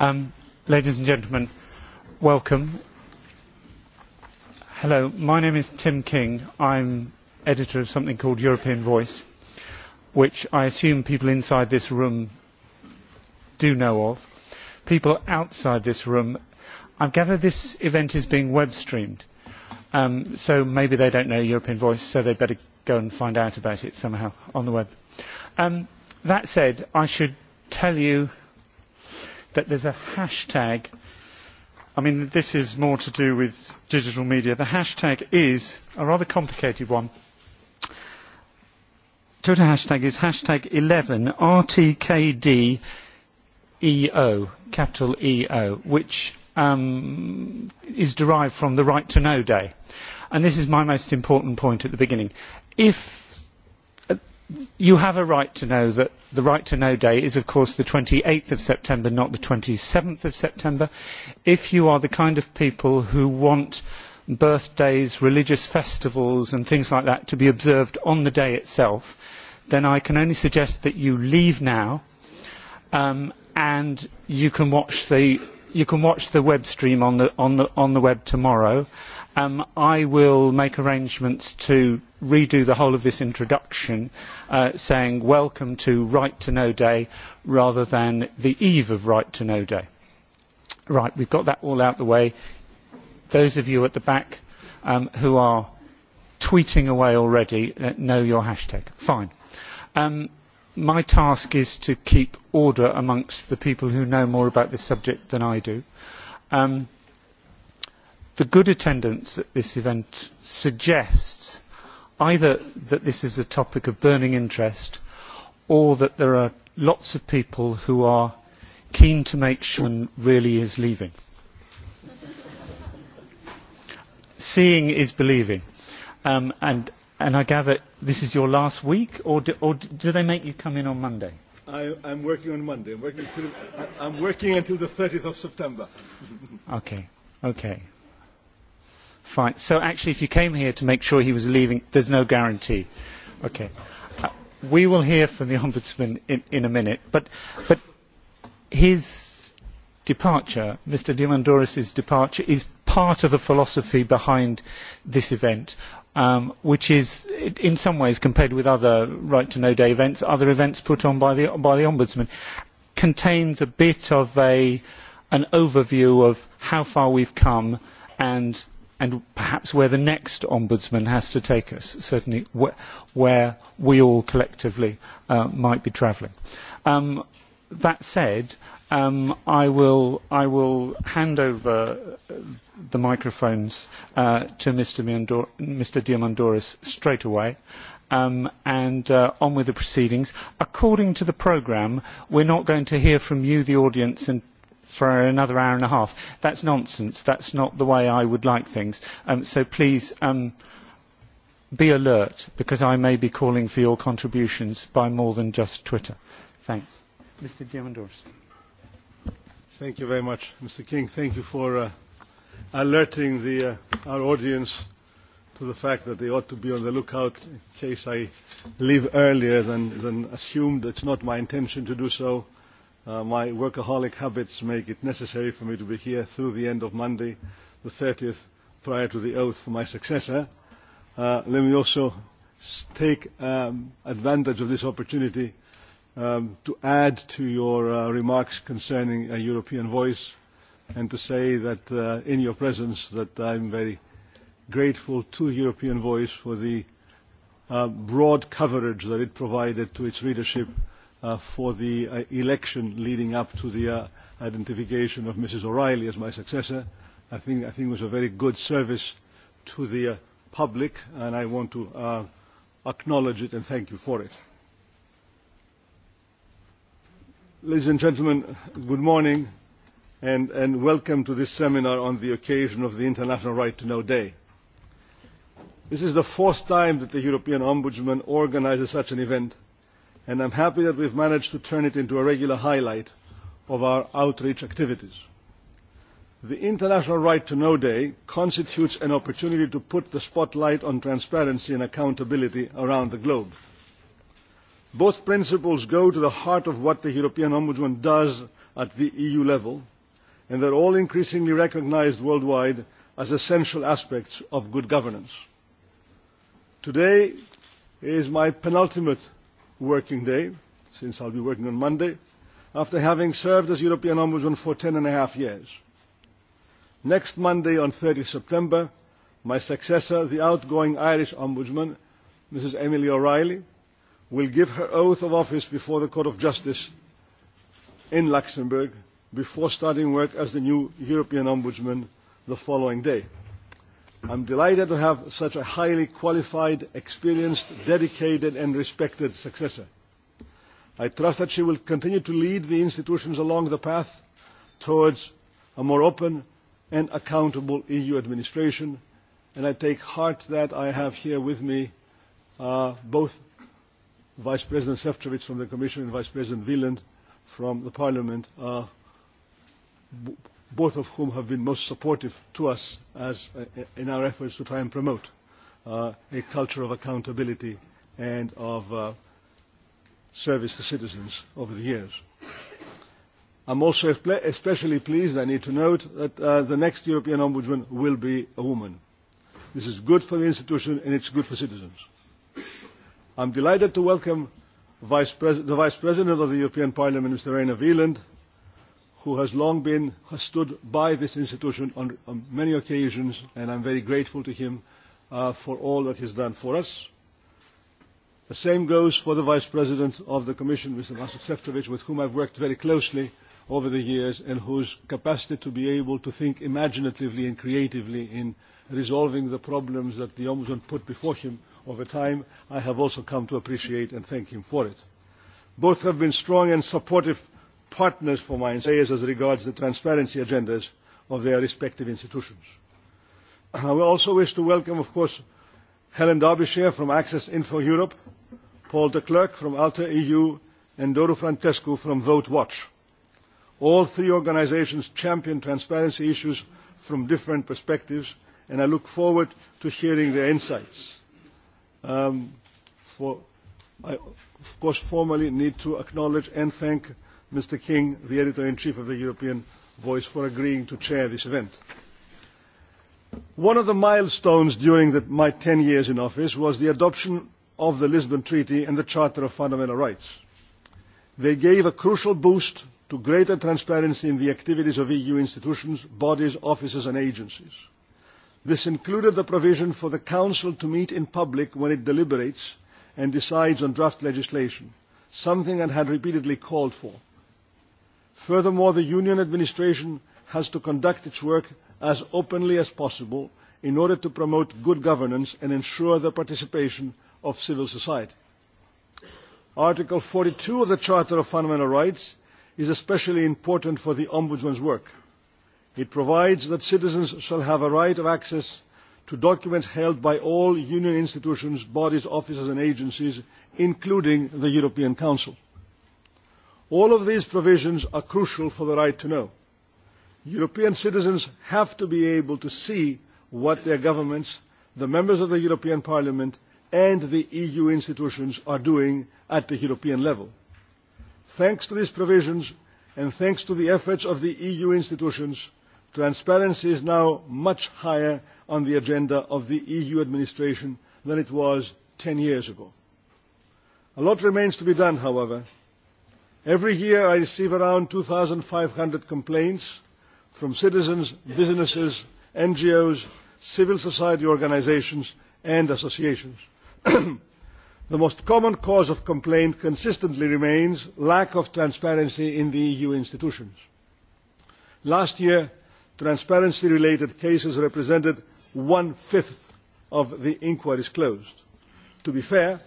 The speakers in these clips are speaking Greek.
Um Ladies and gentlemen, welcome. Hello, my name is Tim King. I'm editor of something called European Voice, which I assume people inside this room do know of. People outside this room, I've gathered this event is being web streamed, so maybe they don't know European Voice, so they'd better go and find out about it somehow on the web. That said, I should tell you that there's a hashtag. I mean, this is more to do with digital media. The hashtag is a rather complicated one. Twitter hashtag is hashtag 11 RTKDEO capital EO, which is derived from the Right to Know Day. And this is my most important point at the beginning. If you have a right to know that the right to know day is of course the 28th of September not the 27th of September if you are the kind of people who want birthdays religious festivals and things like that to be observed on the day itself then i can only suggest that you leave now and you can watch the you can watch the web stream on the on the on the web tomorrow i will make arrangements to redo the whole of this introduction saying welcome to right to know day rather than the eve of right to know day right we've got that all out the way those of you at the back who are tweeting away already know your hashtag fine Um my task is to keep order amongst the people who know more about this subject than I do. The good attendance at this event suggests either that this is a topic of burning interest or that there are lots of people who are keen to make sure one really is leaving. Seeing is believing. And I gather This is your last week, or do, or do they make you come in on Monday? I, I'm working on Monday. I'm working, until, I'm working until the 30th of September. okay, okay. Fine. So actually, if you came here to make sure he was leaving, there's no guarantee. Okay. we will hear from the Ombudsman in, in a minute. But, but his departure, Mr. Diamandouros' departure, is part of the philosophy behind this event which is in some ways compared with other right to know day events other events put on by the ombudsman contains a bit of an overview of how far we've come and perhaps where the next ombudsman has to take us certainly where we all collectively might be travelling. that said I will I will hand over the microphones to Mr. Diamandouros straight away, um and on with the proceedings. According to the programme, we're not going to hear from you, the audience, for another hour and a half. That's nonsense. That's not the way I would like things. So please um be alert, because I may be calling for your contributions by more than just Twitter. Thanks, Mr. Diamandouros. Thank you very much, Mr. King. Thank you for alerting the our audience to the fact that they ought to be on the lookout in case I leave earlier than than assumed. It's not my intention to do so. My workaholic habits make it necessary for me to be here through the end of Monday, the 30th, prior to the oath for my successor. Let me also take advantage of this opportunity to add to your remarks concerning a European voice and to say that in your presence that I'm very grateful to European voice for the broad coverage that it provided to its readership for the election leading up to the identification of Mrs. O'Reilly as my successor. I think I think was a very good service to the public and I want to acknowledge it and thank you for it. Ladies and gentlemen, good morning and welcome to this seminar on the occasion of the International Right to Know Day. This is the fourth time that the European Ombudsman organises such an event and I am happy that we have managed to turn it into a regular highlight of our outreach activities. The International Right to Know Day constitutes an opportunity to put the spotlight on transparency and accountability around the globe. Both principles go to the heart of what the European Ombudsman does at the EU level, and they are all increasingly recognised worldwide as essential aspects of good governance. Today is my penultimate working day, since I will be working on Monday, after having served as European Ombudsman for ten and a half years. Next Monday, on 30 September, my successor, the outgoing Irish Ombudsman, Mrs Emily O'Reilly, will give her oath of office before the Court of Justice in Luxembourg before starting work as the new European Ombudsman the following day. I am delighted to have such a highly qualified, experienced, dedicated and respected successor. I trust that she will continue to lead the institutions along the path towards a more open and accountable EU administration, and I take heart that I have here with me both Vice President Šefčovic from the Commission and Vice President Wieland from the Parliament, both of whom have been most supportive to us in our efforts to try and promote a culture of accountability and of service to citizens over the years. I'm also especially pleased, I need to note, that the next European Ombudsman will be a woman. This is good for the institution and it's good for citizens. I am delighted to welcome the Vice President of the European Parliament, Mr. Rainer Wieland, who has long been, stood by this institution on many occasions, and I am very grateful to him for all that he has done for us. The same goes for the Vice President of the Commission, Mr. Václav Sefcovic, with whom I have worked very closely over the years and whose capacity to be able to think imaginatively and creatively in resolving the problems that the Ombudsman put before him over time, I have also come to appreciate and thank him for it. Both have been strong and supportive partners for my ensayers as regards the transparency agendas of their respective institutions. I also wish to welcome, of course, Helen Derbyshire from Access Info Europe, Paul de Klerk from Alta EU, and Doro Francescu from Vote Watch. All three organisations champion transparency issues from different perspectives, and I look forward to hearing their insights for I, of course, formally need to acknowledge and thank Mr. King, the Editor-in-Chief of the European Voice, for agreeing to chair this event. One of the milestones during my 10 years in office was the adoption of the Lisbon Treaty and the Charter of Fundamental Rights. They gave a crucial boost to greater transparency in the activities of EU institutions, bodies, offices and agencies. This included the provision for the Council to meet in public when it deliberates and decides on draft legislation, something it had repeatedly called for. Furthermore, the Union administration has to conduct its work as openly as possible in order to promote good governance and ensure the participation of civil society. Article forty two of the Charter of Fundamental Rights is especially important for the Ombudsman's work. It provides that citizens shall have a right of access to documents held by all Union institutions, bodies, offices and agencies, including the European Council. All of these provisions are crucial for the right to know. European citizens have to be able to see what their governments, the members of the European Parliament and the EU institutions are doing at the European level. Thanks to these provisions and thanks to the efforts of the EU institutions, Transparency is now much higher on the agenda of the EU administration than it was ten years ago. A lot remains to be done, however. Every year I receive around 2,500 complaints from citizens, businesses, NGOs, civil society organisations and associations. The most common cause of complaint consistently remains lack of transparency in the EU institutions. Last year, transparency related cases represented one fifth of the inquiries closed. to be fair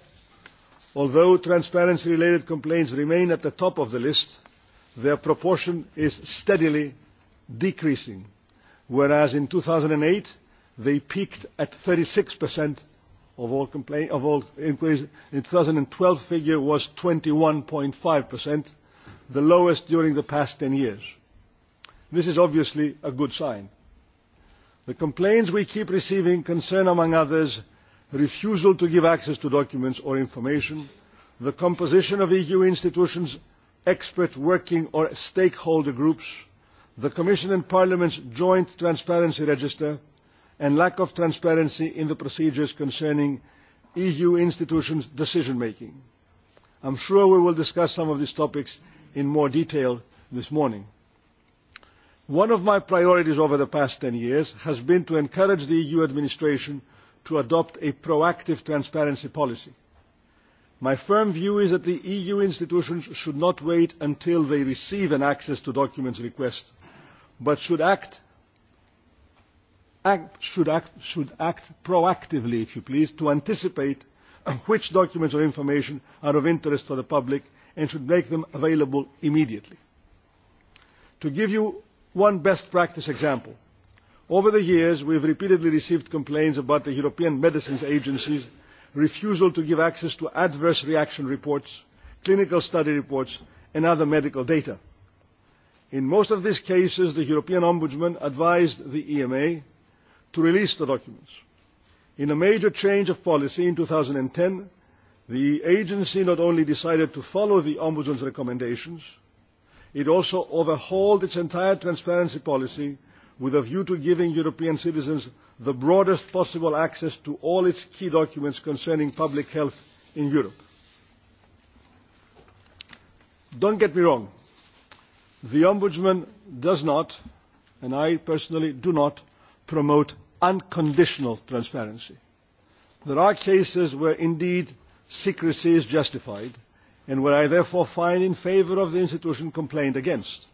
although transparency related complaints remain at the top of the list their proportion is steadily decreasing whereas in two thousand eight they peaked at thirty six of all complaints of all inquiries the twelve figure was twenty one five the lowest during the past ten years This is obviously a good sign. The complaints we keep receiving concern, among others, refusal to give access to documents or information, the composition of EU institutions, expert working or stakeholder groups, the Commission and Parliament's joint transparency register, and lack of transparency in the procedures concerning EU institutions' decision making. I am sure we will discuss some of these topics in more detail this morning. One of my priorities over the past 10 years has been to encourage the EU administration to adopt a proactive transparency policy. My firm view is that the EU institutions should not wait until they receive an access to documents request, but should act proactively, if you please, to anticipate which documents or information are of interest to the public and should make them available immediately. To give you one best practice example. Over the years, we have repeatedly received complaints about the European Medicines Agency's refusal to give access to adverse reaction reports, clinical study reports, and other medical data. In most of these cases, the European Ombudsman advised the EMA to release the documents. In a major change of policy in 2010, the agency not only decided to follow the Ombudsman's recommendations, It also overhauled its entire transparency policy with a view to giving European citizens the broadest possible access to all its key documents concerning public health in Europe. Don't get me wrong. The Ombudsman does not, and I personally do not, promote unconditional transparency. There are cases where indeed secrecy is justified and where I therefore find in favour of the institution complained against.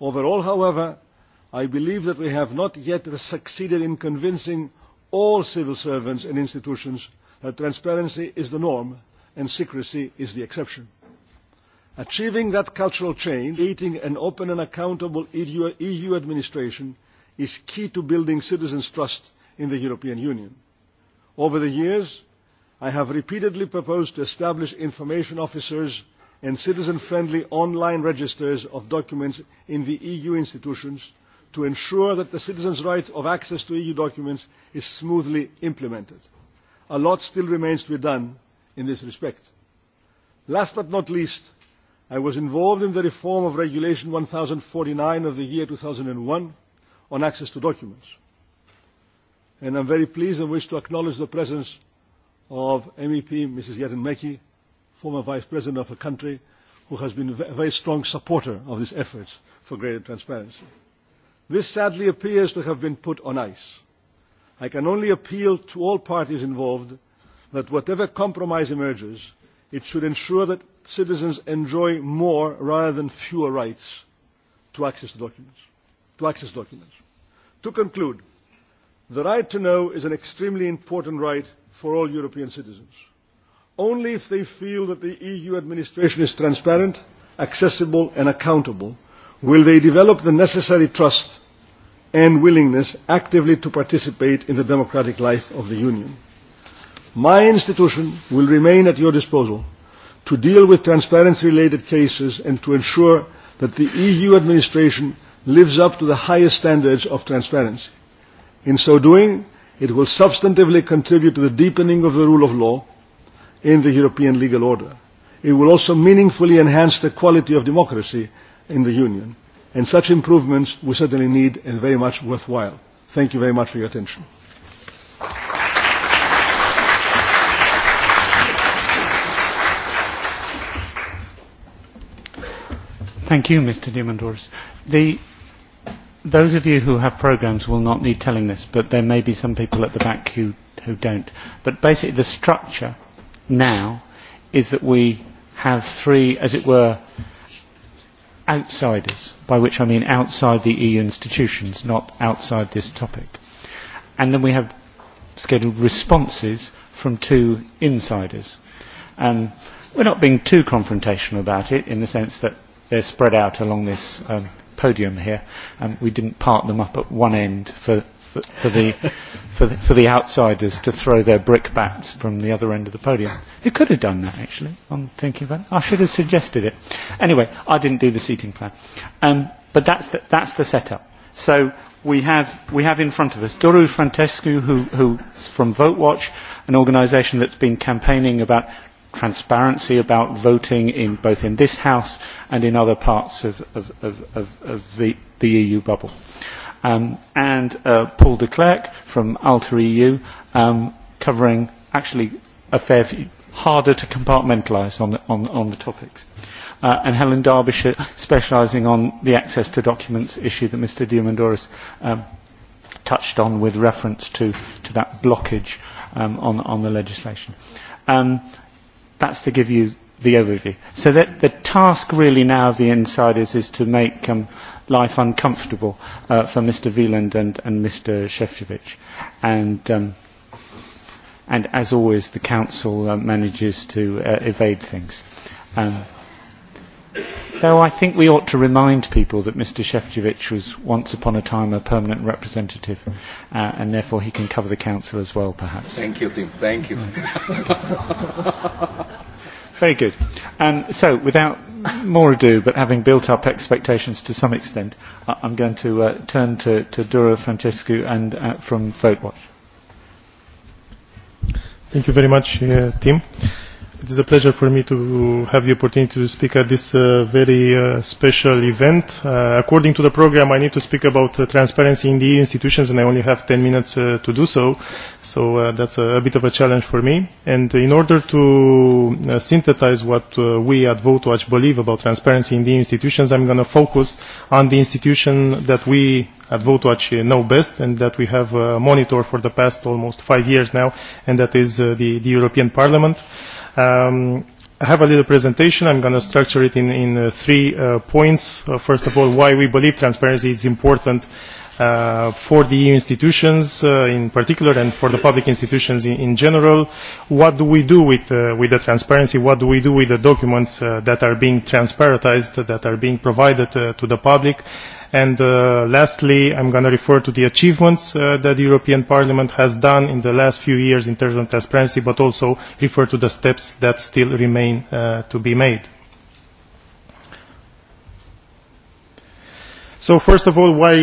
Overall, however, I believe that we have not yet succeeded in convincing all civil servants and institutions that transparency is the norm and secrecy is the exception. Achieving that cultural change, creating an open and accountable EU administration is key to building citizens' trust in the European Union. Over the years, I have repeatedly proposed to establish information officers and citizen-friendly online registers of documents in the EU institutions to ensure that the citizens' right of access to EU documents is smoothly implemented. A lot still remains to be done in this respect. Last but not least, I was involved in the reform of Regulation 1049 of the year 2001 on access to documents. And I am very pleased and wish to acknowledge the presence of MEP Mrs. Meki, former Vice President of the country, who has been a very strong supporter of these efforts for greater transparency. This sadly appears to have been put on ice. I can only appeal to all parties involved that whatever compromise emerges, it should ensure that citizens enjoy more rather than fewer rights to access documents. To access documents. To conclude, the right to know is an extremely important right for all European citizens. Only if they feel that the EU administration is transparent, accessible and accountable will they develop the necessary trust and willingness actively to participate in the democratic life of the Union. My institution will remain at your disposal to deal with transparency-related cases and to ensure that the EU administration lives up to the highest standards of transparency. In so doing, It will substantively contribute to the deepening of the rule of law in the European legal order. It will also meaningfully enhance the quality of democracy in the Union. And such improvements we certainly need and very much worthwhile. Thank you very much for your attention. Thank you, Mr. Diamandouros. Those of you who have programs will not need telling this, but there may be some people at the back who who don't. But basically the structure now is that we have three, as it were, outsiders, by which I mean outside the EU institutions, not outside this topic. And then we have scheduled responses from two insiders. Um, we're not being too confrontational about it in the sense that they're spread out along this podium here. and We didn't part them up at one end for for the for the outsiders to throw their brick bats from the other end of the podium. It could have done that, actually, I'm thinking about it. I should have suggested it. Anyway, I didn't do the seating plan. But that's the setup. So we have we have in front of us Doru Frantescu, who who's from VoteWatch, an organisation that's been campaigning about transparency about voting in both in this house and in other parts of the eu bubble and paul de klerk from alter eu covering actually a fair few harder to compartmentalise on the topics and helen derbyshire specialising on the access to documents issue that mr diamandouros touched on with reference to that blockage on the legislation. That's to give you the overview. So that the task really now of the insiders is to make life uncomfortable for Mr. Veland and, and Mr. Shevchevich. And, and as always, the council manages to evade things. Um, Though I think we ought to remind people that Mr. Shevchevich was once upon a time a permanent representative, and therefore he can cover the council as well, perhaps. Thank you, Tim. Thank you. Very good. so, without more ado, but having built up expectations to some extent, I'm going to turn to, to Dura Francescu and from VoteWatch. Thank you very much, Tim. It is a pleasure for me to have the opportunity to speak at this very special event. According to the program, I need to speak about transparency in the EU institutions, and I only have 10 minutes to do so, so that's a bit of a challenge for me. And in order to synthesize what we at VoteWatch believe about transparency in the EU institutions, I'm going to focus on the institution that we at VoteWatch know best and that we have monitored for the past almost five years now, and that is the European Parliament. I have a little presentation. I'm going to structure it in three points. First of all, why we believe transparency is important for the EU institutions in particular and for the public institutions in general. What do we do with the transparency? What do we do with the documents that are being transparentized, that are being provided to the public? And lastly, I'm going to refer to the achievements that the European Parliament has done in the last few years in terms of transparency, but also refer to the steps that still remain to be made. So first of all, why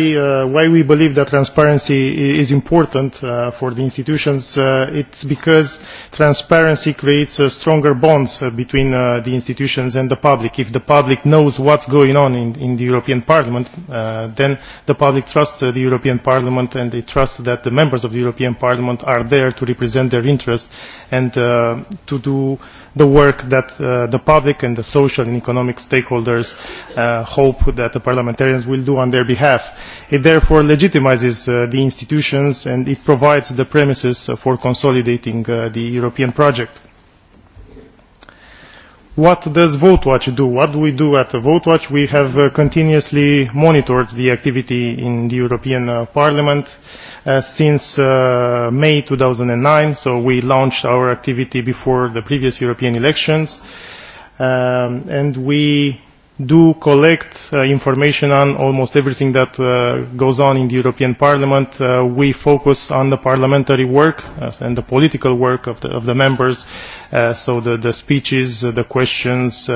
why we believe that transparency is important for the institutions? It's because transparency creates stronger bonds between the institutions and the public. If the public knows what's going on in the European Parliament, then the public trusts the European Parliament and they trust that the members of the European Parliament are there to represent their interests and to do the work that the public and the social and economic stakeholders hope that the parliamentarians will do on their behalf. It therefore legitimizes the institutions and it provides the premises for consolidating the European project. What does VoteWatch do? What do we do at VoteWatch? We have continuously monitored the activity in the European Parliament since May 2009, so we launched our activity before the previous European elections, and we do collect information on almost everything that goes on in the European Parliament. We focus on the parliamentary work and the political work of the members, so the speeches, the questions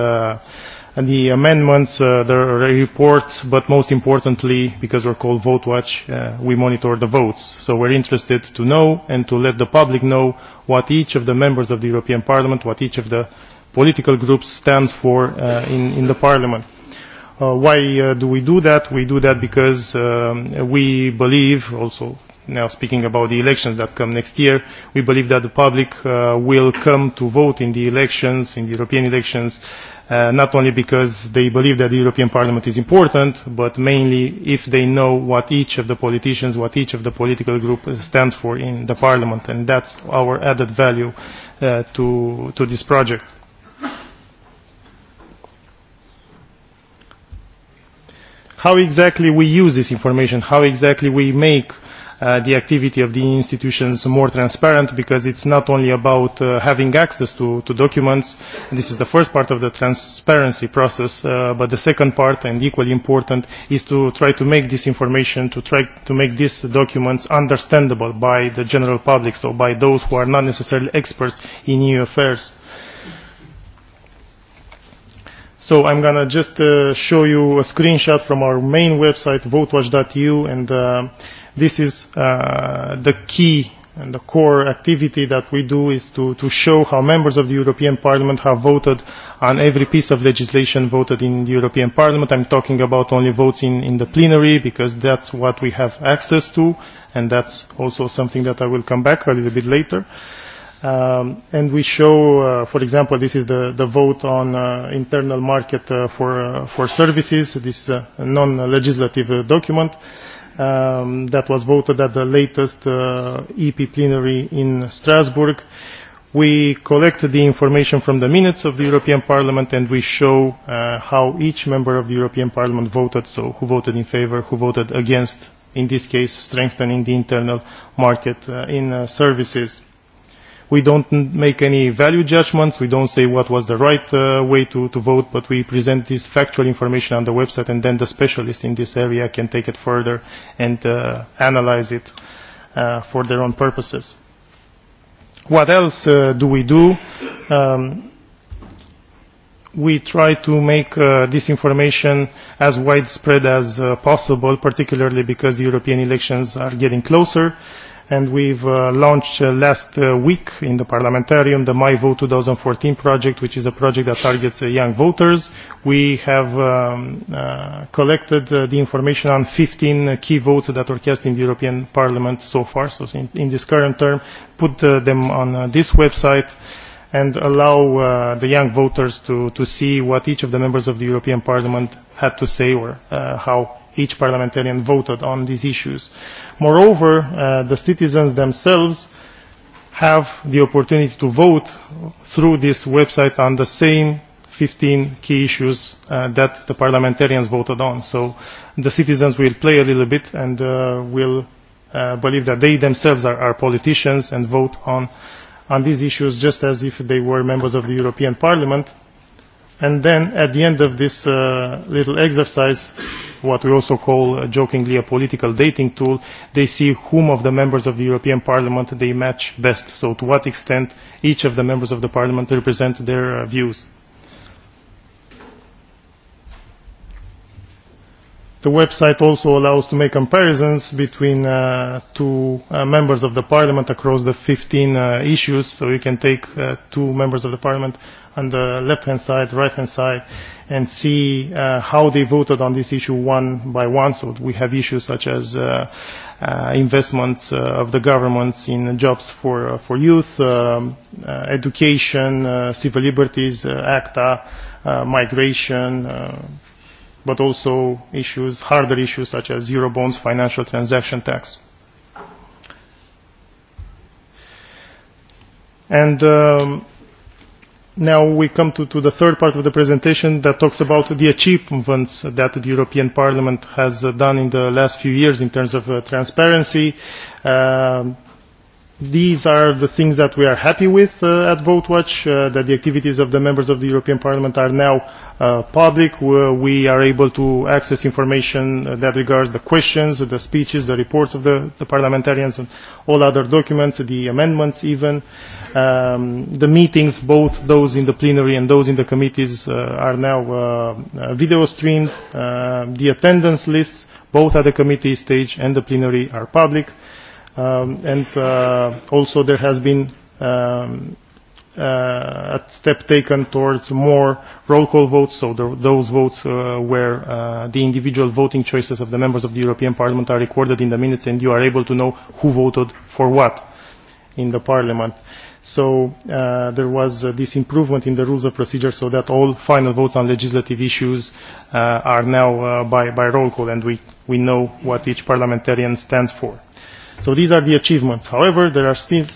and the amendments, the reports, but most importantly, because we're called Vote Watch, we monitor the votes. So we're interested to know and to let the public know what each of the members of the European Parliament, what each of the political groups stands for in the Parliament. Why do we do that? We do that because we believe, also now speaking about the elections that come next year, we believe that the public will come to vote in the elections, in the European elections, not only because they believe that the European Parliament is important, but mainly if they know what each of the politicians, what each of the political groups stands for in the Parliament, and that's our added value to to this project. How exactly we use this information, how exactly we make the activity of the institutions more transparent because it's not only about having access to documents, this is the first part of the transparency process, but the second part and equally important is to try to make this information, to try to make these documents understandable by the general public, so by those who are not necessarily experts in EU affairs. So I'm going to just show you a screenshot from our main website, votewatch.eu, and This is the key and the core activity that we do is to show how members of the European Parliament have voted on every piece of legislation voted in the European Parliament. I'm talking about only votes in in the plenary because that's what we have access to and that's also something that I will come back a little bit later. And we show, for example, this is the the vote on internal market for for services, this non-legislative document that was voted at the latest EP plenary in Strasbourg. We collected the information from the minutes of the European Parliament and we show how each member of the European Parliament voted, so who voted in favor, who voted against, in this case strengthening the internal market in services. We don't make any value judgments. We don't say what was the right way to vote, but we present this factual information on the website, and then the specialists in this area can take it further and analyze it for their own purposes. What else do we do? We try to make this information as widespread as possible, particularly because the European elections are getting closer and we've launched last week in the parliamentarium the My Vote 2014 project, which is a project that targets young voters. We have collected the information on 15 key votes that were cast in the European Parliament so far, so in this current term, put them on this website and allow the young voters to see what each of the members of the European Parliament had to say or how each parliamentarian voted on these issues. Moreover, the citizens themselves have the opportunity to vote through this website on the same 15 key issues that the parliamentarians voted on. So the citizens will play a little bit and will believe that they themselves are politicians and vote on these issues just as if they were members of the European Parliament. And then at the end of this little exercise, what we also call jokingly a political dating tool, they see whom of the members of the European Parliament they match best, so to what extent each of the members of the Parliament represent their views. The website also allows to make comparisons between two members of the parliament across the 15 issues, so you can take two members of the parliament on the left-hand side, right-hand side, and see how they voted on this issue one by one. So we have issues such as investments of the governments in jobs for for youth, education, civil liberties, ACTA, migration, but also issues, harder issues such as Eurobonds, financial transaction tax. And Now we come to the third part of the presentation that talks about the achievements that the European Parliament has done in the last few years in terms of transparency. These are the things that we are happy with at VoteWatch, that the activities of the members of the European Parliament are now public. We are able to access information that regards the questions, the speeches, the reports of the parliamentarians and all other documents, the amendments even The meetings, both those in the plenary and those in the committees, are now video streamed. The attendance lists, both at the committee stage and the plenary, are public. And also there has been a step taken towards more roll call votes, so those votes where the individual voting choices of the members of the European Parliament are recorded in the minutes and you are able to know who voted for what in the Parliament. So there was this improvement in the rules of procedure so that all final votes on legislative issues are now by roll call and we we know what each parliamentarian stands for. So these are the achievements. However, there are still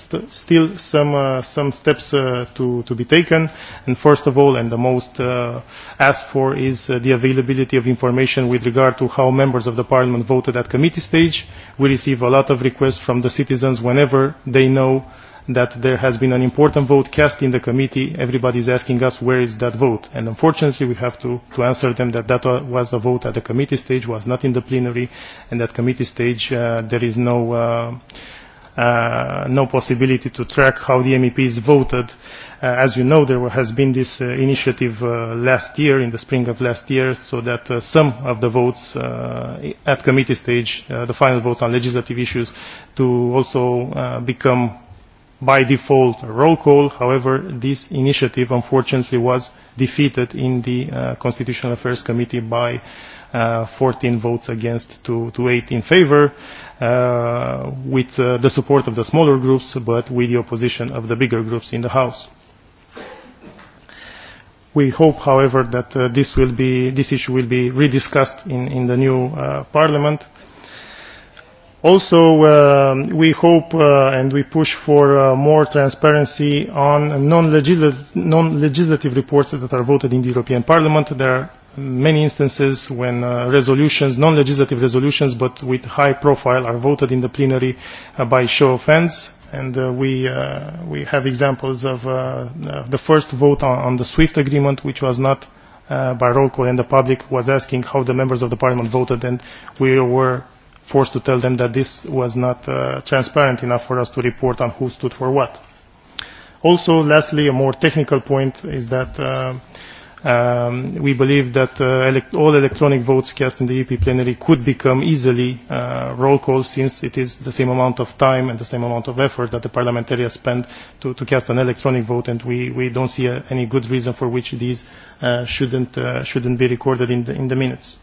some steps to be taken. And first of all, and the most asked for, is the availability of information with regard to how members of the Parliament voted at committee stage. We receive a lot of requests from the citizens whenever they know that there has been an important vote cast in the committee. Everybody is asking us where is that vote. And unfortunately we have to answer them that that was a vote at the committee stage, was not in the plenary. And at committee stage there is no no possibility to track how the MEPs voted. As you know, there has been this initiative last year, in the spring of last year, so that some of the votes at committee stage, the final votes on legislative issues, to also become by default roll call. However, this initiative unfortunately was defeated in the Constitutional Affairs Committee by 14 votes against to in favor, with the support of the smaller groups, but with the opposition of the bigger groups in the House. We hope, however, that this issue will be rediscussed in the new Parliament Also, we hope and we push for more transparency on non-legislative reports that are voted in the European Parliament. There are many instances when resolutions, non-legislative resolutions, but with high profile, are voted in the plenary by show of hands. And we we have examples of the first vote on the SWIFT agreement, which was not by call, and the public was asking how the members of the Parliament voted, and we were forced to tell them that this was not transparent enough for us to report on who stood for what. Also, lastly, a more technical point is that we believe that all electronic votes cast in the EP plenary could become easily roll call since it is the same amount of time and the same amount of effort that the parliamentarians spend to cast an electronic vote and we we don't see any good reason for which these shouldn't be recorded in the minutes.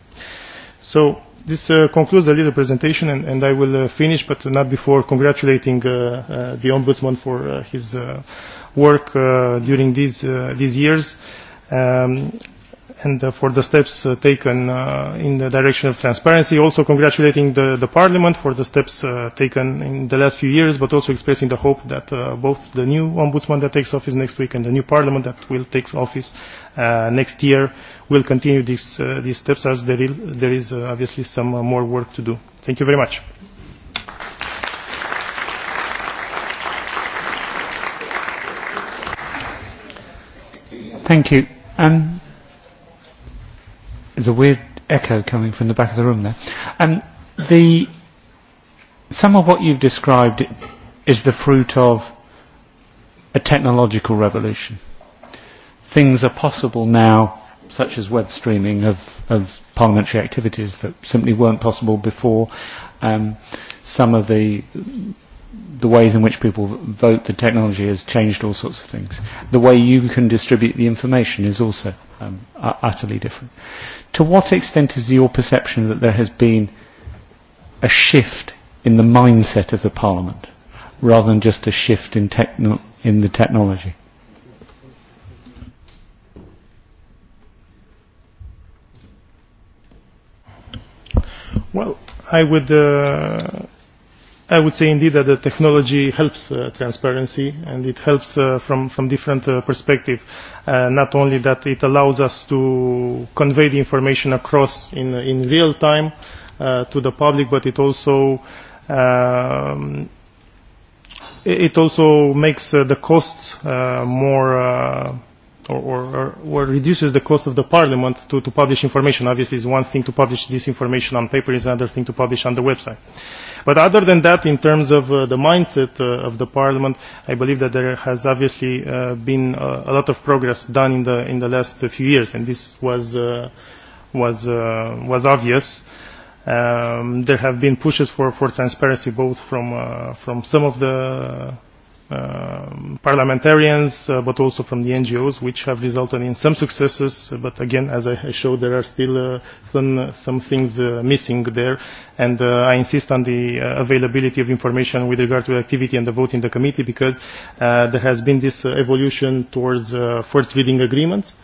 So This concludes the little presentation, and I will finish, but not before congratulating the Ombudsman for his work during these years and for the steps taken in the direction of transparency. Also congratulating the Parliament for the steps taken in the last few years, but also expressing the hope that both the new Ombudsman that takes office next week and the new Parliament that will take office next year will continue these steps as there is obviously some more work to do. Thank you very much. Thank you. There's a weird echo coming from the back of the room there. and the, some of what you've described is the fruit of a technological revolution. Things are possible now, such as web streaming of, of parliamentary activities that simply weren't possible before. Um, some of the the ways in which people vote, the technology has changed all sorts of things. The way you can distribute the information is also utterly different to what extent is your perception that there has been a shift in the mindset of the Parliament rather than just a shift in in the technology? Well, I would I would say indeed that the technology helps transparency and it helps from from different perspectives not only that it allows us to convey the information across in in real time to the public but it also it also makes the costs more or or reduces the cost of the parliament to to publish information. Obviously it's one thing to publish this information on paper, it's another thing to publish on the website. But other than that, in terms of the mindset of the parliament, I believe that there has obviously been a lot of progress done in the in the last few years and this was was was obvious. There have been pushes for for transparency both from from some of the parliamentarians but also from the NGOs which have resulted in some successes but again as I showed there are still some things missing there and I insist on the availability of information with regard to activity and the vote in the committee because there has been this evolution towards first reading agreements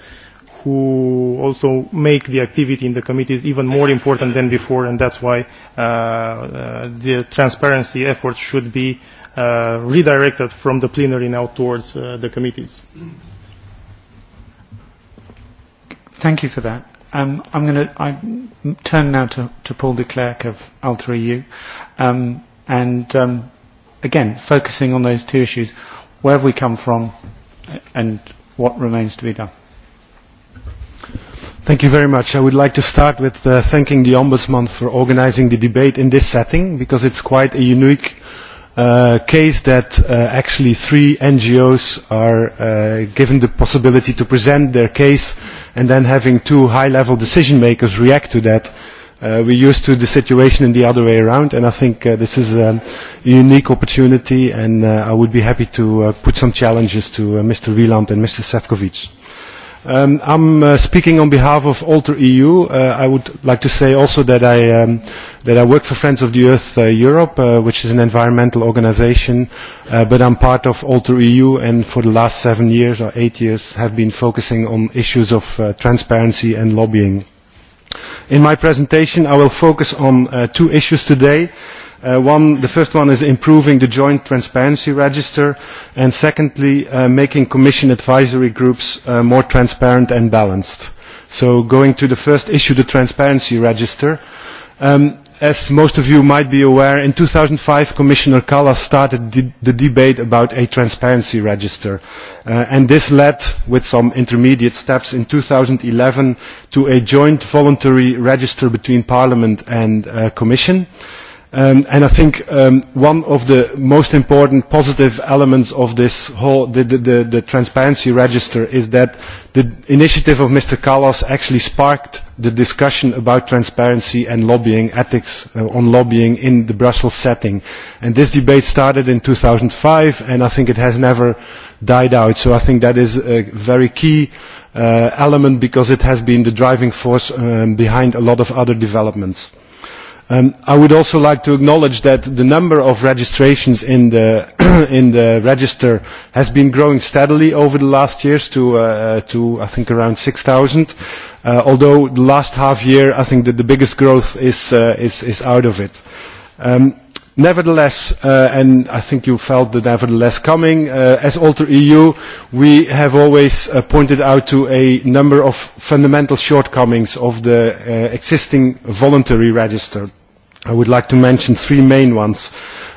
who also make the activity in the committees even more important than before and that's why the transparency efforts should be redirected from the plenary now towards the committees. Thank you for that. Um, I'm going to turn now to, to Paul de Klerk of Alter EU. and um, again, focusing on those two issues, where have we come from and what remains to be done? Thank you very much. I would like to start with thanking the Ombudsman for organizing the debate in this setting because it's quite a unique case that actually three NGOs are given the possibility to present their case and then having two high-level decision makers react to that. We're used to the situation in the other way around and I think this is a unique opportunity and I would be happy to put some challenges to Mr. Wieland and Mr. Sefcovic. I'm speaking on behalf of Alter EU. I would like to say also that I that I work for Friends of the Earth Europe, which is an environmental organisation, but I'm part of Alter EU and for the last seven years or eight years have been focusing on issues of transparency and lobbying. In my presentation, I will focus on two issues today One, the first one is improving the joint transparency register, and secondly, making Commission advisory groups more transparent and balanced. So going to the first issue, the transparency register. As most of you might be aware, in 2005 Commissioner Kallas started the debate about a transparency register, and this led, with some intermediate steps, in 2011 to a joint voluntary register between Parliament and Commission And I think one of the most important positive elements of this whole the transparency register is that the initiative of Mr. Kallas actually sparked the discussion about transparency and lobbying ethics on lobbying in the Brussels setting. And this debate started in 2005 and I think it has never died out. So I think that is a very key element because it has been the driving force behind a lot of other developments. I would also like to acknowledge that the number of registrations in the register has been growing steadily over the last years to, I think, around 6,000, although the last half year, I think that the biggest growth is out of it. Nevertheless, and I think you felt the nevertheless coming, as Alter EU, we have always pointed out to a number of fundamental shortcomings of the existing voluntary register I would like to mention three main ones.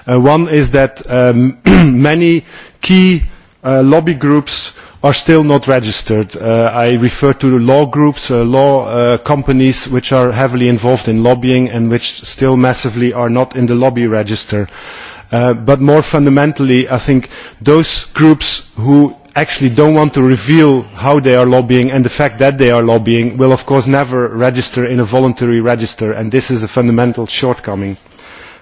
One is that many key lobby groups are still not registered. I refer to the law groups, law companies which are heavily involved in lobbying and which still massively are not in the lobby register. But more fundamentally, I think those groups who actually don't want to reveal how they are lobbying and the fact that they are lobbying will of course never register in a voluntary register and this is a fundamental shortcoming.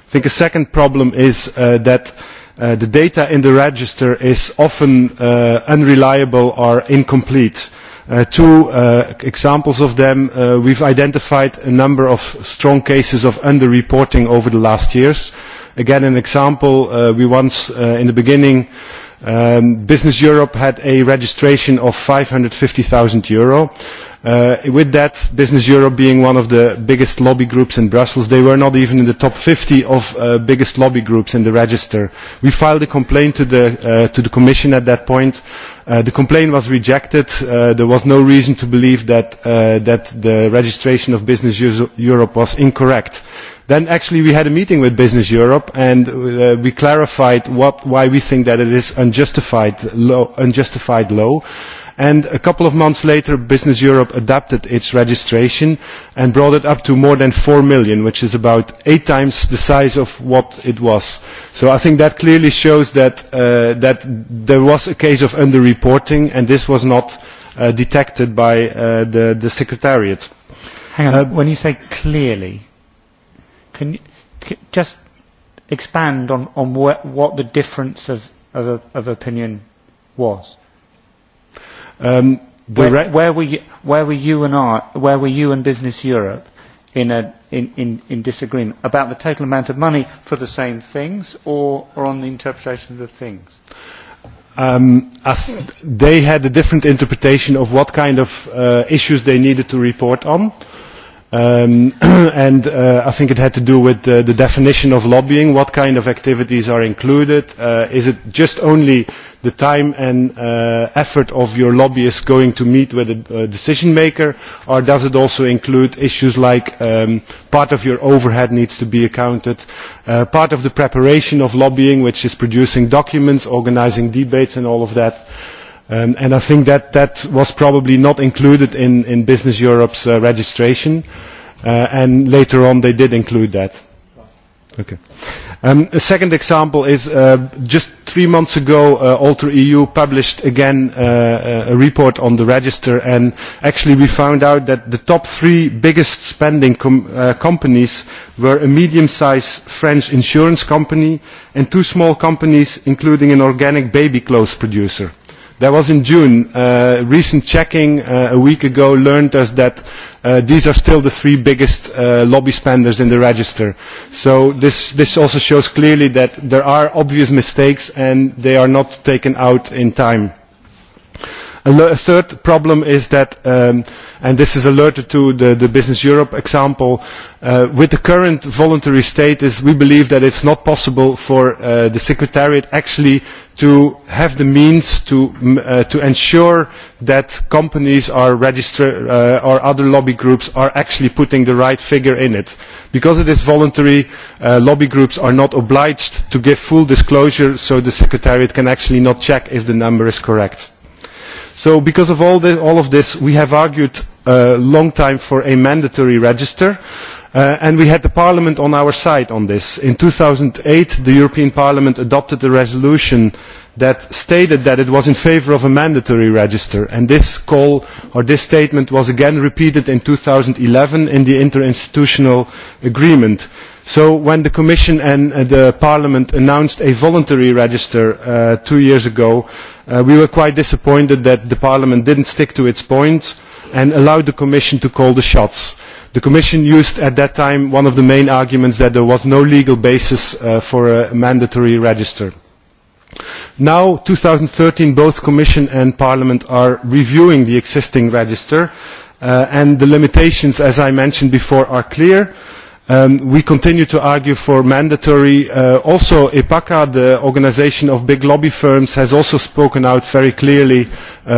I think a second problem is that the data in the register is often unreliable or incomplete. Two examples of them, we've identified a number of strong cases of underreporting over the last years. Again, an example, we once in the beginning Business Europe had a registration of 550,000 euro. With that, Business Europe being one of the biggest lobby groups in Brussels, they were not even in the top 50 of biggest lobby groups in the register. We filed a complaint to the Commission at that point. The complaint was rejected. There was no reason to believe that the registration of Business Europe was incorrect. Then actually we had a meeting with Business Europe and we clarified why we think that it is unjustified low and a couple of months later business europe adapted its registration and brought it up to more than four million which is about eight times the size of what it was so i think that clearly shows that there was a case of under-reporting and this was not detected by the secretariat hang on when you say clearly can you just expand on on what the difference of of opinion was Where were you and I, where were you and Business Europe in a in in disagreement about the total amount of money for the same things or on the interpretation of the things? They had a different interpretation of what kind of issues they needed to report on and I think it had to do with the definition of lobbying, what kind of activities are included, is it just only the time and effort of your lobbyist going to meet with a decision maker, or does it also include issues like part of your overhead needs to be accounted, part of the preparation of lobbying, which is producing documents, organizing debates and all of that and I think that that was probably not included in in Business Europe's registration, and later on they did include that. Okay. A second example is just three months ago, Alter EU published again a report on the register, and actually we found out that the top three biggest spending companies were a medium-sized French insurance company and two small companies, including an organic baby clothes producer. That was in June. Recent checking a week ago learned us that these are still the three biggest lobby spenders in the register. So this also shows clearly that there are obvious mistakes and they are not taken out in time. A third problem is that, and this is alerted to the Business Europe example, with the current voluntary status, we believe that it is not possible for the Secretariat actually to have the means to ensure that companies or other lobby groups are actually putting the right figure in it. Because it is voluntary, lobby groups are not obliged to give full disclosure, so the Secretariat can actually not check if the number is correct. So because of all of this, we have argued a long time for a mandatory register, and we had the Parliament on our side on this. In 2008, the European Parliament adopted a resolution that stated that it was in favour of a mandatory register, and this call or this statement was again repeated in 2011 in the interinstitutional agreement. So when the Commission and the Parliament announced a voluntary register two years ago, we were quite disappointed that the parliament didn't stick to its point and allowed the commission to call the shots. the commission used at that time one of the main arguments that there was no legal basis for a mandatory register. now 2013, both the commission and parliament are reviewing the existing register and the limitations as i mentioned before are clear. We continue to argue for mandatory. Also, EPACA, the organisation of big lobby firms, has also spoken out very clearly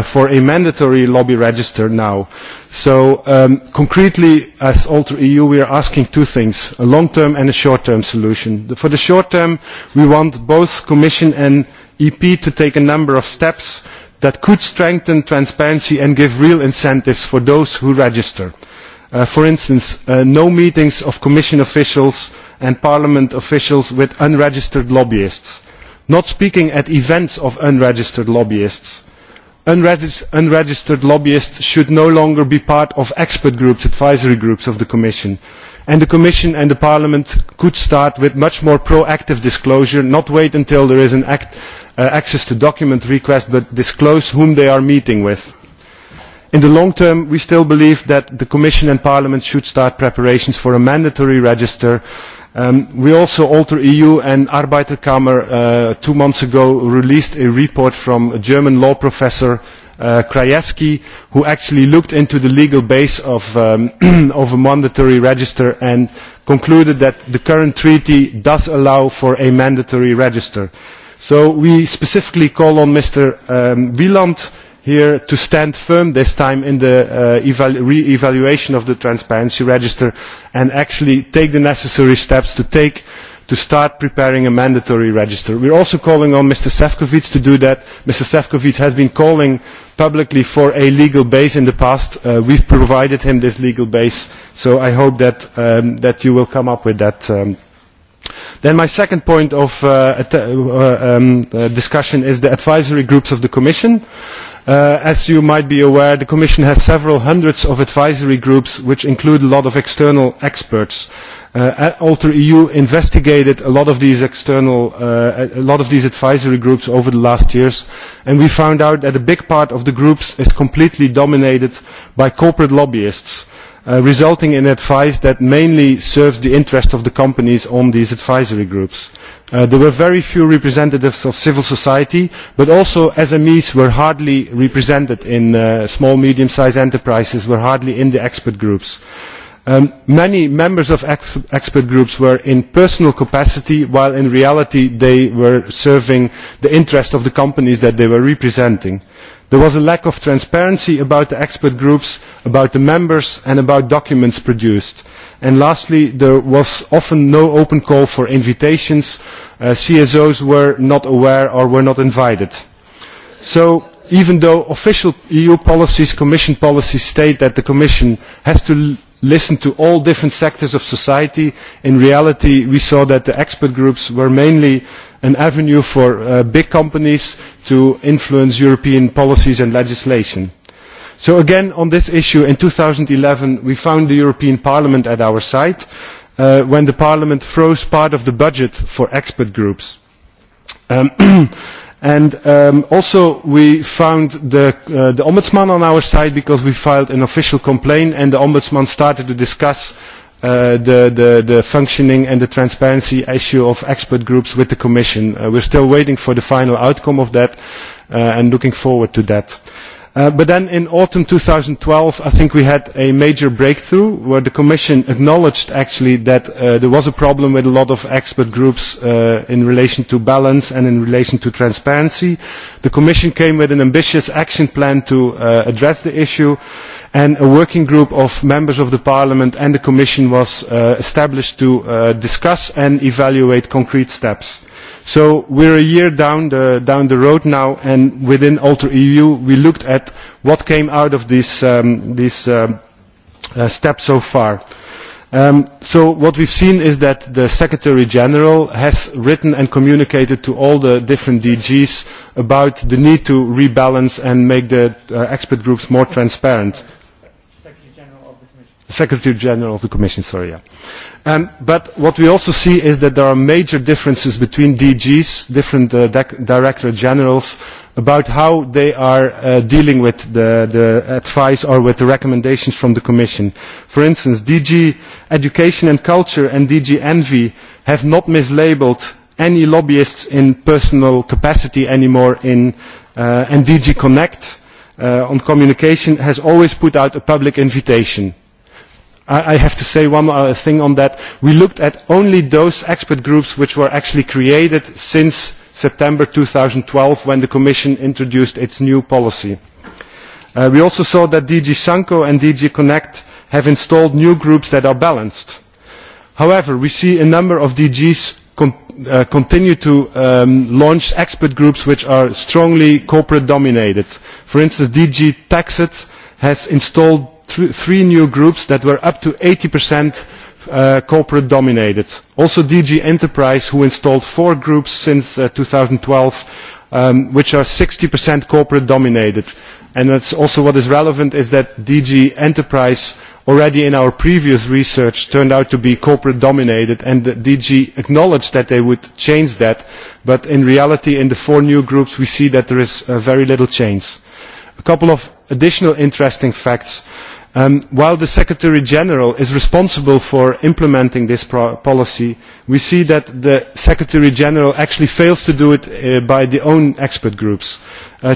for a mandatory lobby register now. So, concretely, as Alter EU, we are asking two things: a long-term and a short-term solution. For the short term, we want both the Commission and EP to take a number of steps that could strengthen transparency and give real incentives for those who register for instance no meetings of commission officials and parliament officials with unregistered lobbyists not speaking at events of unregistered lobbyists unregistered lobbyists should no longer be part of expert groups advisory groups of the commission and the commission and parliament could start with much more proactive disclosure not wait until there is an access to document request but disclose whom they are meeting with In the long term, we still believe that the Commission and Parliament should start preparations for a mandatory register. We also, Alter EU and Arbeiterkammer, two months ago, released a report from a German law professor, Krajewski, who actually looked into the legal base of a mandatory register and concluded that the current treaty does allow for a mandatory register. So we specifically call on Mr. Wieland here to stand firm this time in the re-evaluation of the transparency register and actually take the necessary steps to take to start preparing a mandatory register. We are also calling on Mr. Sefcovic to do that. Mr. Sefcovic has been calling publicly for a legal base in the past. We have provided him this legal base, so I hope that you will come up with that. Then my second point of discussion is the advisory groups of the Commission. As you might be aware, the Commission has several hundreds of advisory groups, which include a lot of external experts. Alter EU investigated a lot of these external, a lot of these advisory groups over the last years, and we found out that a big part of the groups is completely dominated by corporate lobbyists, resulting in advice that mainly serves the interests of the companies on these advisory groups. There were very few representatives of civil society, but also SMEs were hardly represented in small, and medium-sized enterprises, were hardly in the expert groups. Many members of expert groups were in personal capacity, while in reality they were serving the interests of the companies that they were representing. There was a lack of transparency about the expert groups, about the members and about documents produced. And lastly, there was often no open call for invitations. CSOs were not aware or were not invited. So even though official EU policies, Commission policies state that the Commission has to listen to all different sectors of society, in reality we saw that the expert groups were mainly an avenue for big companies to influence European policies and legislation. So again, on this issue, in 2011, we found the European Parliament at our side when the Parliament froze part of the budget for expert groups. And also we found the Ombudsman on our side because we filed an official complaint and the Ombudsman started to discuss the the the functioning and the transparency issue of expert groups with the Commission. We're still waiting for the final outcome of that and looking forward to that. But then in autumn 2012, I think we had a major breakthrough where the Commission acknowledged actually that there was a problem with a lot of expert groups in relation to balance and in relation to transparency. The Commission came with an ambitious action plan to address the issue and a working group of members of parliament and the commission was established to discuss and evaluate concrete steps. So we're a year down the road now and within Alter EU we looked at what came out of these steps so far. So what we've seen is that the Secretary General has written and communicated to all the different DGs about the need to rebalance and make the expert groups more transparent. Secretary General of the Commission, sorry. But what we also see is that there are major differences between DGs, different director Generals, about how they are dealing with the advice or with the recommendations from the Commission. For instance, DG Education and Culture and DG Envy have not mislabeled any lobbyists in personal capacity anymore, in and DG Connect on communication has always put out a public invitation I have to say one thing on that. We looked at only those expert groups which were actually created since September 2012 when the Commission introduced its new policy. We also saw that DG Sanco and DG Connect have installed new groups that are balanced. However, we see a number of DGs continue to launch expert groups which are strongly corporate dominated. For instance, DG Taxit has installed three new groups that were up to 80% corporate dominated. Also DG Enterprise, who installed four groups since 2012, which are 60% corporate dominated. And that's also what is relevant is that DG Enterprise already in our previous research turned out to be corporate dominated and DG acknowledged that they would change that but in reality in the four new groups we see that there is very little change. A couple of additional interesting facts While the Secretary General is responsible for implementing this policy, we see that the Secretary General actually fails to do it by the own expert groups.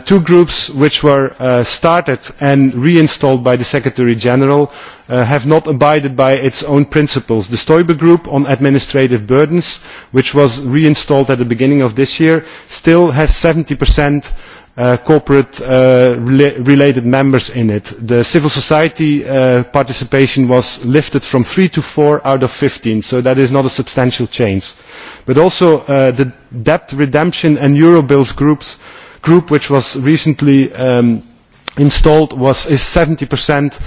Two groups which were started and reinstalled by the Secretary General have not abided by its own principles. The Stoiber Group on administrative burdens, which was reinstalled at the beginning of this year, still has 70% corporate related members in it. The civil society participation was lifted from three to four out of 15, so that is not a substantial change. But also the debt redemption and Eurobills group, which was recently installed, was is 70%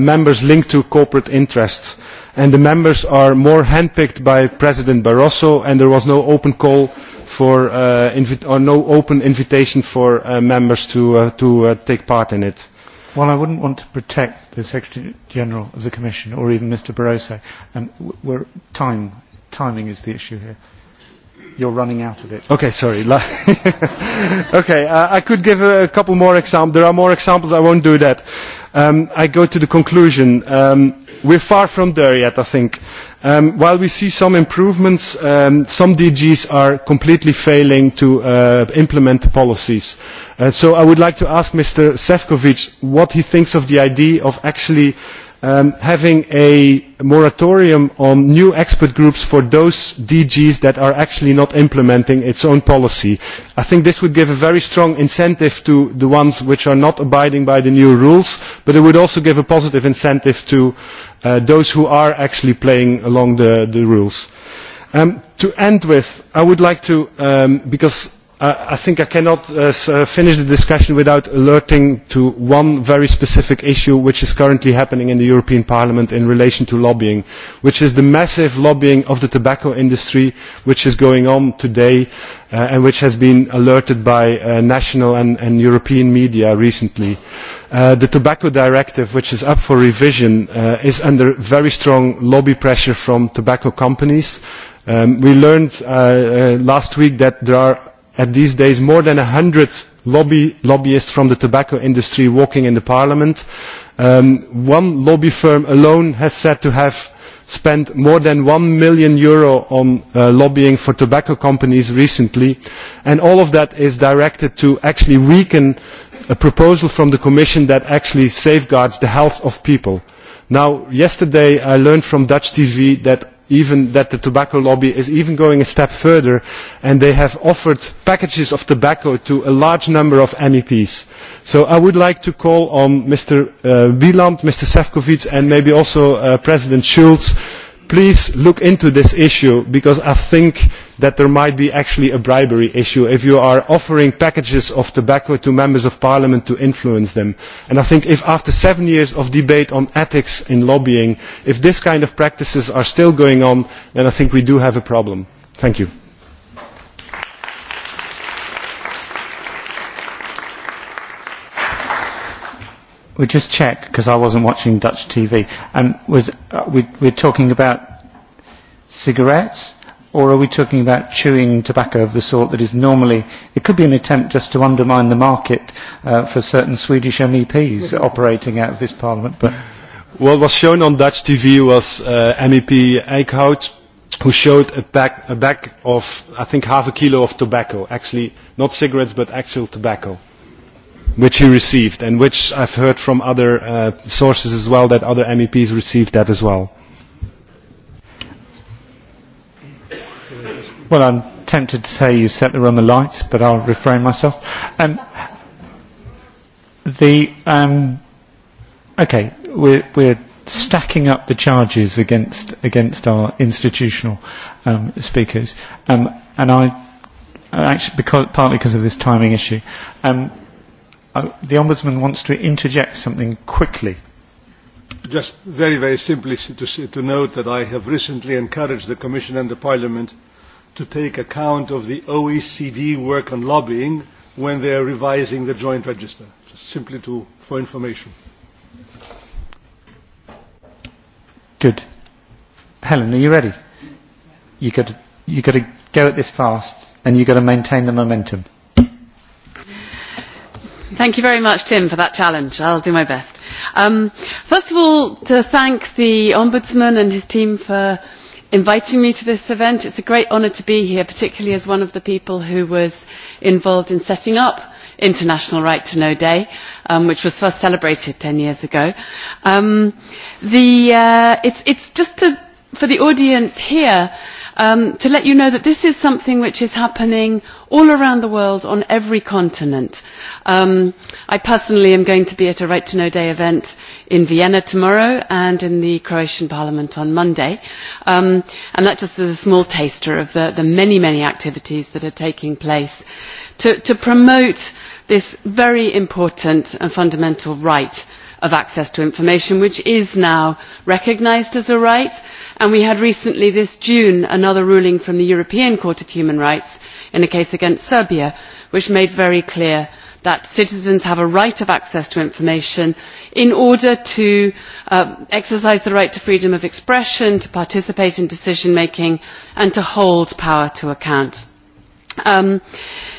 members linked to corporate interests. And the members are more handpicked by President Barroso, and there was no open call for or no open invitation for members to to take part in it. Well, I wouldn't want to protect the Secretary General of the Commission or even Mr. Barroso. Um, we're, time, timing is the issue here. You're running out of it. Okay, sorry. okay, I could give a couple more examples. There are more examples. I won't do that. Um, I go to the conclusion. Um, we're far from there yet, I think While we see some improvements, some DGs are completely failing to implement the policies. So I would like to ask Mr. Sefcovic what he thinks of the idea of actually having a moratorium on new expert groups for those DGs that are actually not implementing its own policy. I think this would give a very strong incentive to the ones which are not abiding by the new rules, but it would also give a positive incentive to those who are actually playing along the rules. To end with, I would like to, because I think I cannot finish the discussion without alerting to one very specific issue which is currently happening in the European Parliament in relation to lobbying, which is the massive lobbying of the tobacco industry which is going on today and which has been alerted by national and European media recently. The Tobacco Directive, which is up for revision, is under very strong lobby pressure from tobacco companies. We learned last week that there are at these days more than lobby lobbyists from the tobacco industry walking in the parliament. One lobby firm alone has said to have spent more than one million euro on lobbying for tobacco companies recently, and all of that is directed to actually weaken a proposal from the Commission that actually safeguards the health of people. Now, yesterday I learned from Dutch TV that even that the tobacco lobby is even going a step further and they have offered packages of tobacco to a large number of meps. so i would like to call on mr wieland mr efovi and maybe also president schulz please look into this issue because I think that there might be actually a bribery issue if you are offering packages of tobacco to members of parliament to influence them. And I think if after seven years of debate on ethics in lobbying, if this kind of practices are still going on, then I think we do have a problem. Thank you. we just check because I wasn't watching Dutch TV. and was we, we're talking about cigarettes, or are we talking about chewing tobacco of the sort that is normally? It could be an attempt just to undermine the market for certain Swedish MEPs operating out of this Parliament. But what was shown on Dutch TV was MEP Eickhout who showed a pack a bag of I think half a kilo of tobacco, actually not cigarettes but actual tobacco which he received and which I've heard from other sources as well that other MEPs received that as well. Well, I'm tempted to say you set the room alight, but I'll refrain myself. Um, the um, okay, we're we're stacking up the charges against against our institutional um, speakers, um, and I actually because partly because of this timing issue. Um, The Ombudsman wants to interject something quickly. Just very, very simply to note that I have recently encouraged the Commission and the Parliament to take account of the OECD work on lobbying when they are revising the joint register, simply for information. Good. Helen, are you ready? You've got to go at this fast and you've got to maintain the momentum. Thank you very much, Tim, for that challenge. I'll do my best. First of all, to thank the Ombudsman and his team for inviting me to this event. It's a great honour to be here, particularly as one of the people who was involved in setting up International Right to Know Day, which was first celebrated 10 years ago. Um the It's it's just to for the audience here to let you know that this is something which is happening all around the world on every continent. I personally am going to be at a Right to Know Day event in Vienna tomorrow and in the Croatian Parliament on Monday. And that just is a small taster of the many, many activities that are taking place to promote this very important and fundamental right of access to information which is now recognised as a right and we had recently this june another ruling from the european court of human rights in a case against serbia which made very clear that citizens have a right of access to information in order to exercise the right to freedom of expression to participate in decision making and to hold power to account.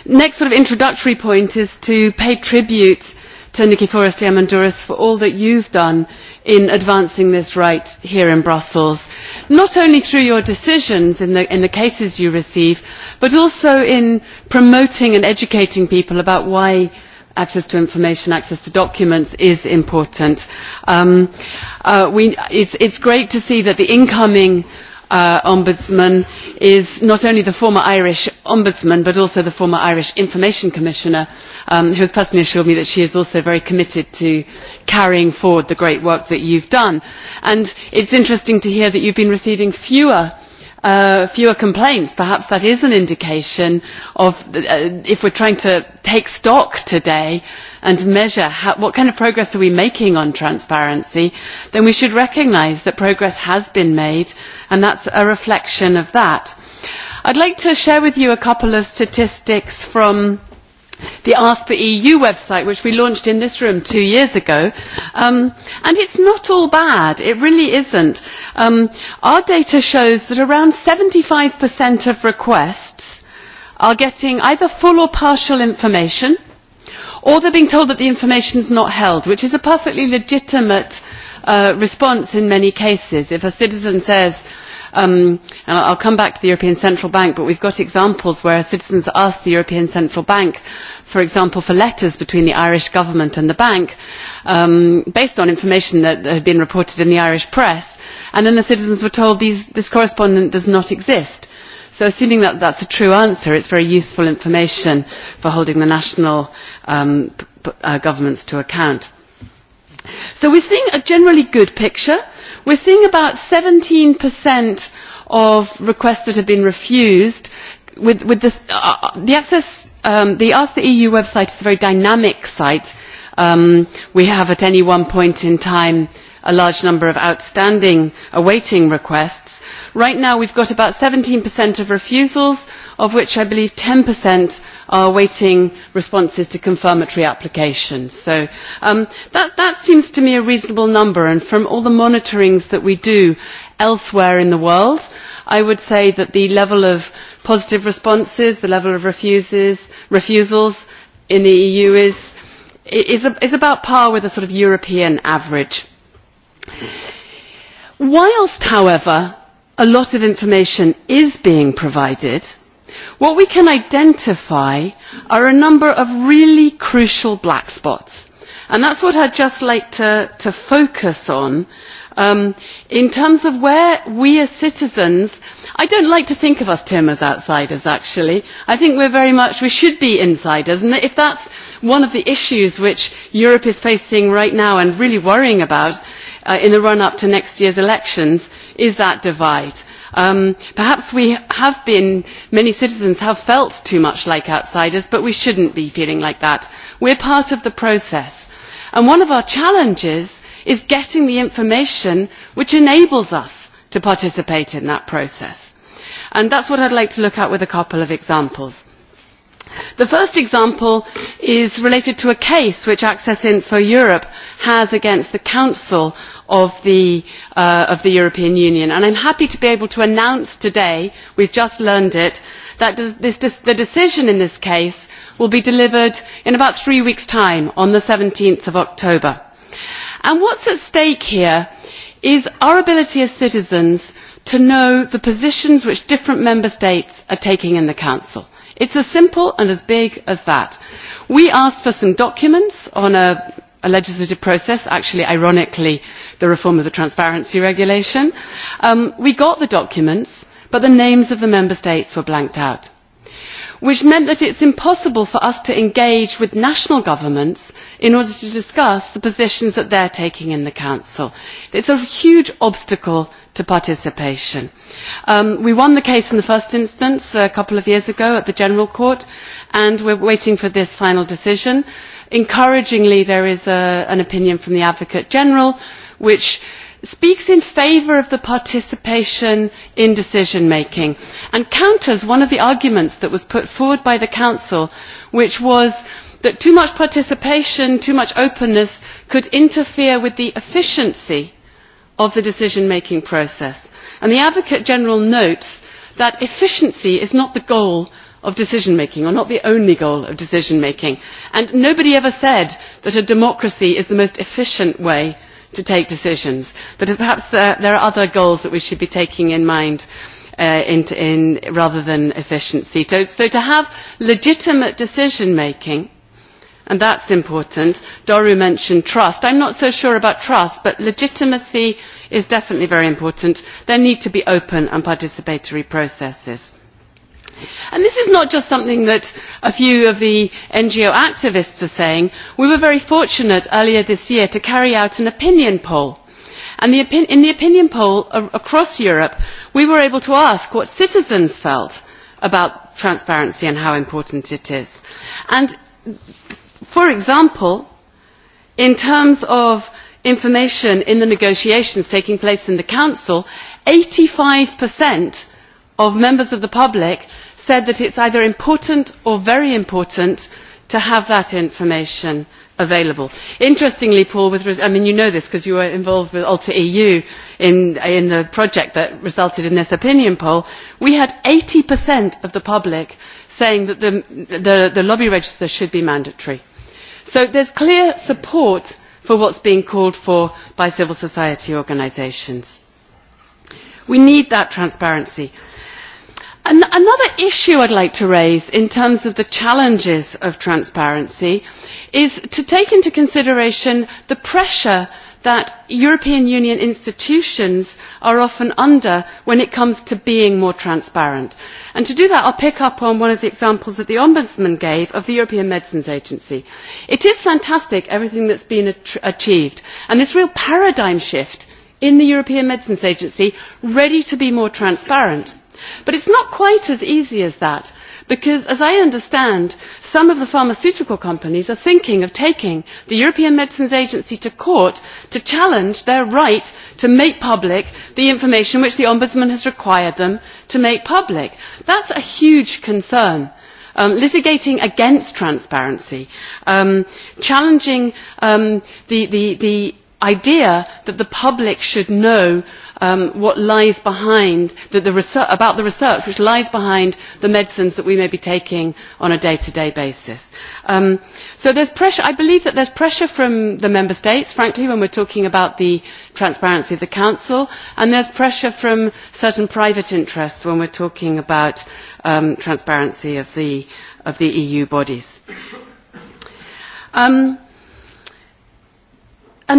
next sort of introductory point is to pay tribute to Nikki Forrest Diamandouros for all that you have done in advancing this right here in Brussels, not only through your decisions in the cases you receive, but also in promoting and educating people about why access to information, access to documents is important. It is great to see that the incoming ombudsman is not only the former irish ombudsman but also the former irish information commissioner who has personally assured me that she is also very committed to carrying forward the great work that you have done. it is interesting to hear that you have been receiving fewer fewer complaints. Perhaps that is an indication of if we're trying to take stock today and measure what kind of progress are we making on transparency, then we should recognise that progress has been made and that's a reflection of that. I'd like to share with you a couple of statistics from the Ask the EU website, which we launched in this room two years ago. And it's not all bad. It really isn't. Our data shows that around seventy 75% of requests are getting either full or partial information, or they're being told that the information is not held, which is a perfectly legitimate response in many cases. If a citizen says, and I'll come back to the European Central Bank, but we've got examples where citizens asked the European Central Bank, for example, for letters between the Irish government and the bank, based on information that had been reported in the Irish press, and then the citizens were told this correspondent does not exist. So assuming that that's a true answer, it's very useful information for holding the national governments to account. So we are seeing a generally good picture We're seeing about 17% of requests that have been refused. With the the Ask the EU website is a very dynamic site. We have at any one point in time a large number of outstanding awaiting requests Right now we've got about 17% of refusals, of which I believe 10% are awaiting responses to confirmatory applications. So that seems to me a reasonable number, and from all the monitorings that we do elsewhere in the world, I would say that the level of positive responses, the level of refusals in the EU is is about par with a sort of European average. Whilst, however, a lot of information is being provided, what we can identify are a number of really crucial black spots. And that's what I'd just like to focus on in terms of where we as citizens I don't like to think of us, Tim, as outsiders, actually. I think we're very much, we should be insiders. And if that's one of the issues which Europe is facing right now and really worrying about in the run-up to next year's elections, is that divide. Perhaps we have been, many citizens have felt too much like outsiders, but we shouldn't be feeling like that. We're part of the process. And one of our challenges is getting the information which enables us to participate in that process. And that's what I'd like to look at with a couple of examples. The first example is related to a case which Access Info Europe has against the Council of the European Union. And I am happy to be able to announce today, we have just learned it, that the decision in this case will be delivered in about three weeks' time, on the 17 October. What is at stake here is our ability as citizens to know the positions which different member states are taking in the Council It's as simple and as big as that. We asked for some documents on a legislative process, actually ironically the reform of the transparency regulation. We got the documents, but the names of the member states were blanked out which meant that it is impossible for us to engage with national governments in order to discuss the positions that they are taking in the council. it is a huge obstacle to participation. we won the case in the first instance a couple of years ago at the general court and we are waiting for this final decision. encouragingly there is an opinion from the advocate general which speaks in favour of the participation in decision making and counters one of the arguments that was put forward by the council which was that too much participation too much openness could interfere with the efficiency of the decision making process and the advocate general notes that efficiency is not the goal of decision making or not the only goal of decision making and nobody ever said that a democracy is the most efficient way to take decisions. But perhaps there are other goals that we should be taking in mind rather than efficiency. So to have legitimate decision making, and that's important. Doru mentioned trust. I'm not so sure about trust, but legitimacy is definitely very important. There need to be open and participatory processes. And this is not just something that a few of the NGO activists are saying. We were very fortunate earlier this year to carry out an opinion poll. And in the opinion poll across Europe, we were able to ask what citizens felt about transparency and how important it is. And, for example, in terms of information in the negotiations taking place in the Council, 85% of members of the public said that it is either important or very important to have that information available. Interestingly, Paul, I mean, you know this because you were involved with Alter EU in the project that resulted in this opinion poll, we had 80% of the public saying that the lobby register should be mandatory. So there's clear support for what's being called for by civil society organisations. We need that transparency. Another issue I would like to raise in terms of the challenges of transparency is to take into consideration the pressure that European Union institutions are often under when it comes to being more transparent. And to do that, I'll pick up on one of the examples that the Ombudsman gave of the European Medicines Agency. It is fantastic, everything that has been achieved, and this real paradigm shift in the European Medicines Agency, ready to be more transparent But it's not quite as easy as that, because, as I understand, some of the pharmaceutical companies are thinking of taking the European Medicines Agency to court to challenge their right to make public the information which the Ombudsman has required them to make public. That's a huge concern. Litigating against transparency, challenging the idea that the public should know what lies behind about the research which lies behind the medicines that we may be taking on a day to day basis. So there's pressure I believe that there is pressure from the Member States, frankly, when we are talking about the transparency of the Council, and there is pressure from certain private interests when we are talking about transparency of the EU bodies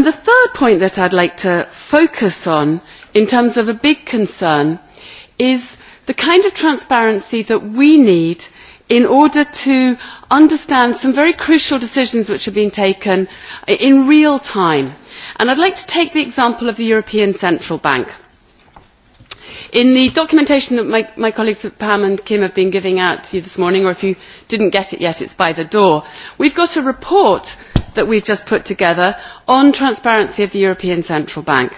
the third point that I would like to focus on in terms of a big concern is the kind of transparency that we need in order to understand some very crucial decisions which are being taken in real time. And I'd like to take the example of the European Central Bank. In the documentation that my colleagues Pam and Kim have been giving out to you this morning, or if you didn't get it yet, it's by the door, we've got a report that we've just put together on transparency of the European Central Bank.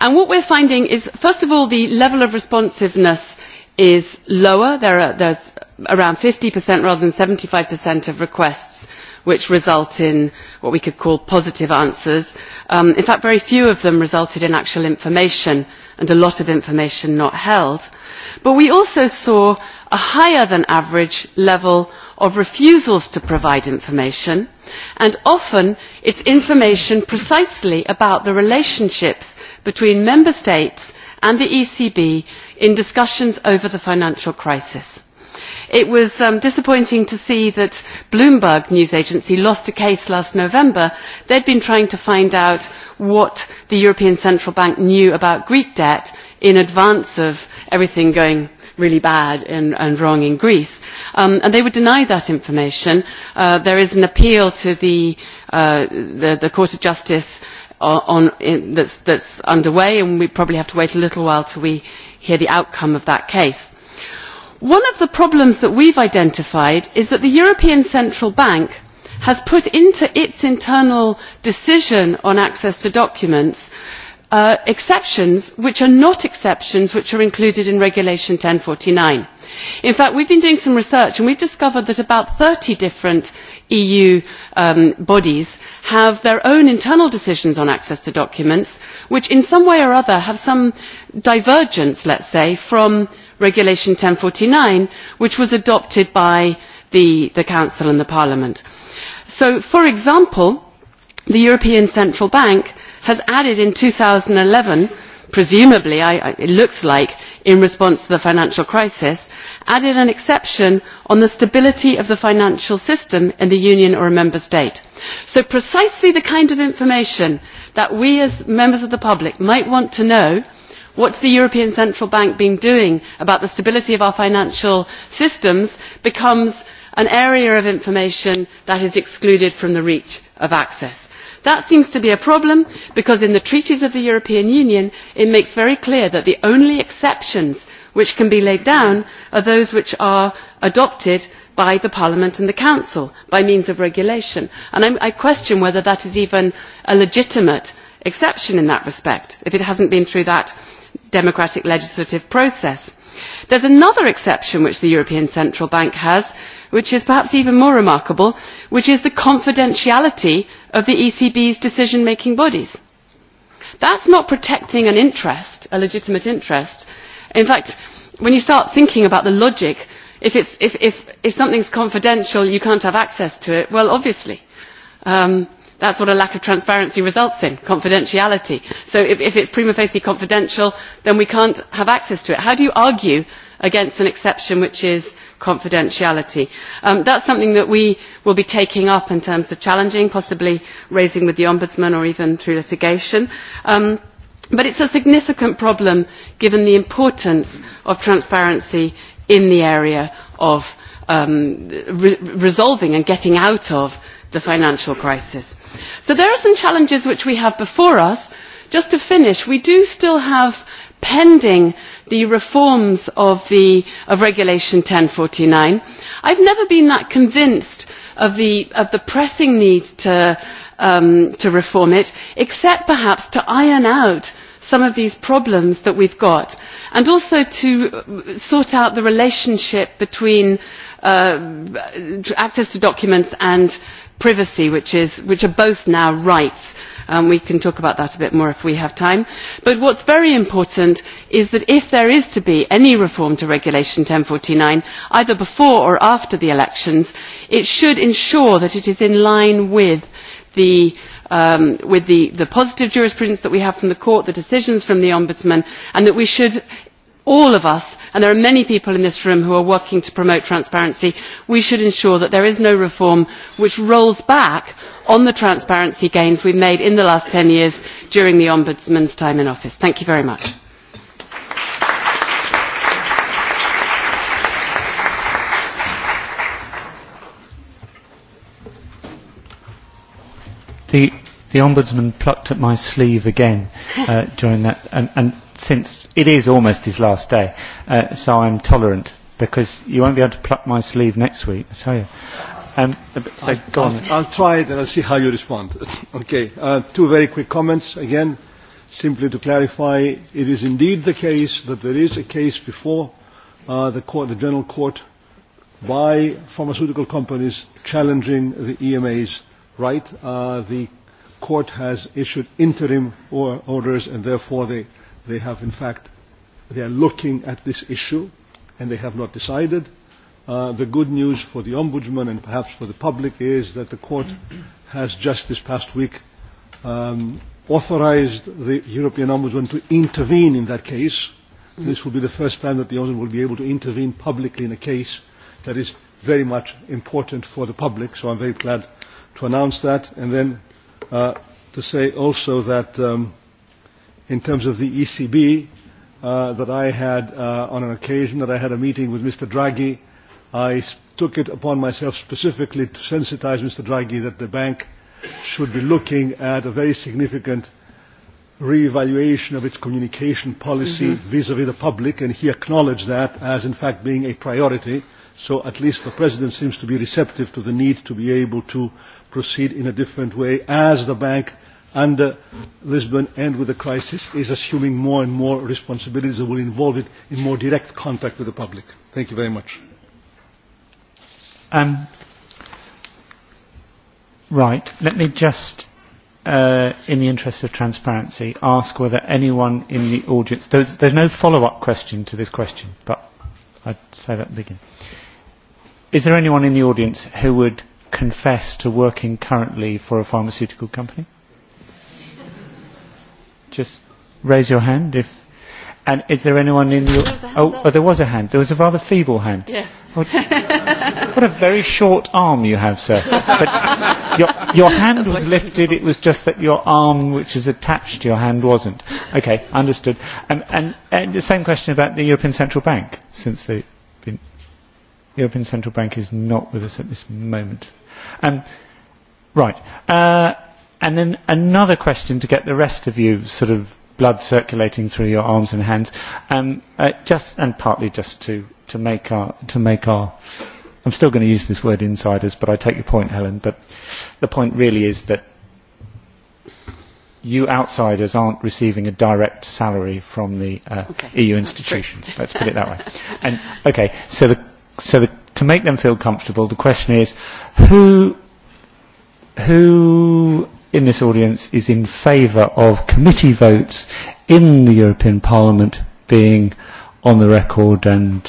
What we are finding is, first of all, the level of responsiveness is lower. There There's around 50% rather than 75% of requests which result in what we could call positive answers. In fact, very few of them resulted in actual information and a lot of information not held. But we also saw a higher than average level of refusals to provide information and often it is information precisely about the relationships between member states and the ecb in discussions over the financial crisis. it was disappointing to see that bloomberg news agency lost a case last november. they had been trying to find out what the european central bank knew about greek debt in advance of everything going really bad and wrong in Greece. And they were denied that information. There is an appeal to the Court of Justice that's underway and we probably have to wait a little while till we hear the outcome of that case. One of the problems that we've identified is that the European Central Bank has put into its internal decision on access to documents exceptions which are not exceptions which are included in regulation no one forty nine in fact we have been doing some research and we have discovered that about thirty different eu bodies have their own internal decisions on access to documents which in some way or other have some divergence let us say from regulation no one thousand and forty nine which was adopted by the council and parliament. so for example the european central bank has added in 2011 presumably it looks like in response to the financial crisis added an exception on the stability of the financial system in the union or a member state so precisely the kind of information that we as members of the public might want to know what the european central bank been doing about the stability of our financial systems becomes an area of information that is excluded from the reach of access That seems to be a problem because in the treaties of the European Union it makes very clear that the only exceptions which can be laid down are those which are adopted by the Parliament and the Council by means of regulation. And I question whether that is even a legitimate exception in that respect, if it hasn't been through that democratic legislative process. There is another exception which the European Central Bank has, which is perhaps even more remarkable, which is the confidentiality of the ECB's decision-making bodies. That's not protecting an interest, a legitimate interest. In fact, when you start thinking about the logic, if something's confidential, you can't have access to it, well, obviously. That's what a lack of transparency results in, confidentiality. So if it's prima facie confidential, then we can't have access to it. How do you argue against an exception which is confidentiality. That is something that we will be taking up in terms of challenging, possibly raising with the Ombudsman or even through litigation. But it is a significant problem given the importance of transparency in the area of resolving and getting out of the financial crisis. So there are some challenges which we have before us. Just to finish, we do still have pending the reforms of Regulation No forty nine. and I have never been that convinced of the pressing need to reform it, except perhaps to iron out some of these problems that we have got and also to sort out the relationship between access to documents and privacy which are both now rights we can talk about that a bit more if we have time. But is very important is that if there is to be any reform to Regulation forty nine, either before or after the elections, it should ensure that it is in line with with the positive jurisprudence that we have from the court the decisions from the ombudsman and that we should all of us and there are many people in this room who are working to promote transparency we should ensure that there is no reform which rolls back on the transparency gains we have made in the last ten years during the ombudsman's time in office thank you very much the Ombudsman plucked at my sleeve again during that, and since it is almost his last day, so I'm tolerant because you won't be able to pluck my sleeve next week, I tell you. Um, so go I'll try it and I'll see how you respond. okay, two very quick comments. Again, simply to clarify, it is indeed the case that there is a case before the, court, the General Court by pharmaceutical companies challenging the EMA's right. the court has issued interim orders and therefore they they have in fact they are looking at this issue and they have not decided the good news for the ombudsman and perhaps for the public is that the court has just this past week authorized the european ombudsman to intervene in that case this will be the first time that the ombudsman will be able to intervene publicly in a case that is very much important for the public so i'm very glad to announce that and then to say also that in terms of the ECB, that I had on an occasion that I had a meeting with Mr. Draghi, I took it upon myself specifically to sensitize Mr. Draghi that the bank should be looking at a very significant re-evaluation of its communication policy vis-à-vis the public, and he acknowledged that as in fact being a priority. So at least the President seems to be receptive to the need to be able to proceed in a different way as the bank under Lisbon and with the crisis is assuming more and more responsibilities that will involve it in more direct contact with the public. Thank you very much. Um, right, let me just, in the interest of transparency, ask whether anyone in the audience, there's, there's no follow-up question to this question, but I'd say that beginning. Is there anyone in the audience who would confess to working currently for a pharmaceutical company? Just raise your hand if. And is there anyone in your Oh, there was a hand. There was a rather feeble hand. Yeah. What a very short arm you have, sir. But your, your hand was lifted, it was just that your arm, which is attached to your hand, wasn't. Okay, understood. And, and, and the same question about the European Central Bank, since the European Central Bank is not with us at this moment. Right. And then another question to get the rest of you sort of blood circulating through your arms and hands, just and partly just to to make our to make our. I'm still going to use this word insiders, but I take your point, Helen. But the point really is that you outsiders aren't receiving a direct salary from the EU institutions. Let's put it that way. And okay, so the so to make them feel comfortable, the question is, who, who in this audience is in favour of committee votes in the European Parliament being on the record and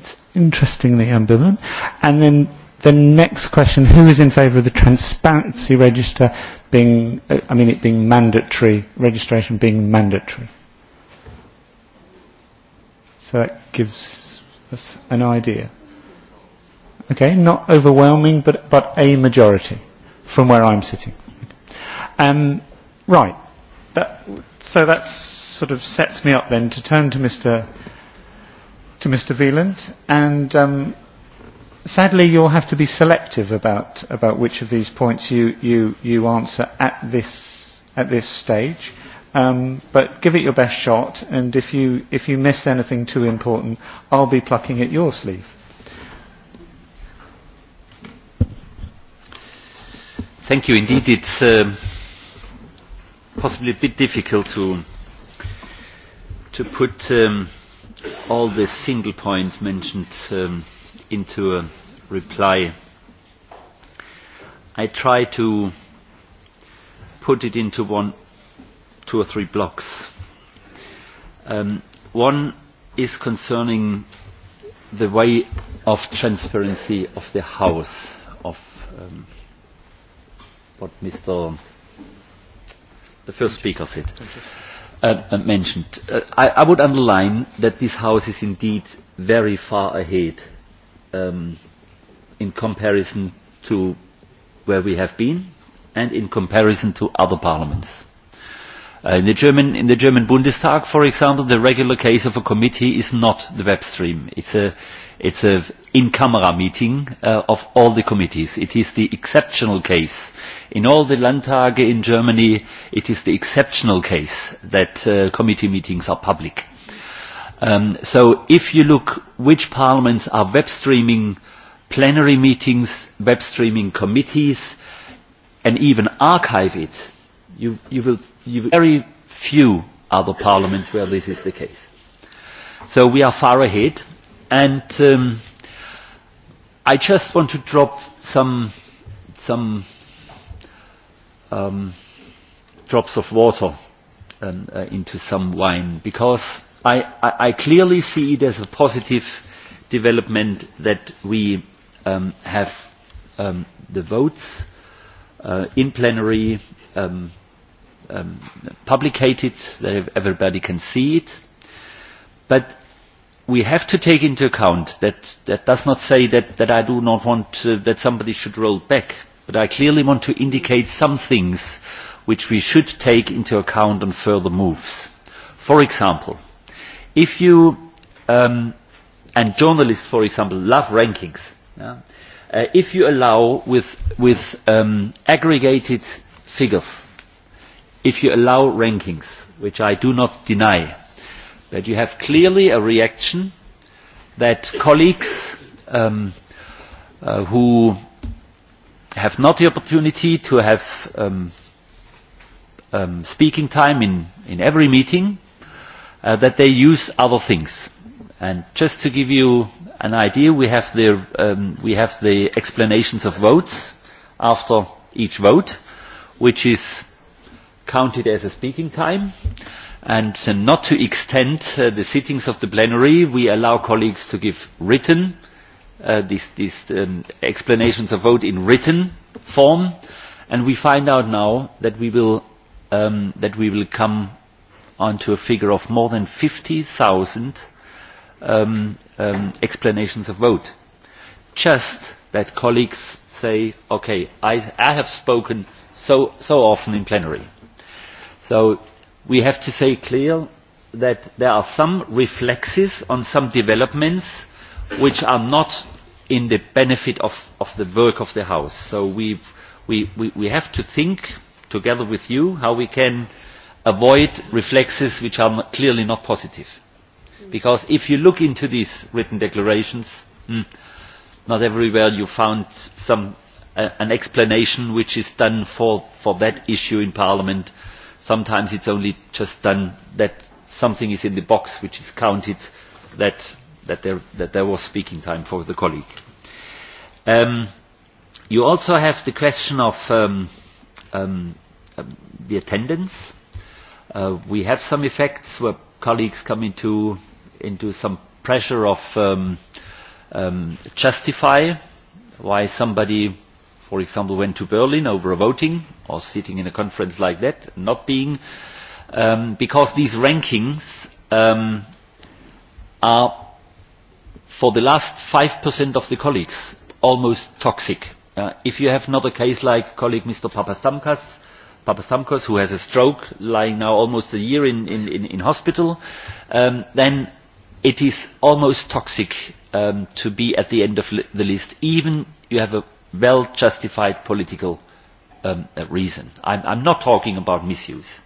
it's interestingly ambivalent. And then the next question, who is in favour of the transparency register being, I mean it being mandatory, registration being mandatory? So that gives us an idea. Okay, not overwhelming, but, but a majority from where I'm sitting. Um, right. so that sort of sets me up then to turn to Mr. to Mr. Veland. And um, sadly, you'll have to be selective about, about which of these points you, you, you answer at this, at this stage Um, but give it your best shot, and if you, if you miss anything too important, I'll be plucking at your sleeve. Thank you. Indeed, it's possibly a bit difficult to, to put um, all the single points mentioned um, into a reply. I try to put it into one two or three blocks. One is concerning the way of transparency of the House, of what Mr. the first speaker said, mentioned. I would underline that this House is indeed very far ahead in comparison to where we have been and in comparison to other parliaments. In the German Bundestag, for example, the regular case of a committee is not the web stream. It's a it's an in-camera meeting of all the committees. It is the exceptional case. In all the Landtage in Germany, it is the exceptional case that committee meetings are public. So if you look which parliaments are web streaming plenary meetings, web streaming committees, and even archive it, You will very few other parliaments where this is the case. So we are far ahead, and I just want to drop some some um drops of water into some wine, because I I I clearly see it as a positive development that we have the votes in plenary um publicated that everybody can see it. But we have to take into account that that does not say that I do not want that somebody should roll back, but I clearly want to indicate some things which we should take into account on further moves. For example, if you and journalists, for example, love rankings. If you allow with aggregated figures if you allow rankings, which I do not deny, that you have clearly a reaction that colleagues who have not the opportunity to have speaking time in every meeting, that they use other things. And just to give you an idea, we have the explanations of votes after each vote, which is counted as a speaking time and not to extend the sittings of the plenary. We allow colleagues to give written these explanations of vote in written form and we find out now that we will come onto a figure of more than 50,000 explanations of vote. Just that colleagues say, okay, I have spoken so often in plenary. So we have to say clear that there are some reflexes on some developments which are not in the benefit of the work of the House. So we have to think together with you how we can avoid reflexes which are clearly not positive. Because if you look into these written declarations, not everywhere you found an explanation which is done for that issue in Parliament sometimes it's only just done that something is in the box which is counted that that there that there was speaking time for the colleague you also have the question of the attendance we have some effects where colleagues come into into some pressure of justify why somebody for example, went to Berlin over a voting or sitting in a conference like that, not being, because these rankings are, for the last 5% of the colleagues, almost toxic. If you have not a case like colleague Mr. Papastamkas, Papastamkos, who has a stroke, lying now almost a year in hospital, then it is almost toxic to be at the end of the list, even you have a well justified political reason. I'm not talking about misuse.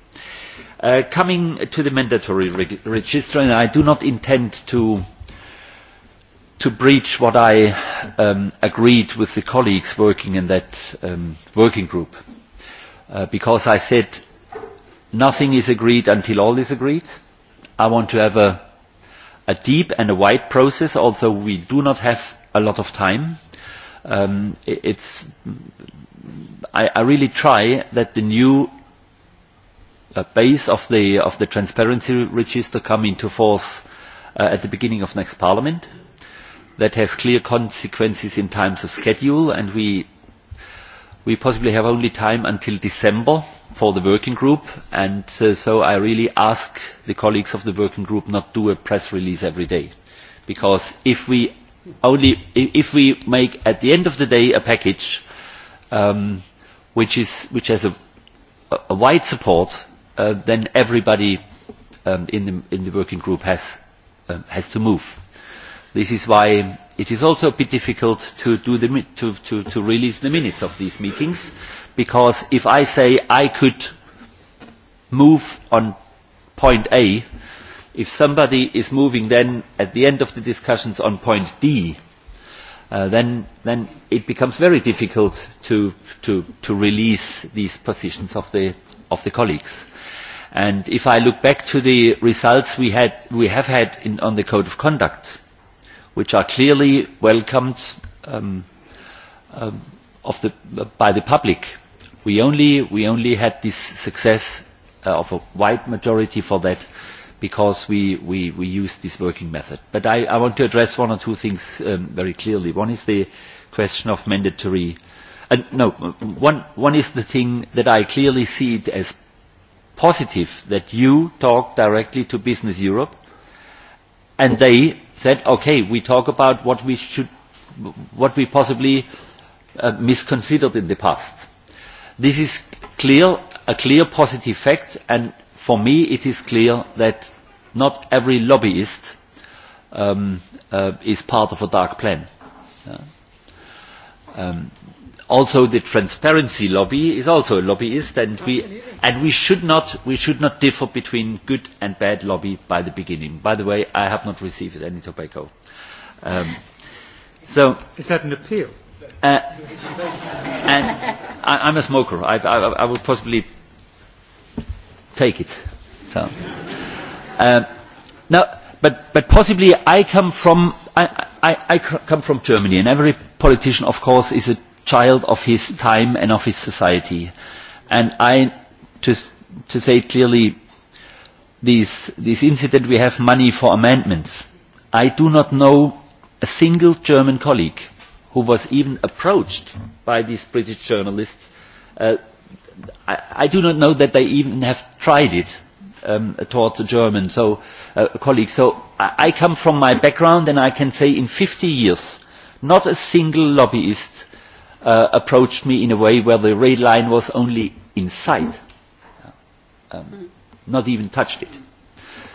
Coming to the mandatory register, and I do not intend to to breach what I agreed with the colleagues working in that working group, because I said nothing is agreed until all is agreed. I want to have a deep and a wide process, although we do not have a lot of time It's I really try that the new base of the of the transparency register come into force at the beginning of next Parliament. That has clear consequences in terms of schedule, and we we possibly have only time until December for the working group, and so I really ask the colleagues of the working group not to do a press release every day, because if we only if we make at the end of the day a package which is which has a a wide support then everybody in the in the working group has has to move this is why it is also a bit difficult to do the to to to release the minutes of these meetings because if i say i could move on point a if somebody is moving then at the end of the discussions on point D, then it becomes very difficult to release these positions of the colleagues. And if I look back to the results we have had on the Code of Conduct, which are clearly welcomed by the public, we only had this success of a wide majority for that because we we use this working method. But I want to address one or two things very clearly. One is the question of mandatory no one one is the thing that I clearly see it as positive that you talk directly to Business Europe and they said okay we talk about what we should what we possibly misconsidered in the past. This is clear a clear positive fact and for me it is clear that not every lobbyist is part of a dark plan. Also the transparency lobby is also a lobbyist and we and we should not we should not differ between good and bad lobby by the beginning. By the way, I have not received any tobacco. So Is that an appeal? And I'm a smoker. I I I would possibly take it. So, now, but but possibly I come from I, I, I come from Germany, and every politician, of course, is a child of his time and of his society. And I, to to say clearly, this this incident we have money for amendments. I do not know a single German colleague who was even approached by these British journalists I do not know that they even have tried it towards a German colleagues. So I come from my background and I can say in 50 years not a single lobbyist approached me in a way where the red line was only inside, not even touched it.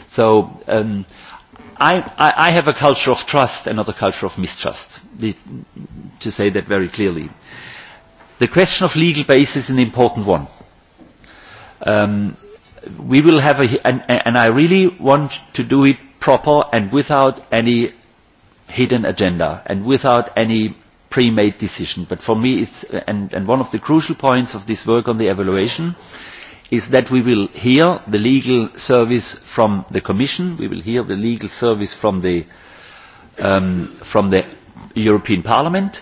So I have a culture of trust and not a culture of mistrust, to say that very clearly. The question of legal basis is an important one. We will have a and I really want to do it proper and without any hidden agenda and without any pre-made decision. But for me, it's and one of the crucial points of this work on the evaluation is that we will hear the legal service from the Commission, we will hear the legal service from the from the European Parliament.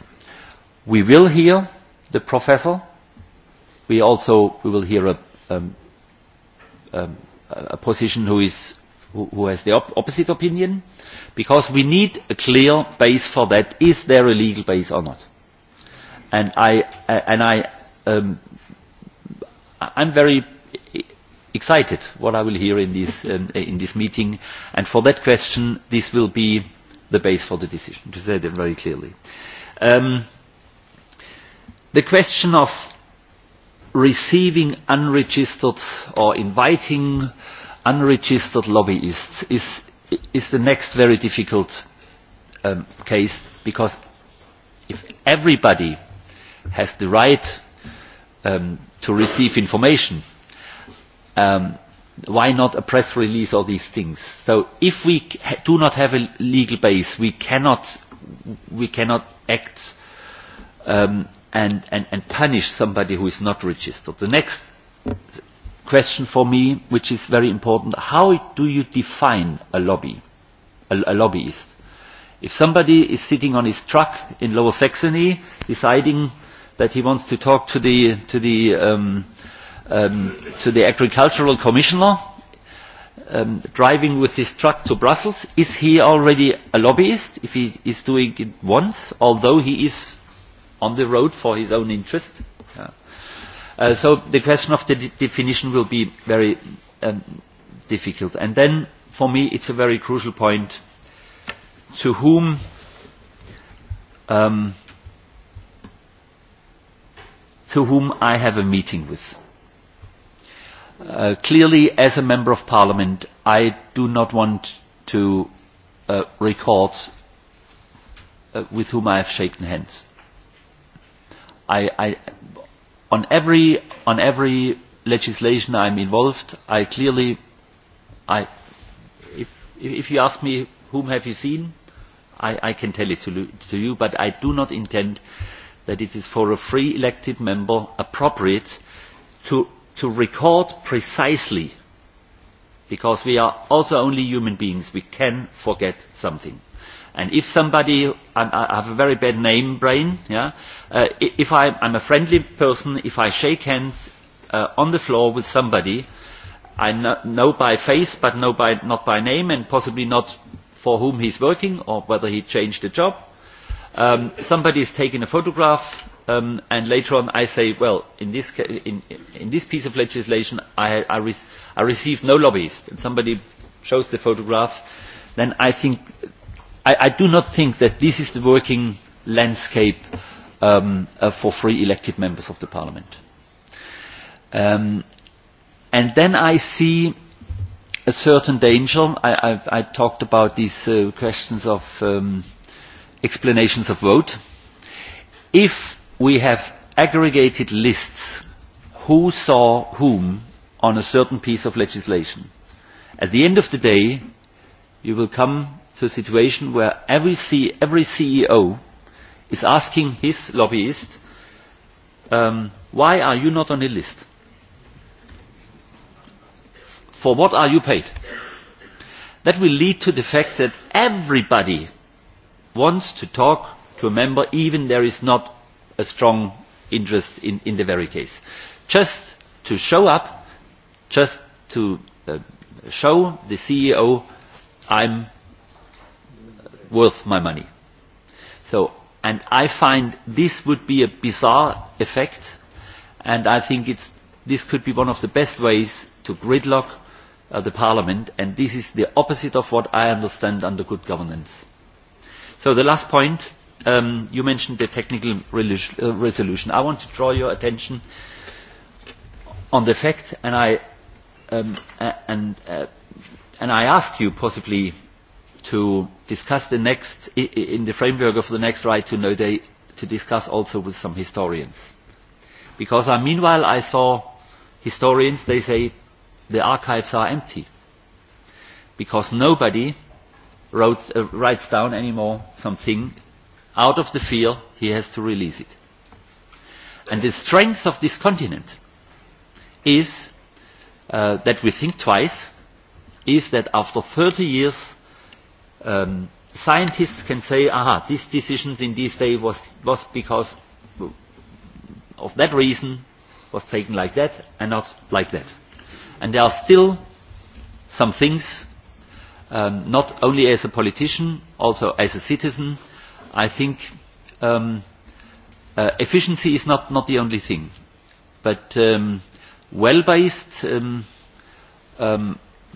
We will hear the professor. We also we will hear a position who is who has the opposite opinion, because we need a clear base for that. Is there a legal base or not? And I and I um I'm very excited what I will hear in this in this meeting. And for that question, this will be the base for the decision. To say that very clearly. Um, The question of receiving unregistered or inviting unregistered lobbyists is is the next very difficult case because if everybody has the right to receive information, why not a press release or these things? So if we do not have a legal base, we cannot we cannot act and punish somebody who is not registered. The next question for me, which is very important, how do you define a lobby, a lobbyist? If somebody is sitting on his truck in Lower Saxony, deciding that he wants to talk to the to the to the agricultural commissioner, driving with his truck to Brussels, is he already a lobbyist if he is doing it once, although he is on the road for his own interest. So the question of the definition will be very difficult. And then, for me, it's a very crucial point to whom to whom I have a meeting with. Clearly, as a Member of Parliament, I do not want to record with whom I have shaken hands. I on every on every legislation I'm involved, I clearly I if if you ask me whom have you seen, I I can tell it to to you, but I do not intend that it is for a free elected member appropriate to to record precisely because we are also only human beings, we can forget something And if somebody, I have a very bad name brain, yeah, if I I'm a friendly person, if I shake hands on the floor with somebody, I know by face but not by name and possibly not for whom he's working or whether he changed the job. Somebody is taking a photograph and later on I say, well, in this in this piece of legislation I received no lobbyist. And somebody shows the photograph, then I think I do not think that this is the working landscape for free elected members of the Parliament. And then I see a certain danger. I talked about these questions of explanations of vote. If we have aggregated lists who saw whom on a certain piece of legislation, at the end of the day you will come to a situation where every CEO is asking his lobbyist, why are you not on the list? For what are you paid? That will lead to the fact that everybody wants to talk to a member even there is not a strong interest in the very case. Just to show up, just to show the CEO I'm worth my money. So, and I find this would be a bizarre effect, and I think it's, this could be one of the best ways to gridlock the Parliament, and this is the opposite of what I understand under good governance. So the last point, you mentioned the technical resolution. I want to draw your attention on the fact, and I, and, and I ask you possibly to discuss the next, in the framework of the next right to know day, to discuss also with some historians. Because meanwhile I saw historians, they say the archives are empty. Because nobody writes down anymore something out of the fear he has to release it. And the strength of this continent is that we think twice, is that after 30 years scientists can say, aha, this decision in this day was was because of that reason was taken like that and not like that. And there are still some things, not only as a politician, also as a citizen, I think efficiency is not not the only thing, but well-based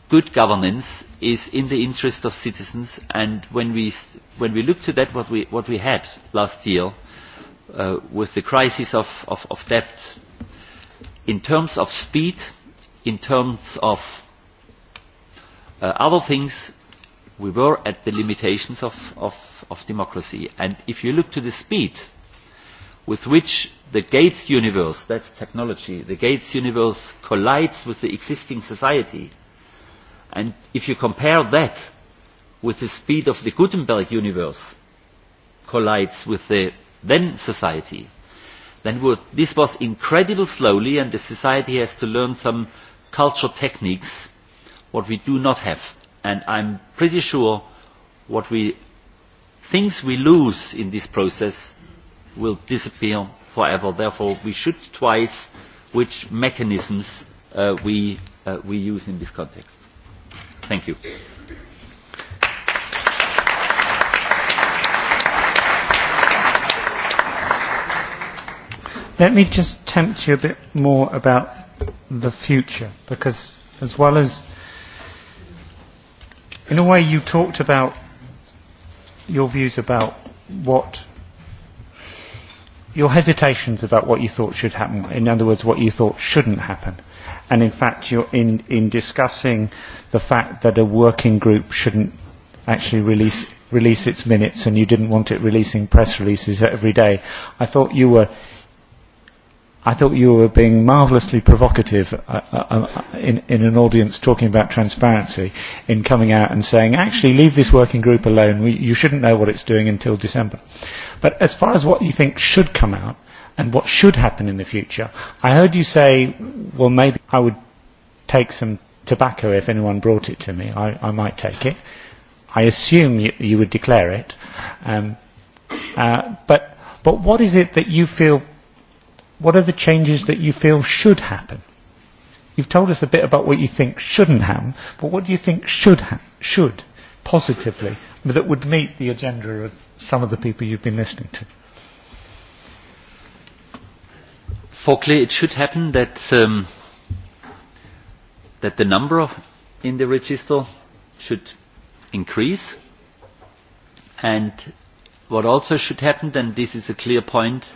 good governance is in the interest of citizens and when we when we look to that what we what we had last year with the crisis of of debt in terms of speed in terms of other things we were at the limitations of of democracy and if you look to the speed with which the gates universe that's technology the gates universe collides with the existing society And if you compare that with the speed of the Gutenberg universe collides with the then society, then this was incredibly slowly and the society has to learn some culture techniques what we do not have. And I'm pretty sure what we things we lose in this process will disappear forever. Therefore, we should twice which mechanisms we use in this context. Thank you. Let me just tempt you a bit more about the future, because as well as, in a way, you talked about your views about what, your hesitations about what you thought should happen, in other words, what you thought shouldn't happen and in fact you're in in discussing the fact that a working group shouldn't actually release release its minutes and you didn't want it releasing press releases every day i thought you were I thought you were being marvellously provocative in an audience talking about transparency in coming out and saying, actually, leave this working group alone. You shouldn't know what it's doing until December. But as far as what you think should come out, and what should happen in the future. I heard you say, well, maybe I would take some tobacco if anyone brought it to me. I, I might take it. I assume you, you would declare it. Um, but, but what is it that you feel, what are the changes that you feel should happen? You've told us a bit about what you think shouldn't happen, but what do you think should, should positively, that would meet the agenda of some of the people you've been listening to? Folkley, it should happen that that the number of in the register should increase. And what also should happen, and this is a clear point,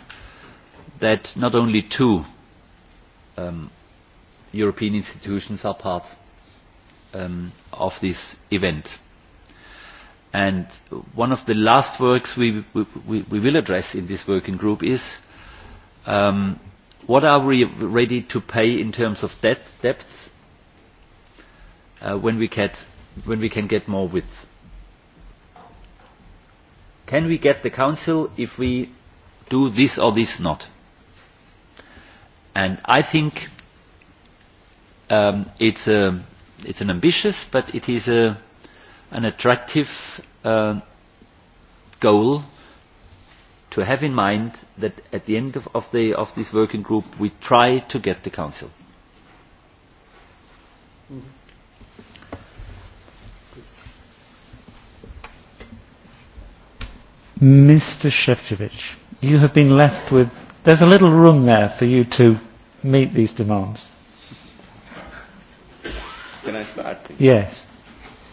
that not only two European institutions are part of this event. And one of the last works we we will address in this working group is um What are we ready to pay in terms of debt debts when we can get more width? Can we get the Council if we do this or this not? And I think it's an ambitious, but it is an attractive goal to have in mind that at the end of this working group we try to get the Council. Mr. Shevchevich, you have been left with. There's a little room there for you to meet these demands. Can I start? Yes.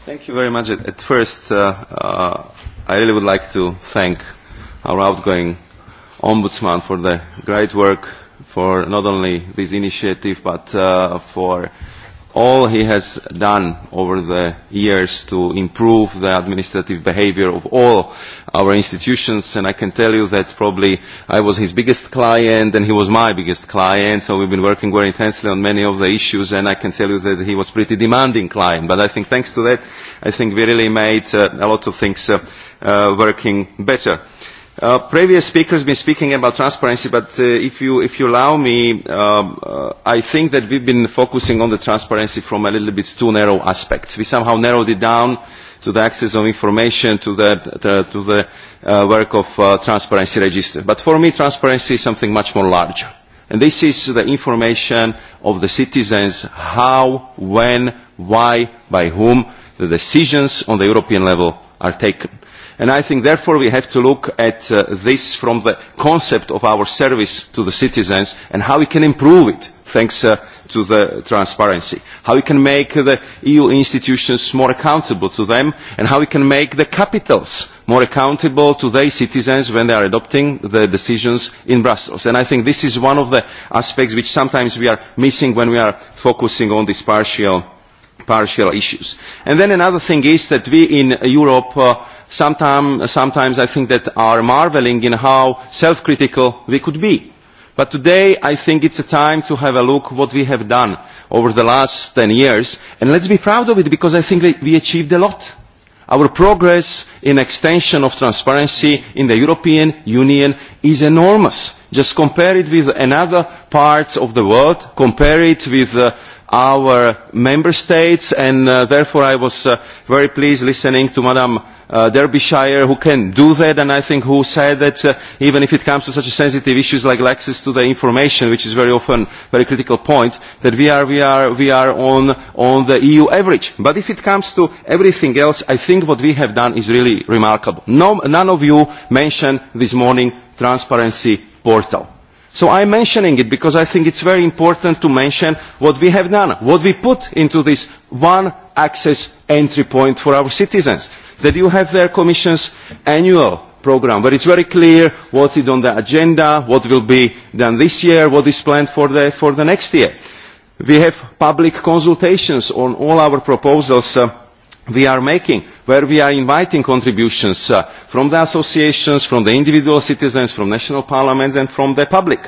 Thank you very much. At first, I really would like to thank our outgoing Ombudsman for the great work for not only this initiative but for all he has done over the years to improve the administrative behavior of all our institutions and I can tell you that probably I was his biggest client and he was my biggest client so we've been working very intensely on many of the issues and I can tell you that he was pretty demanding client but I think thanks to that I think we really made a lot of things working better. Previous speakers have been speaking about transparency, but if you if you allow me, I think that we've been focusing on the transparency from a little bit too narrow aspects. We somehow narrowed it down to the access of information, to the to the work of transparency register. But for me, transparency is something much more larger, and this is the information of the citizens: how, when, why, by whom the decisions on the European level are taken and i think therefore we have to look at this from the concept of our service to the citizens and how we can improve it thanks to the transparency how we can make the eu institutions more accountable to them and how we can make the capitals more accountable to their citizens when they are adopting the decisions in brussels and i think this is one of the aspects which sometimes we are missing when we are focusing on these partial partial issues and then another thing is that we in europe Sometimes I think that are marvelling in how self-critical we could be. But today I think it's a time to have a look at what we have done over the last 10 years. And let's be proud of it because I think we achieved a lot. Our progress in extension of transparency in the European Union is enormous. Just compare it with other parts of the world, compare it with our member states and therefore I was very pleased listening to Madam Derbyshire who can do that and I think who said that even if it comes to such sensitive issues like access to the information which is very often a very critical point that we are, on, on the EU average. But if it comes to everything else I think what we have done is really remarkable. none of you mentioned this morning transparency portal So I'm mentioning it because I think it's very important to mention what we have done, what we put into this one access entry point for our citizens, that you have their Commission's annual programme, where it's very clear what is on the agenda, what will be done this year, what is planned for for the next year. We have public consultations on all our proposals we are making where we are inviting contributions from the associations, from the individual citizens, from national parliaments and from the public.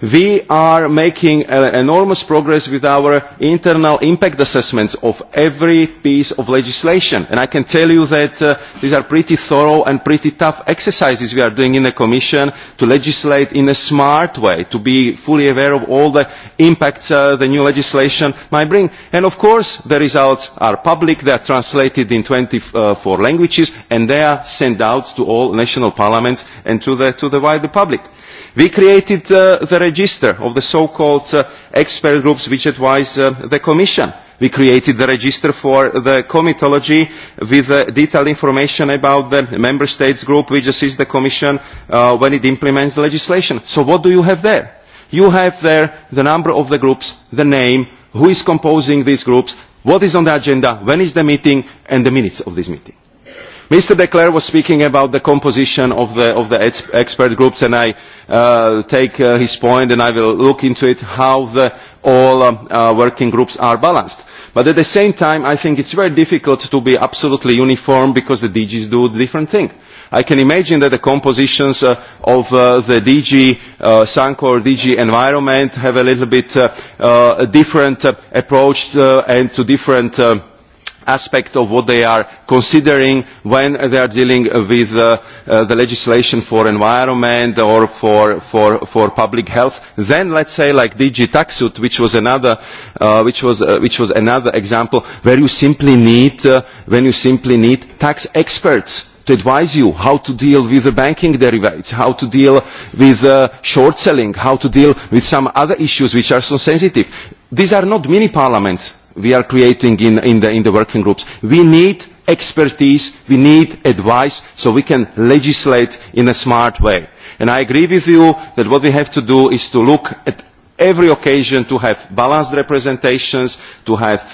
We are making enormous progress with our internal impact assessments of every piece of legislation. And I can tell you that these are pretty thorough and pretty tough exercises we are doing in the Commission to legislate in a smart way, to be fully aware of all the impacts the new legislation might bring. And of course, the results are public. They are translated in 20 for languages and they are sent out to all national parliaments and to the to the wider public. We created the register of the so-called expert groups which advise the Commission. We created the register for the comitology with detailed information about the member states group which assists the Commission when it implements the legislation. So what do you have there? You have there the number of the groups, the name, who is composing these groups, what is on the agenda, when is the meeting, and the minutes of this meeting. Mr. De Clare was speaking about the composition of the expert groups, and I take his point and I will look into it how all working groups are balanced. But at the same time, I think it's very difficult to be absolutely uniform because the DGs do different things. I can imagine that the compositions of the DG or DG Environment have a little bit different approach and to different aspect of what they are considering when they are dealing with the legislation for environment or for public health. Then let's say like DG Taxut, which was another example where you simply need tax experts to advise you how to deal with the banking derivatives, how to deal with short selling, how to deal with some other issues which are so sensitive. These are not mini parliaments we are creating in the working groups. We need expertise, we need advice so we can legislate in a smart way. And I agree with you that what we have to do is to look at every occasion to have balanced representations, to have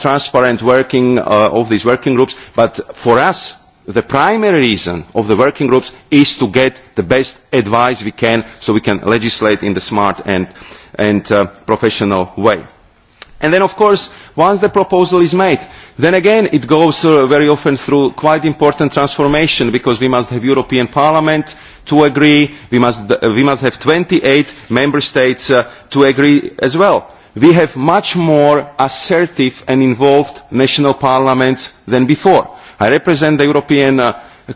transparent working of these working groups, but for us the primary reason of the working groups is to get the best advice we can so we can legislate in a smart and professional way. And then, of course, once the proposal is made, then again it goes very often through quite important transformation because we must have European Parliament to agree, we must have 28 member states to agree as well. We have much more assertive and involved national parliaments than before. I represent the European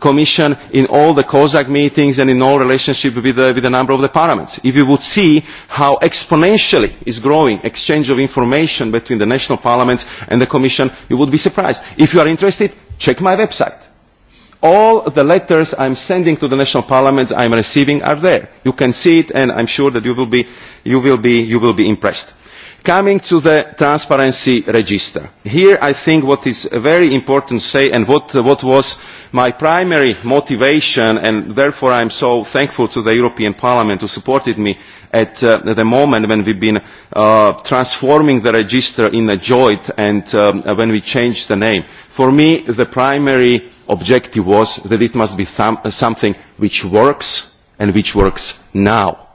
Commission in all the COSAC meetings and in all relationship with with a number of the parliaments. If you would see how exponentially is growing exchange of information between the national parliaments and the Commission, you would be surprised. If you are interested, check my website. All the letters I am sending to the national parliaments I am receiving are there. You can see it and I am sure that you you will will be be you will be impressed. Coming to the transparency register. Here I think what is very important to say and what was my primary motivation and therefore I am so thankful to the European Parliament who supported me at the moment when we've been transforming the register in a joint and when we changed the name. For me the primary objective was that it must be something which works and which works now.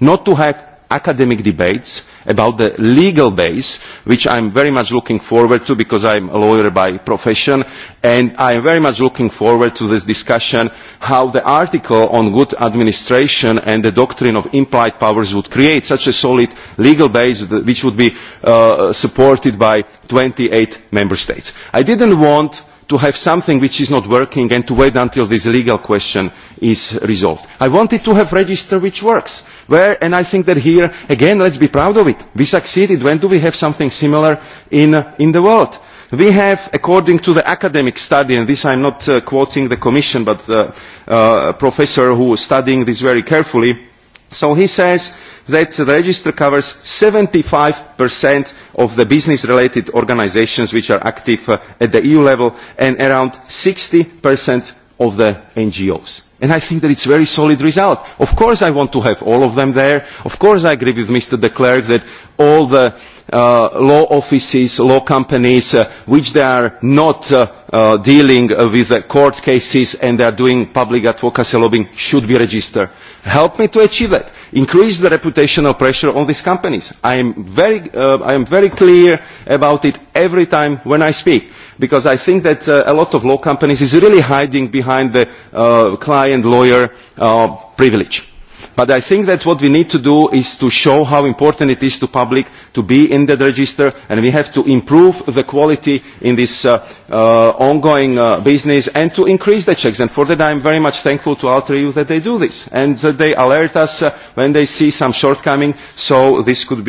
Not to have academic debates about the legal base, which I am very much looking forward to because I am a lawyer by profession, and I am very much looking forward to this discussion how the article on good administration and the doctrine of implied powers would create such a solid legal base which would be supported by 28 member states. I didn't want to have something which is not working and to wait until this legal question is resolved. I wanted to have a register which works, where, and I think that here, again, let's be proud of it. We succeeded. When do we have something similar in the world? We have, according to the academic study, and this I am not quoting the Commission, but a professor who is studying this very carefully, So he says that the register covers 75% of the business-related organisations which are active at the EU level and around 60% of the NGOs. And I think that it's a very solid result. Of course I want to have all of them there. Of course I agree with Mr. de Klerk that all the law offices, law companies, which they are not dealing with court cases and they are doing public advocacy lobbying, should be registered. Help me to achieve that. Increase the reputational pressure on these companies. I am very clear about it every time when I speak because I think that a lot of law companies is really hiding behind the client and lawyer privilege. But I think that what we need to do is to show how important it is to public to be in that register and we have to improve the quality in this ongoing business and to increase the checks. And for that I am very much thankful to you that they do this and that they alert us when they see some shortcoming so this could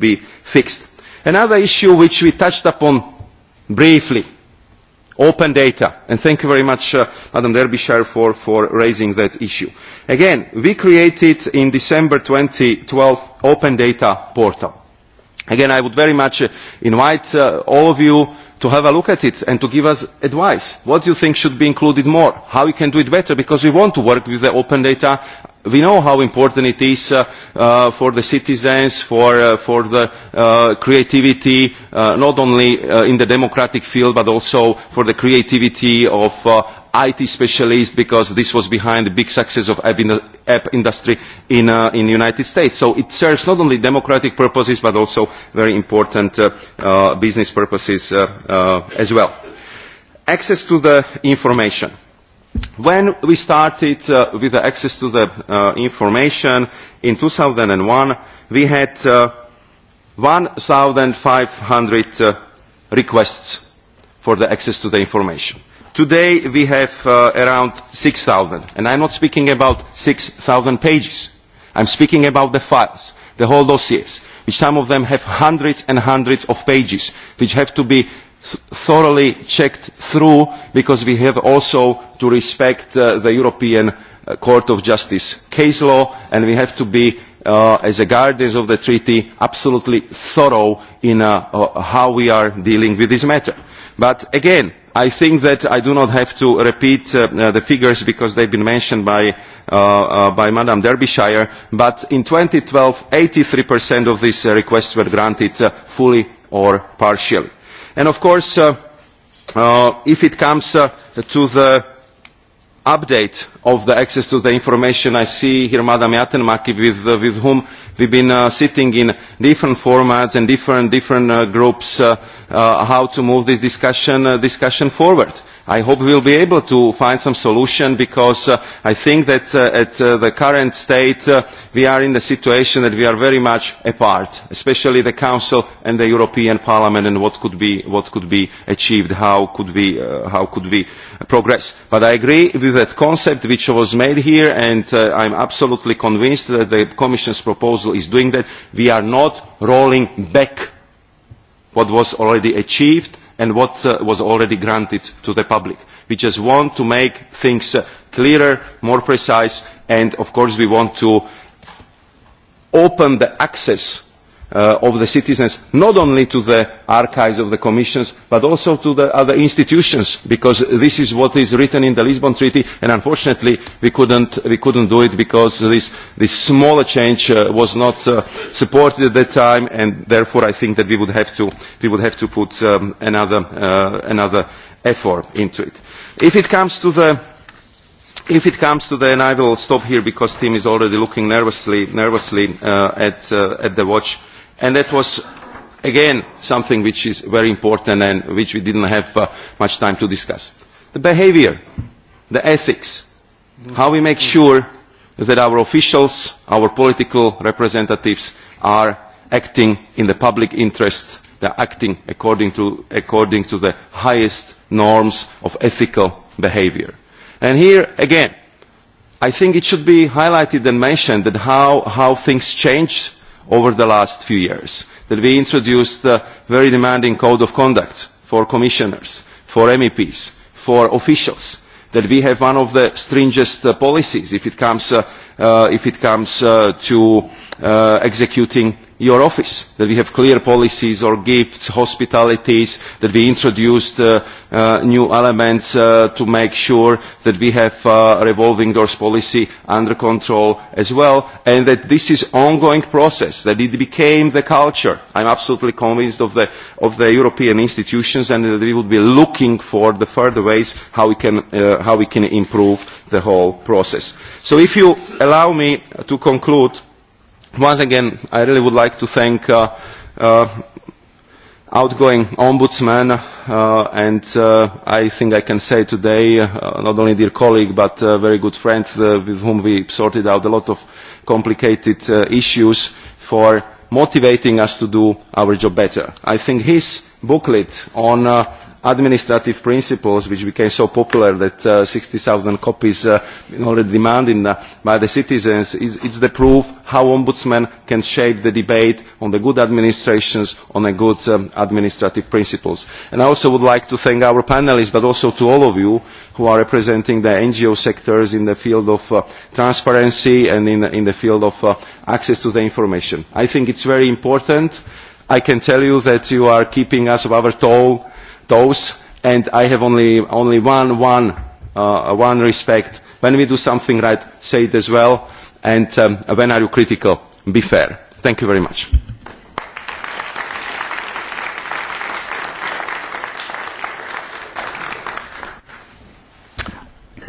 be fixed. Another issue which we touched upon briefly open data and thank you very much madam derbyshire for raising that issue again we created in december 2012 open data portal again i would very much invite all of you to have a look at it and to give us advice. What do you think should be included more? How we can do it better? Because we want to work with the open data. We know how important it is for the citizens, for for the creativity, not only in the democratic field, but also for the creativity of IT specialist because this was behind the big success of app industry in in the United States. So it serves not only democratic purposes but also very important business purposes as well. Access to the information. When we started with the access to the information in 2001, we had 1,500 requests for the access to the information Today we have around 6,000. And I'm not speaking about 6,000 pages. I'm speaking about the files, the whole dossiers, which some of them have hundreds and hundreds of pages, which have to be thoroughly checked through because we have also to respect the European Court of Justice case law and we have to be, as a guardians of the treaty, absolutely thorough in how we are dealing with this matter. But again, I think that I do not have to repeat the figures because they have been mentioned by by Madam Derbyshire, but in 2012 three of these requests were granted fully or partially. And of course, if it comes to the update of the access to the information, I see here Madam Yatenmaki with whom We've been sitting in different formats and different different groups how to move this discussion discussion forward. I hope we'll be able to find some solution because I think that at the current state we are in the situation that we are very much apart, especially the Council and the European Parliament and what could be what could be achieved, how could we how could we progress. But I agree with that concept which was made here and I'm absolutely convinced that the Commission's proposal proposal is doing that. We are not rolling back what was already achieved and what was already granted to the public. We just want to make things clearer, more precise, and of course we want to open the access of the citizens not only to the archives of the commissions but also to the other institutions because this is what is written in the lisbon treaty and unfortunately we couldn't we do it because this smaller change was not supported at that time and therefore i think that we would have to put another effort into it if it comes to the If it comes to the, and I will stop here because Tim is already looking nervously, nervously at the watch and that was again something which is very important and which we didn't have much time to discuss. The behaviour, the ethics, how we make sure that our officials, our political representatives are acting in the public interest, they are acting according to the highest norms of ethical behaviour. And here again, I think it should be highlighted and mentioned that how things change over the last few years, that we introduced a very demanding code of conduct for commissioners, for MEPs, for officials, that we have one of the stringest policies if it comes to executing your office, that we have clear policies or gifts, hospitalities, that we introduced new elements to make sure that we have revolving doors policy under control as well, and that this is ongoing process, that it became the culture. I'm absolutely convinced of the European institutions and that we will be looking for the further ways how we can improve the whole process. So if you allow me to conclude Once again, I really would like to thank outgoing ombudsman and I think I can say today not only dear colleague but a very good friend with whom we sorted out a lot of complicated issues for motivating us to do our job better. I think his booklet on administrative principles which became so popular that 60,000 copies already demanded by the citizens it's the proof how ombudsmen can shape the debate on the good administrations on the good administrative principles and I also would like to thank our panelists but also to all of you who are representing the NGO sectors in the field of transparency and in the field of access to the information I think it's very important I can tell you that you are keeping us of our toll those and I have only only one one one respect. When we do something right, say it as well and when are you critical, be fair. Thank you very much.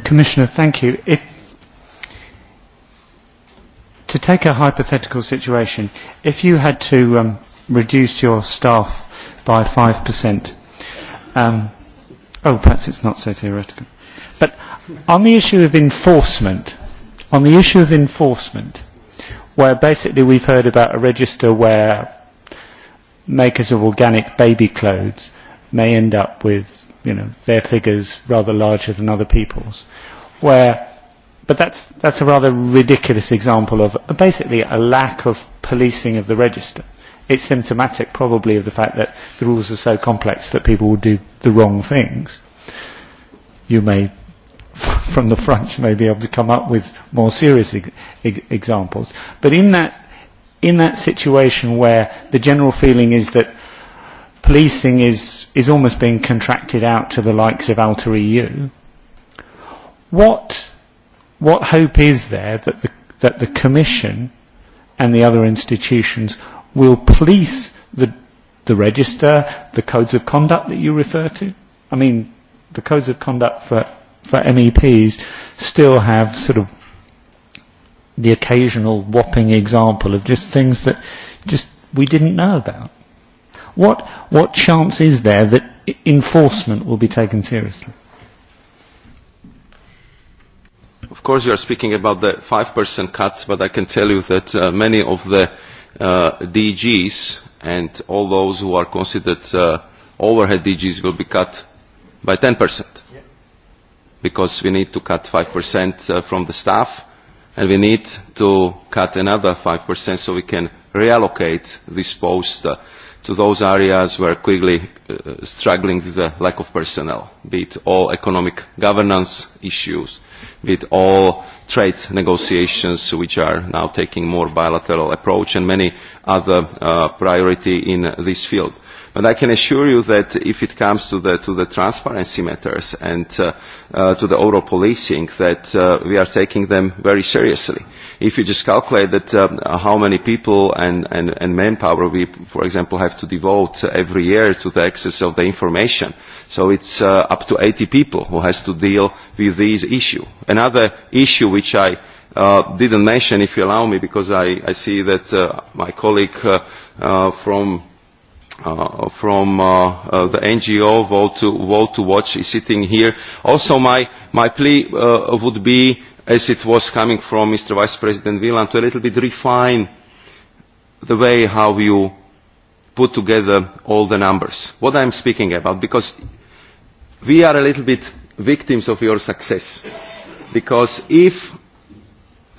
Commissioner, thank you. If to take a hypothetical situation, if you had to reduce your staff by 5%, Um, oh, perhaps it's not so theoretical. But on the issue of enforcement, on the issue of enforcement, where basically we've heard about a register where makers of organic baby clothes may end up with, you know, their figures rather larger than other people's, where but that's that's a rather ridiculous example of basically a lack of policing of the register it's symptomatic probably of the fact that the rules are so complex that people will do the wrong things. You may, from the front, you may be able to come up with more serious examples. But in that, in that situation where the general feeling is that policing is, is almost being contracted out to the likes of Alter EU, what, what hope is there that the, that the Commission and the other institutions will police the the register, the codes of conduct that you refer to? I mean, the codes of conduct for for MEPs still have sort of the occasional whopping example of just things that just we didn't know about. What what chance is there that enforcement will be taken seriously? Of course, you are speaking about the 5% cuts, but I can tell you that many of the DGs and all those who are considered overhead DGs will be cut by 10%. Because we need to cut 5% from the staff and we need to cut another 5% so we can reallocate this post to those areas where quickly struggling with the lack of personnel, be it all economic governance issues, be it all trade negotiations which are now taking more bilateral approach and many other priorities in this field. But I can assure you that if it comes to the to the transparency matters and to the overall policing that we are taking them very seriously. If you just calculate that how many people and and manpower we for example have to devote every year to the access of the information So it's up to 80 people who has to deal with these issue. Another issue which I didn't mention, if you allow me, because I see that my colleague from from the NGO Vote to Watch is sitting here. Also, my my plea would be, as it was coming from Mr. Vice President Wieland, to a little bit refine the way how you put together all the numbers. What I'm speaking about, because we are a little bit victims of your success because if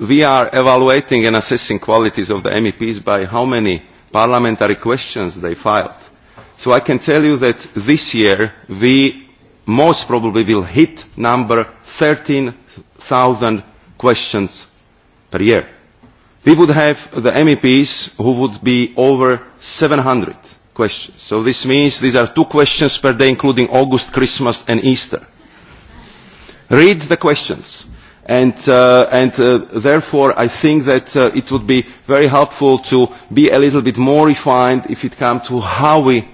we are evaluating and assessing qualities of the meps by how many parliamentary questions they filed so i can tell you that this year we most probably will hit number 13000 questions per year we would have the meps who would be over 700 questions. So this means these are two questions per day, including August, Christmas and Easter. Read the questions. And therefore I think that it would be very helpful to be a little bit more refined if it comes to how we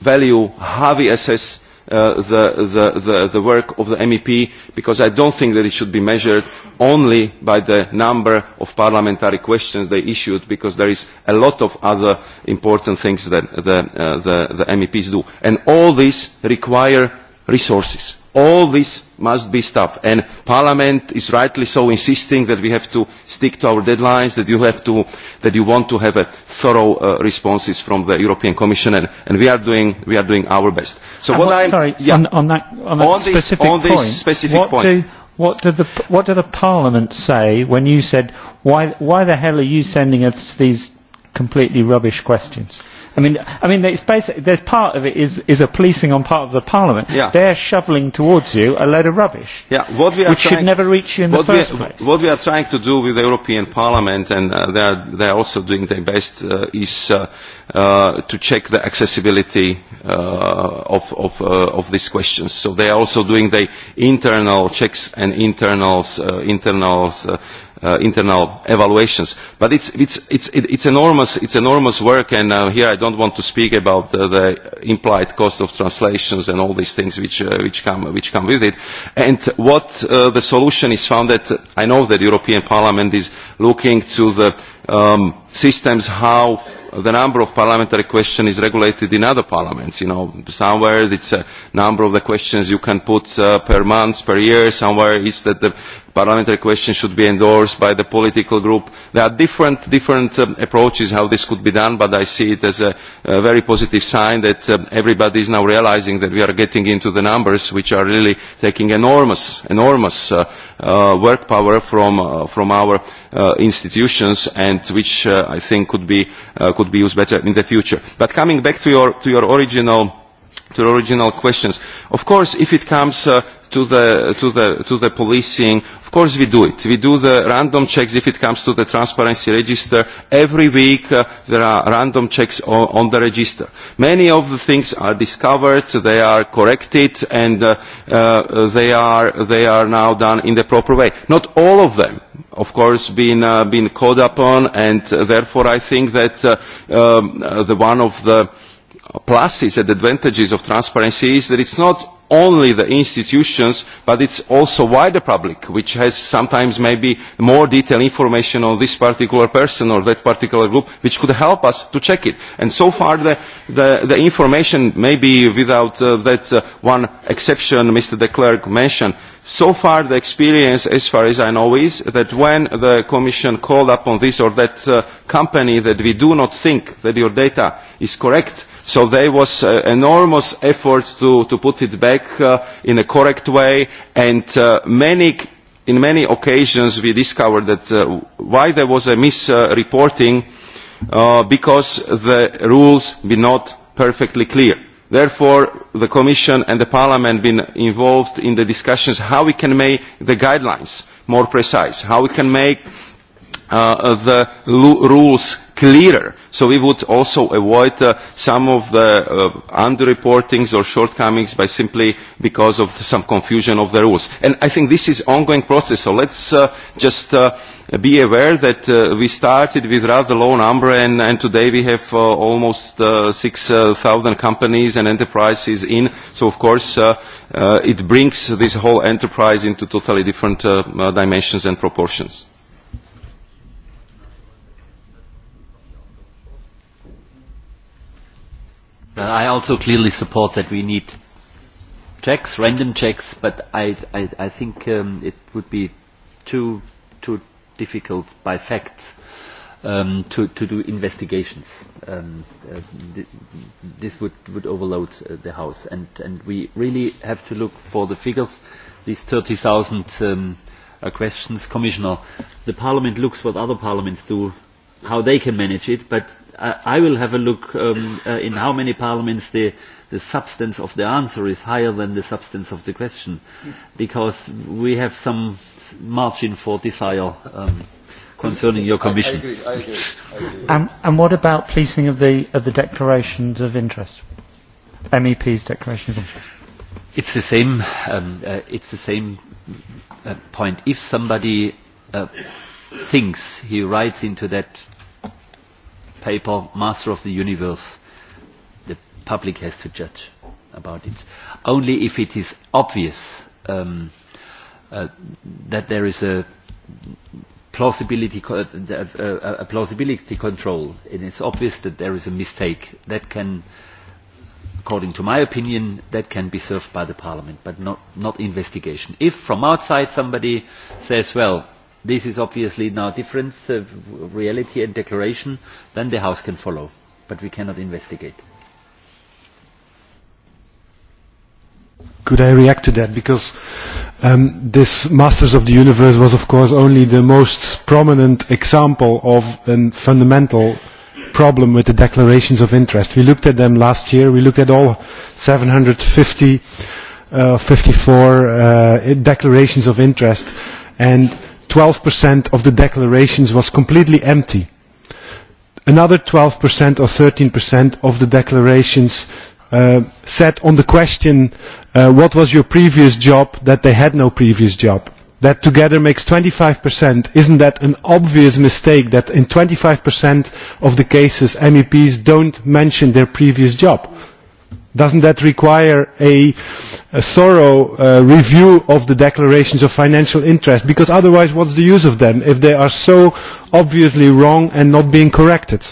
value, how we assess the the work of the MEP because I don't think that it should be measured only by the number of parliamentary questions they issued because there is a lot of other important things that the MEPs do. And all this require resources all this must be stuff and parliament is rightly so insisting that we have to stick to our deadlines that you have to that you want to have thorough responses from the european commission and we are doing we are doing our best so what I'm sorry on that on this specific point what did the what did the parliament say when you said why why the hell are you sending us these completely rubbish questions I mean, I mean, it's basically there's part of it is, is a policing on part of the parliament. Yeah. They're shoveling towards you a load of rubbish, yeah. what we are which should never reach you in the first place. What we are trying to do with the European Parliament, and they are they are also doing their best, is to check the accessibility of of of these questions. So they are also doing the internal checks and internals internals internal evaluations. But it's it's it's enormous it's enormous work and here I don't want to speak about the implied cost of translations and all these things which which come which come with it. And what the solution is found that I know that the European Parliament is looking to the systems how the number of parliamentary questions is regulated in other parliaments. You know, somewhere it's a number of the questions you can put per month, per year. Somewhere it's that the parliamentary question should be endorsed by the political group. There are different different approaches how this could be done, but I see it as a very positive sign that everybody is now realising that we are getting into the numbers which are really taking enormous enormous work power from from our institutions and which I think could be could be used better in the future. But coming back to your to your original to the original questions. Of course, if it comes to the to the to the policing, of course we do it. We do the random checks if it comes to the transparency register. Every week there are random checks on the register. Many of the things are discovered, they are corrected, and they are they are now done in the proper way. Not all of them of course been been called upon and therefore I think that the one of the pluses and advantages of transparency is that it's not only the institutions but it's also wider public which has sometimes maybe more detailed information on this particular person or that particular group which could help us to check it and so far the the information maybe without that one exception Mr de Klerk mentioned so far the experience as far as I know is that when the commission called upon this or that company that we do not think that your data is correct So there was enormous effort to put it back in a correct way and many in many occasions we discovered that why there was a misreporting because the rules were not perfectly clear. Therefore, the Commission and the Parliament have been involved in the discussions how we can make the guidelines more precise, how we can make the rules clearer. So we would also avoid some of the underreportings or shortcomings by simply because of some confusion of the rules. And I think this is an ongoing process. So let's just be aware that we started with rather low number and today we have almost 6,000 companies and enterprises in. So of course it brings this whole enterprise into totally different dimensions and proportions. I also clearly support that we need checks, random checks, but I, I, I think it would be too, too difficult by facts um, to, to do investigations. Um, this would, would overload the House. And, and we really have to look for the figures, these 30,000 um, questions. Commissioner, the Parliament looks what other parliaments do, how they can manage it, but I will have a look in how many parliaments the substance of the answer is higher than the substance of the question, because we have some margin for desire concerning your commission. And what about policing of the of the declarations of interest, MEP's declaration of interest? It's the same. It's the same point. If somebody thinks he writes into that paper Master of the Universe, the public has to judge about it. Only if it is obvious that there is a plausibility a plausibility control and it's obvious that there is a mistake that can according to my opinion that can be served by the parliament but not not investigation if from outside somebody says well This is obviously now difference reality and declaration, then the House can follow, but we cannot investigate. Could I react to that? Because this Masters of the Universe was, of course, only the most prominent example of a fundamental problem with the declarations of interest. We looked at them last year. We looked at all 750, 54 declarations of interest, and 12% of the declarations was completely empty. Another 12% or 13% of the declarations said on the question, what was your previous job, that they had no previous job. That together makes 25%. Isn't that an obvious mistake that in 25% of the cases MEPs don't mention their previous job? Doesn't that require a thorough review of the declarations of financial interest? Because otherwise, what's the use of them if they are so obviously wrong and not being corrected?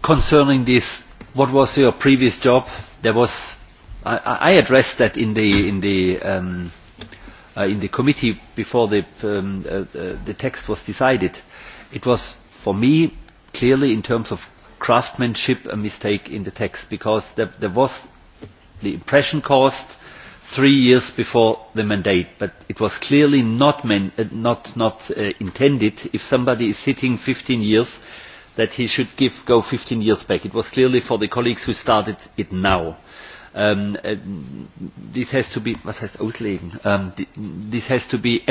Concerning this, what was your previous job? There was, I addressed that in the in the in the committee before the the text was decided. It was for me clearly in terms of craftsmanship a mistake in the text because there was the impression caused three years before the mandate, but it was clearly not intended if somebody is sitting 15 years that he should go 15 years back. It was clearly for the colleagues who started it now. This has to be This has to be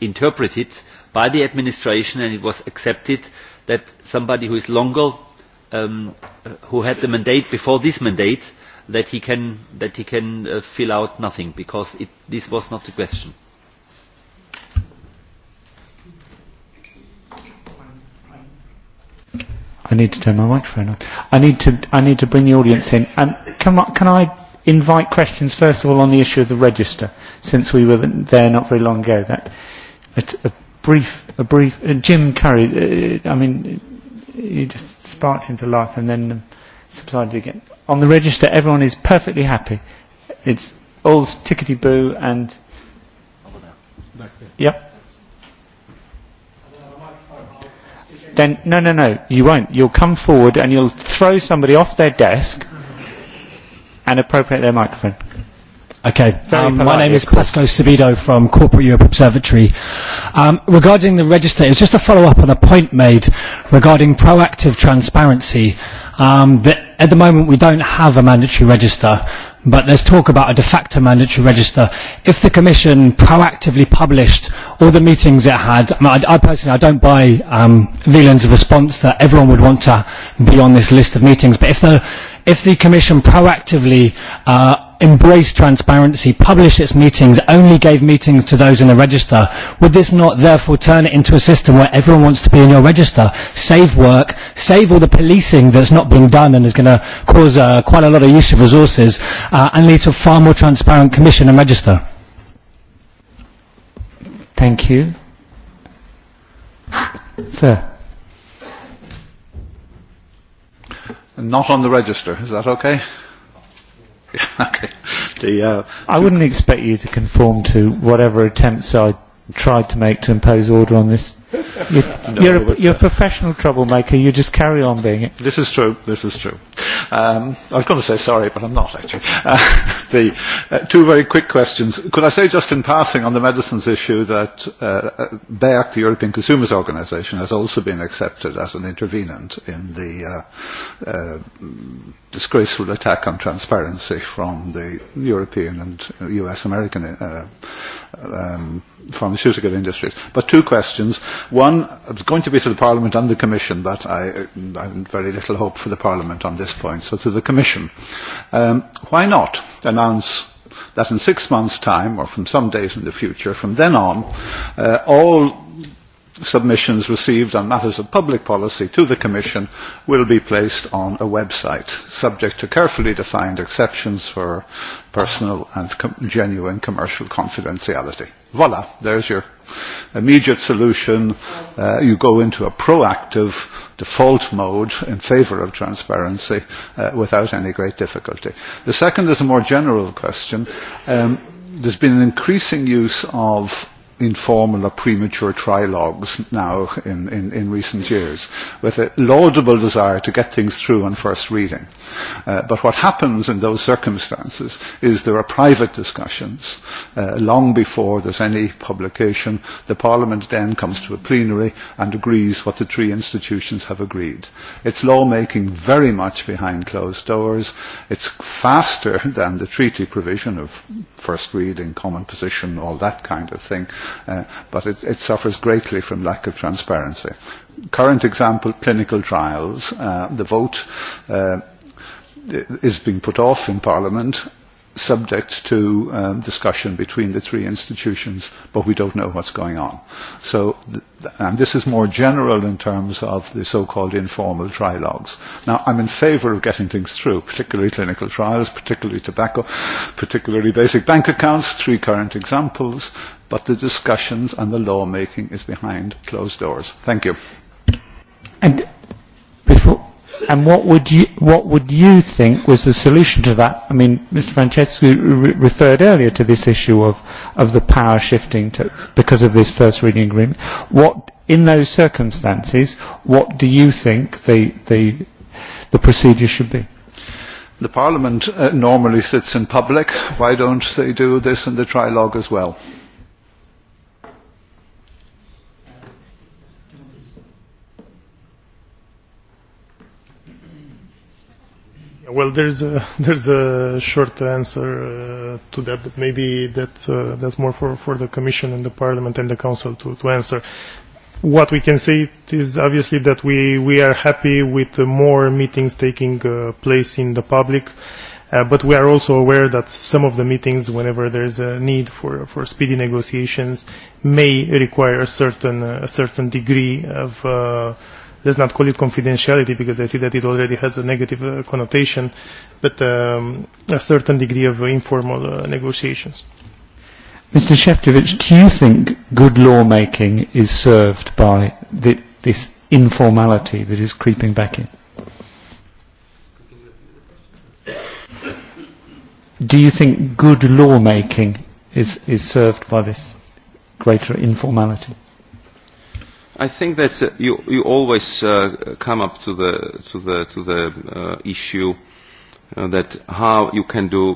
interpreted by the administration and it was accepted that somebody who is longer who had the mandate before this mandate that he can that he can fill out nothing because this was not the question. I need to turn my microphone on. I need to I need to bring the audience in. And can I invite questions first of all on the issue of the register, since we were there not very long ago. That a brief a brief Jim Curry. I mean you just sparked into life and then supplied it again. On the register, everyone is perfectly happy. It's all tickety-boo and... Yep. Then, no, no, no, you won't. You'll come forward and you'll throw somebody off their desk and appropriate their microphone. Okay. My name is Pasco Sabido from Corporate Europe Observatory. Regarding the register, it's just a follow-up on a point made regarding proactive transparency. Um that At the moment, we don't have a mandatory register, but there's talk about a de facto mandatory register. If the Commission proactively published all the meetings it had, I personally, I don't buy um Veland's response that everyone would want to be on this list of meetings, but if the Commission proactively embraced transparency, published its meetings, only gave meetings to those in the register, would this not therefore turn it into a system where everyone wants to be in your register? Save work, save all the policing that's not being done and is going to cause quite a lot of use of resources and lead to a far more transparent commission and register. Thank you. Sir. Not on the register, is that okay? I wouldn't expect you to conform to whatever attempts I tried to make to impose order on this You're you're a professional troublemaker. You just carry on being it. This is true. This is true. I was going to say sorry, but I'm not actually. two very quick questions. Could I say just in passing on the medicines issue that BEAC, the European Consumers Organization, has also been accepted as an intervenant in the disgraceful attack on transparency from the European and U.S. American pharmaceutical industries. But two questions. One, is going to be to the Parliament and the Commission, but I have very little hope for the Parliament on this point. So to the Commission, why not announce that in six months' time, or from some date in the future, from then on, all submissions received on matters of public policy to the Commission will be placed on a website, subject to carefully defined exceptions for personal and genuine commercial confidentiality. Voila, there's your immediate solution. You go into a proactive default mode in favour of transparency without any great difficulty. The second is a more general question. There's been an increasing use of informal or premature trilogues now in in recent years, with a laudable desire to get things through on first reading. But what happens in those circumstances is there are private discussions long before there's any publication. The Parliament then comes to a plenary and agrees what the three institutions have agreed. It's lawmaking very much behind closed doors. It's faster than the treaty provision of first reading, common position, all that kind of thing but it suffers greatly from lack of transparency. Current example, clinical trials. The vote is being put off in Parliament subject to discussion between the three institutions, but we don't know what's going on. So, and this is more general in terms of the so-called informal trilogues. Now, I'm in favour of getting things through, particularly clinical trials, particularly tobacco, particularly basic bank accounts, three current examples, but the discussions and the lawmaking is behind closed doors. Thank you. And before And what would you what would you think was the solution to that? I mean, Mr. Francescu referred earlier to this issue of of the power shifting because of this first reading agreement. What in those circumstances, what do you think the the the procedure should be? The Parliament normally sits in public. Why don't they do this in the trilogue as well? Well, there's a, there's a short answer to that, but maybe that's, that's more for, for the Commission and the Parliament and the Council to, to answer. What we can say is obviously that we, we are happy with more meetings taking place in the public, but we are also aware that some of the meetings, whenever there is a need for, for speedy negotiations, may require a certain, a certain degree of let's not call it confidentiality because I see that it already has a negative connotation, but a certain degree of informal negotiations. Mr. Shevchevich, do you think good lawmaking is served by this informality that is creeping back in? Do you think good lawmaking is is served by this greater informality? I think that you you always come up to the to the to the issue that how you can do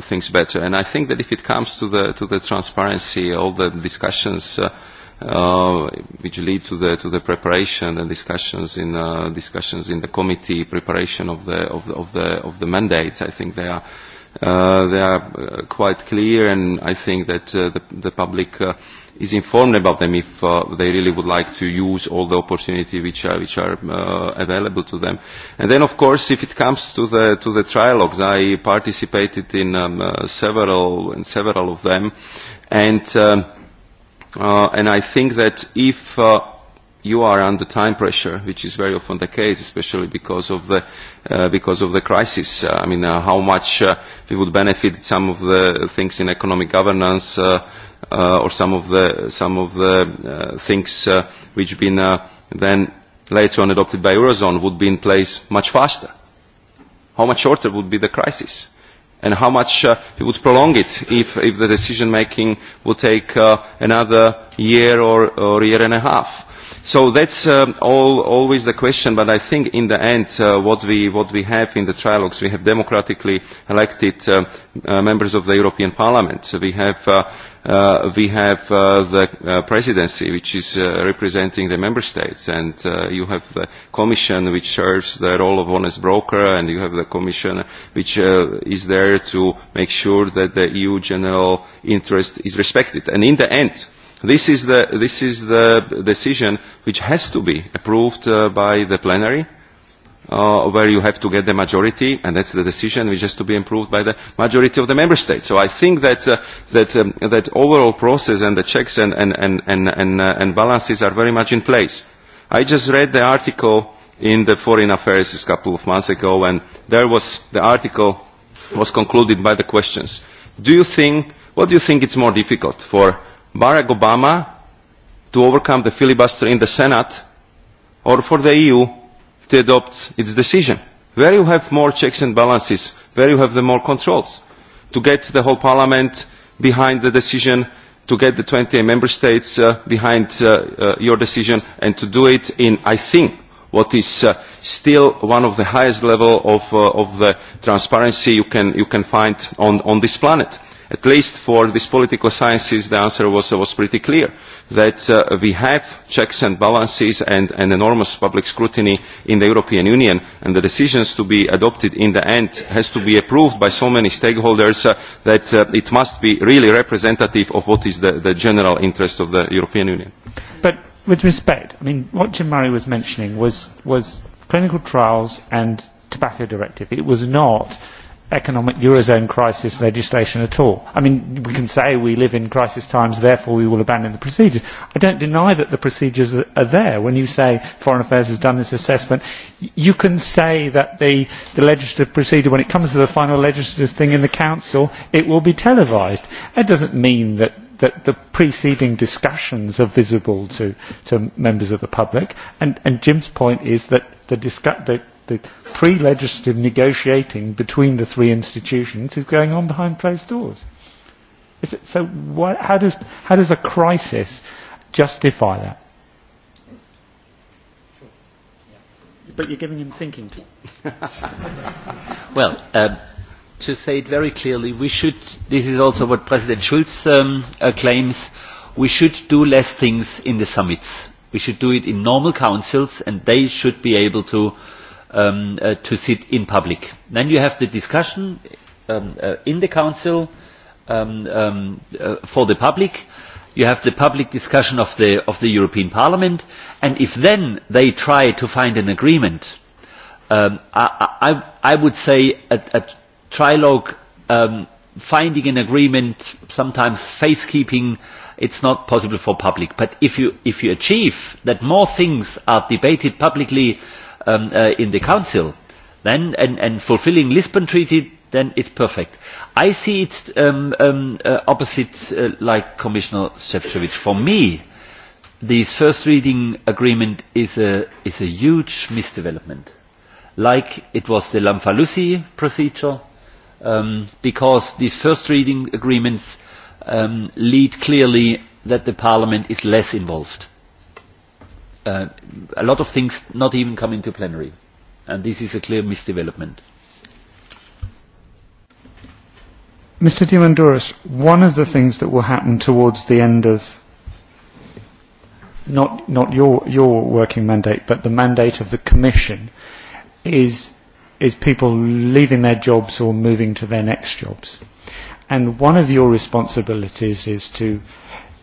things better. And I think that if it comes to the to the transparency, all the discussions which lead to the to the preparation and discussions in discussions in the committee, preparation of the of the of the of the mandates, I think they are they are quite clear and I think that the the public is informed about them if they really would like to use all the opportunities which are which are available to them. And then of course if it comes to the to the I participated in several in several of them and and I think that if you are under time pressure, which is very often the case, especially because of the because of the crisis. I mean, how much we would benefit some of the things in economic governance or some of the some of the things which have been then later on adopted by eurozone would be in place much faster how much shorter would be the crisis and how much it would prolong it if if the decision making would take another year or or year and a half so that's all always the question but i think in the end what we what we have in the trilogues we have democratically elected members of the european parliament we have we have the presidency which is representing the member states and you have the commission which serves the role of honest broker and you have the commission which is there to make sure that the EU general interest is respected and in the end this is the this is the decision which has to be approved by the plenary where you have to get the majority, and that's the decision which has to be improved by the majority of the member states. So I think that that that overall process and the checks and and and and and balances are very much in place. I just read the article in the Foreign Affairs a couple of months ago, and there was the article was concluded by the questions. Do you think what do you think is more difficult for Barack Obama to overcome the filibuster in the Senate, or for the EU? to adopt its decision. Where you have more checks and balances, where you have the more controls, to get the whole Parliament behind the decision, to get the eight member states behind your decision, and to do it in, I think, what is still one of the highest levels of the transparency you can find on this planet at least for these political sciences the answer was was pretty clear that we have checks and balances and enormous public scrutiny in the European Union and the decisions to be adopted in the end has to be approved by so many stakeholders that it must be really representative of what is the general interest of the European Union. But with respect, I mean what Jim Murray was mentioning was was clinical trials and tobacco directive. It was not economic eurozone crisis legislation at all. I mean, we can say we live in crisis times, therefore we will abandon the procedures. I don't deny that the procedures are there. When you say Foreign Affairs has done this assessment, you can say that the legislative procedure, when it comes to the final legislative thing in the Council, it will be televised. That doesn't mean that that the preceding discussions are visible to members of the public. And Jim's point is that the the pre-legislative negotiating between the three institutions is going on behind closed doors. so how, does, how does a crisis justify that? But you're giving him thinking to. well, to say it very clearly, we should, this is also what President Schulz claims, we should do less things in the summits. We should do it in normal councils and they should be able to to sit in public. Then you have the discussion in the Council for the public. You have the public discussion of the European Parliament. And if then they try to find an agreement, I would say a trilogue finding an agreement, sometimes face-keeping, it's not possible for public. But if you achieve that more things are debated publicly in the Council, then and fulfilling Lisbon Treaty, then it's perfect. I see it opposite, like Commissioner Shevchevich. For me, this first reading agreement is a is a huge misdevelopment, like it was the Lamfalussy procedure, because these first reading agreements lead clearly that the Parliament is less involved a lot of things not even come into plenary. And this is a clear misdevelopment. Mr. Diamandouros, one of the things that will happen towards the end of not not your your working mandate, but the mandate of the Commission, is is people leaving their jobs or moving to their next jobs. And one of your responsibilities is to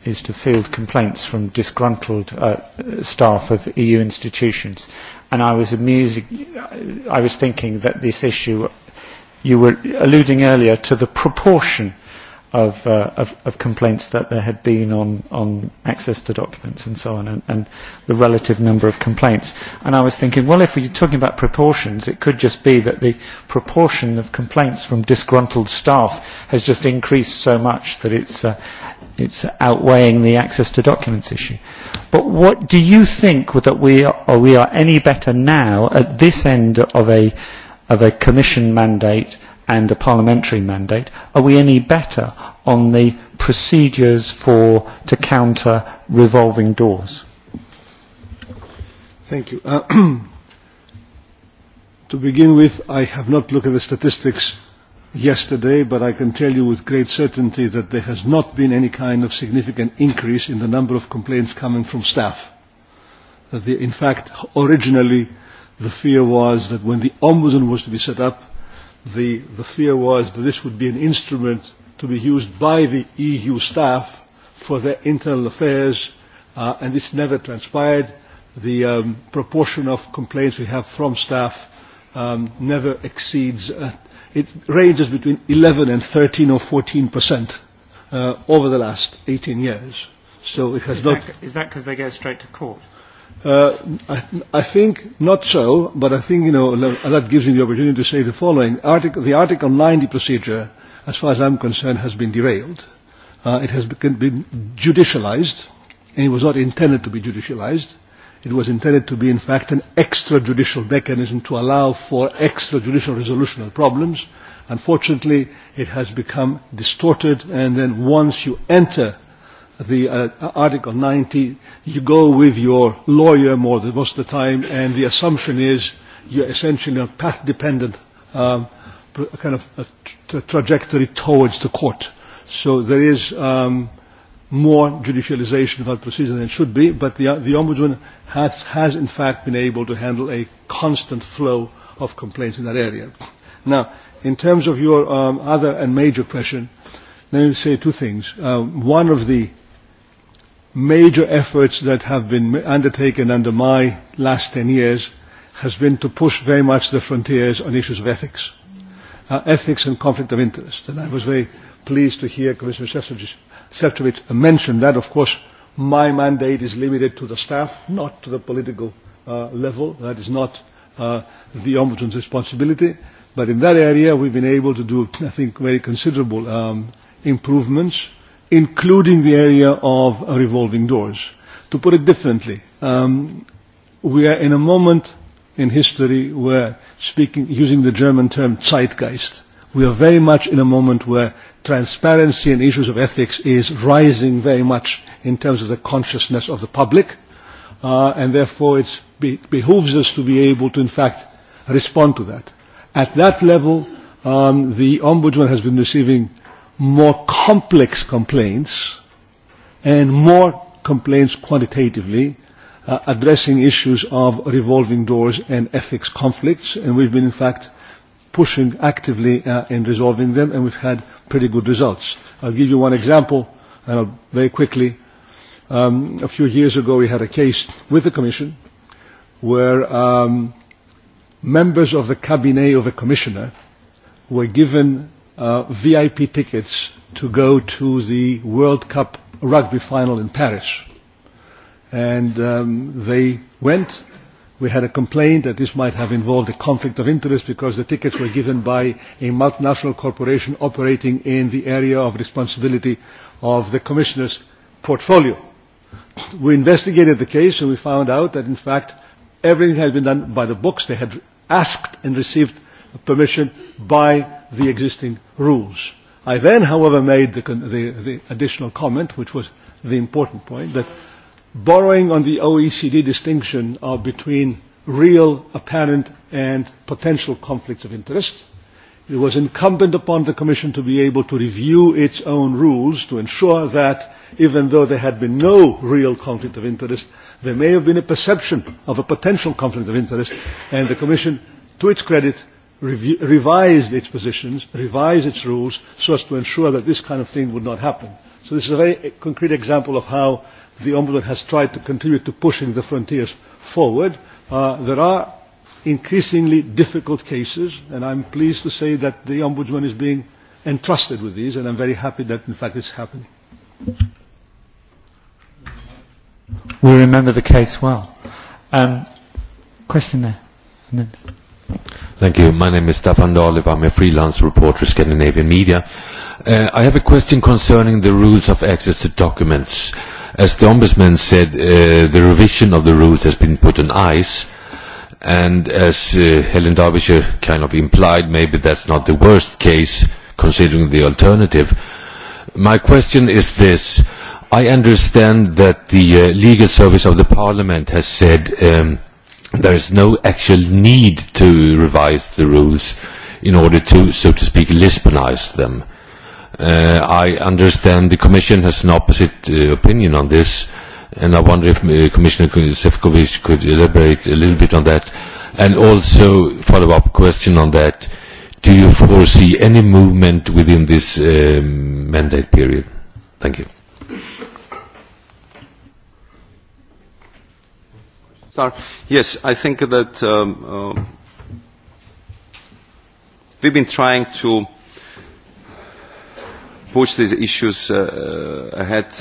is to field complaints from disgruntled staff of EU institutions. And I was I was thinking that this issue, you were alluding earlier to the proportion of of complaints that there had been on on access to documents and so on and the relative number of complaints and i was thinking well if we're talking about proportions it could just be that the proportion of complaints from disgruntled staff has just increased so much that it's it's outweighing the access to documents issue but what do you think that we are we are any better now at this end of a of a commission mandate and a parliamentary mandate, are we any better on the procedures for to counter revolving doors? Thank you. To begin with, I have not looked at the statistics yesterday, but I can tell you with great certainty that there has not been any kind of significant increase in the number of complaints coming from staff. In fact, originally the fear was that when the ombudsman was to be set up, the the fear was that this would be an instrument to be used by the EU staff for their internal affairs and this never transpired. The proportion of complaints we have from staff never exceeds it ranges between 11 and 13 or 14 percent over the last 18 years. So it has not. Is that because they go straight to court? I think not so, but I think, you know, that gives me the opportunity to say the following. The Article 90 procedure, as far as I'm concerned, has been derailed. It has been judicialized, and it was not intended to be judicialized. It was intended to be, in fact, an extrajudicial mechanism to allow for extrajudicial resolution of problems. Unfortunately, it has become distorted, and then once you enter the Article 90, you go with your lawyer more than most of the time, and the assumption is you're essentially a path-dependent kind of trajectory towards the court. So there is more judicialization of that procedure than it should be, but the Ombudsman has in fact been able to handle a constant flow of complaints in that area. Now, in terms of your other and major question, let me say two things. One of the major efforts that have been undertaken under my last 10 years has been to push very much the frontiers on issues of ethics, ethics and conflict of interest. And I was very pleased to hear Commissioner Sefcovic mention that. Of course, my mandate is limited to the staff, not to the political level. That is not the Ombudsman's responsibility. But in that area, we've been able to do, I think, very considerable improvements including the area of revolving doors. To put it differently, we are in a moment in history where, speaking, using the German term Zeitgeist, we are very much in a moment where transparency and issues of ethics is rising very much in terms of the consciousness of the public, and therefore it behooves us to be able to, in fact, respond to that. At that level, the Ombudsman has been receiving more complex complaints and more complaints quantitatively addressing issues of revolving doors and ethics conflicts and we've been in fact pushing actively in resolving them and we've had pretty good results. I'll give you one example very quickly. A few years ago we had a case with the Commission where members of the cabinet of a commissioner were given VIP tickets to go to the World Cup rugby final in Paris. And they went. We had a complaint that this might have involved a conflict of interest because the tickets were given by a multinational corporation operating in the area of responsibility of the Commissioner's portfolio. We investigated the case and we found out that in fact everything had been done by the books. They had asked and received permission by the existing rules. I then, however, made the the additional comment, which was the important point, that borrowing on the OECD distinction of between real, apparent and potential conflicts of interest, it was incumbent upon the Commission to be able to review its own rules to ensure that, even though there had been no real conflict of interest, there may have been a perception of a potential conflict of interest, and the Commission, to its credit, revised its positions, revised its rules so as to ensure that this kind of thing would not happen. So this is a very concrete example of how the Ombudsman has tried to continue to pushing the frontiers forward. There are increasingly difficult cases and I'm pleased to say that the Ombudsman is being entrusted with these and I'm very happy that in fact it's happening. We remember the case well. Um, question there. Thank you. My name is Stefan I I'm a freelance reporter, Scandinavian Media. I have a question concerning the rules of access to documents. As the Ombudsman said, the revision of the rules has been put on ice, and as Helen Derbyshire kind of implied, maybe that's not the worst case, considering the alternative. My question is this. I understand that the Legal Service of the Parliament has said there is no actual need to revise the rules in order to, so to speak, Lisbonise them. I understand the Commission has an opposite opinion on this, and I wonder if Commissioner Sefcovic could elaborate a little bit on that. And also, follow-up question on that, do you foresee any movement within this mandate period? Thank you. Yes, I think that we've been trying to push these issues ahead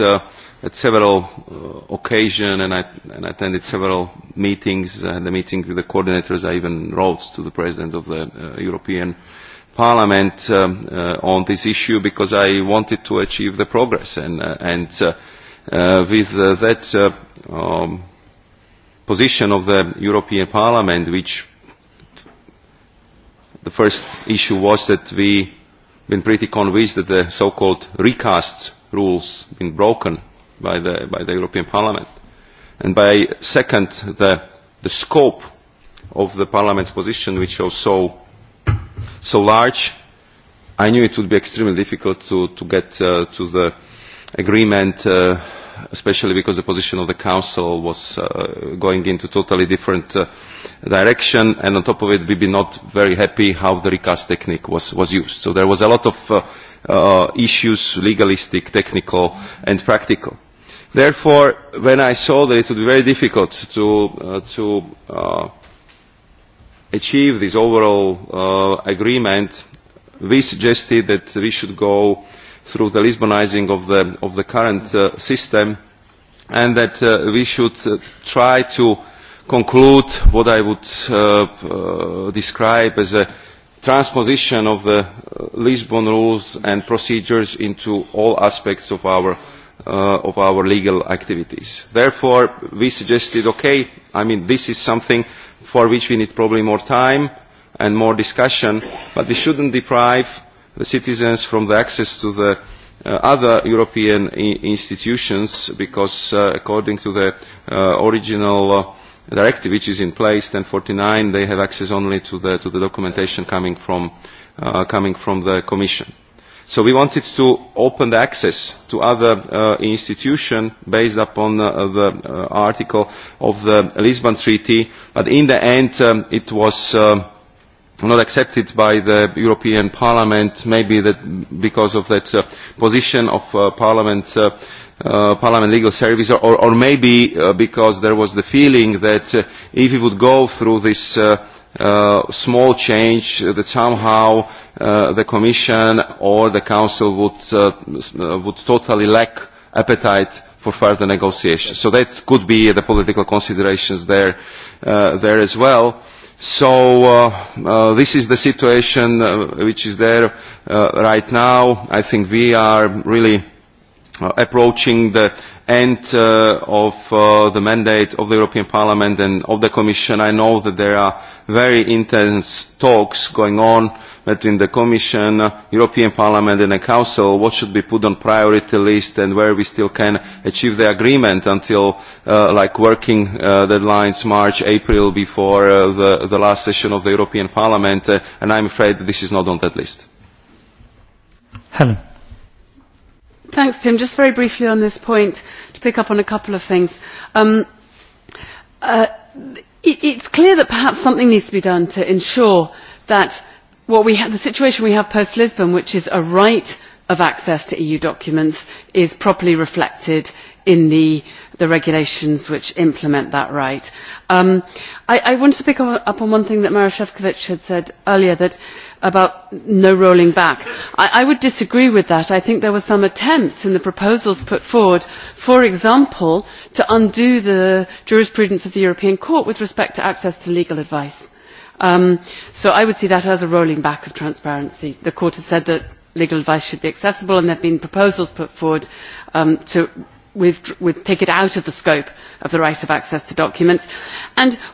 at several occasions and I attended several meetings. and the meeting with the coordinators, I even wrote to the President of the European Parliament on this issue because I wanted to achieve the progress and with that position of the European Parliament, which the first issue was that we been pretty convinced that the so-called recast rules been broken by the by the European Parliament, and by second the the scope of the Parliament's position, which was so so large, I knew it would be extremely difficult to to get to the agreement especially because the position of the Council was going into a totally different direction, and on top of it, we be not very happy how the recast technique was used. So there was a lot of issues, legalistic, technical, and practical. Therefore, when I saw that it would be very difficult to achieve this overall agreement, we suggested that we should go through the Lisbonising of the current system and that we should try to conclude what I would describe as a transposition of the Lisbon rules and procedures into all aspects of our of our legal activities. Therefore, we suggested, okay, I mean, this is something for which we need probably more time and more discussion, but we shouldn't deprive the citizens from the access to the other European institutions because according to the original directive which is in place 1049 they have access only to the to the documentation coming from coming from the commission so we wanted to open the access to other institutions based upon the article of the lisbon treaty but in the end it was not accepted by the European Parliament, maybe that because of that position of Parliament, Parliament Legal Service, or maybe because there was the feeling that if it would go through this small change, that somehow the Commission or the Council would would totally lack appetite for further negotiations. So that could be the political considerations there there as well So this is the situation which is there right now. I think we are really approaching the end of the mandate of the European Parliament and of the Commission. I know that there are very intense talks going on between the Commission, European Parliament and the Council, what should be put on priority list and where we still can achieve the agreement until like working deadlines March, April before the last session of the European Parliament and I'm afraid this is not on that list. Helen. Thanks, Tim. Just very briefly on this point to pick up on a couple of things. It's clear that perhaps something needs to be done to ensure that The situation we have post Lisbon, which is a right of access to EU documents, is properly reflected in the regulations which implement that right. I wanted to pick up on one thing that Mara efovi had said earlier about no rolling back. I would disagree with that. I think there were some attempts in the proposals put forward, for example, to undo the jurisprudence of the European Court with respect to access to legal advice So I would see that as a rolling back of transparency. The Court has said that legal advice should be accessible and there have been proposals put forward to take it out of the scope of the right of access to documents.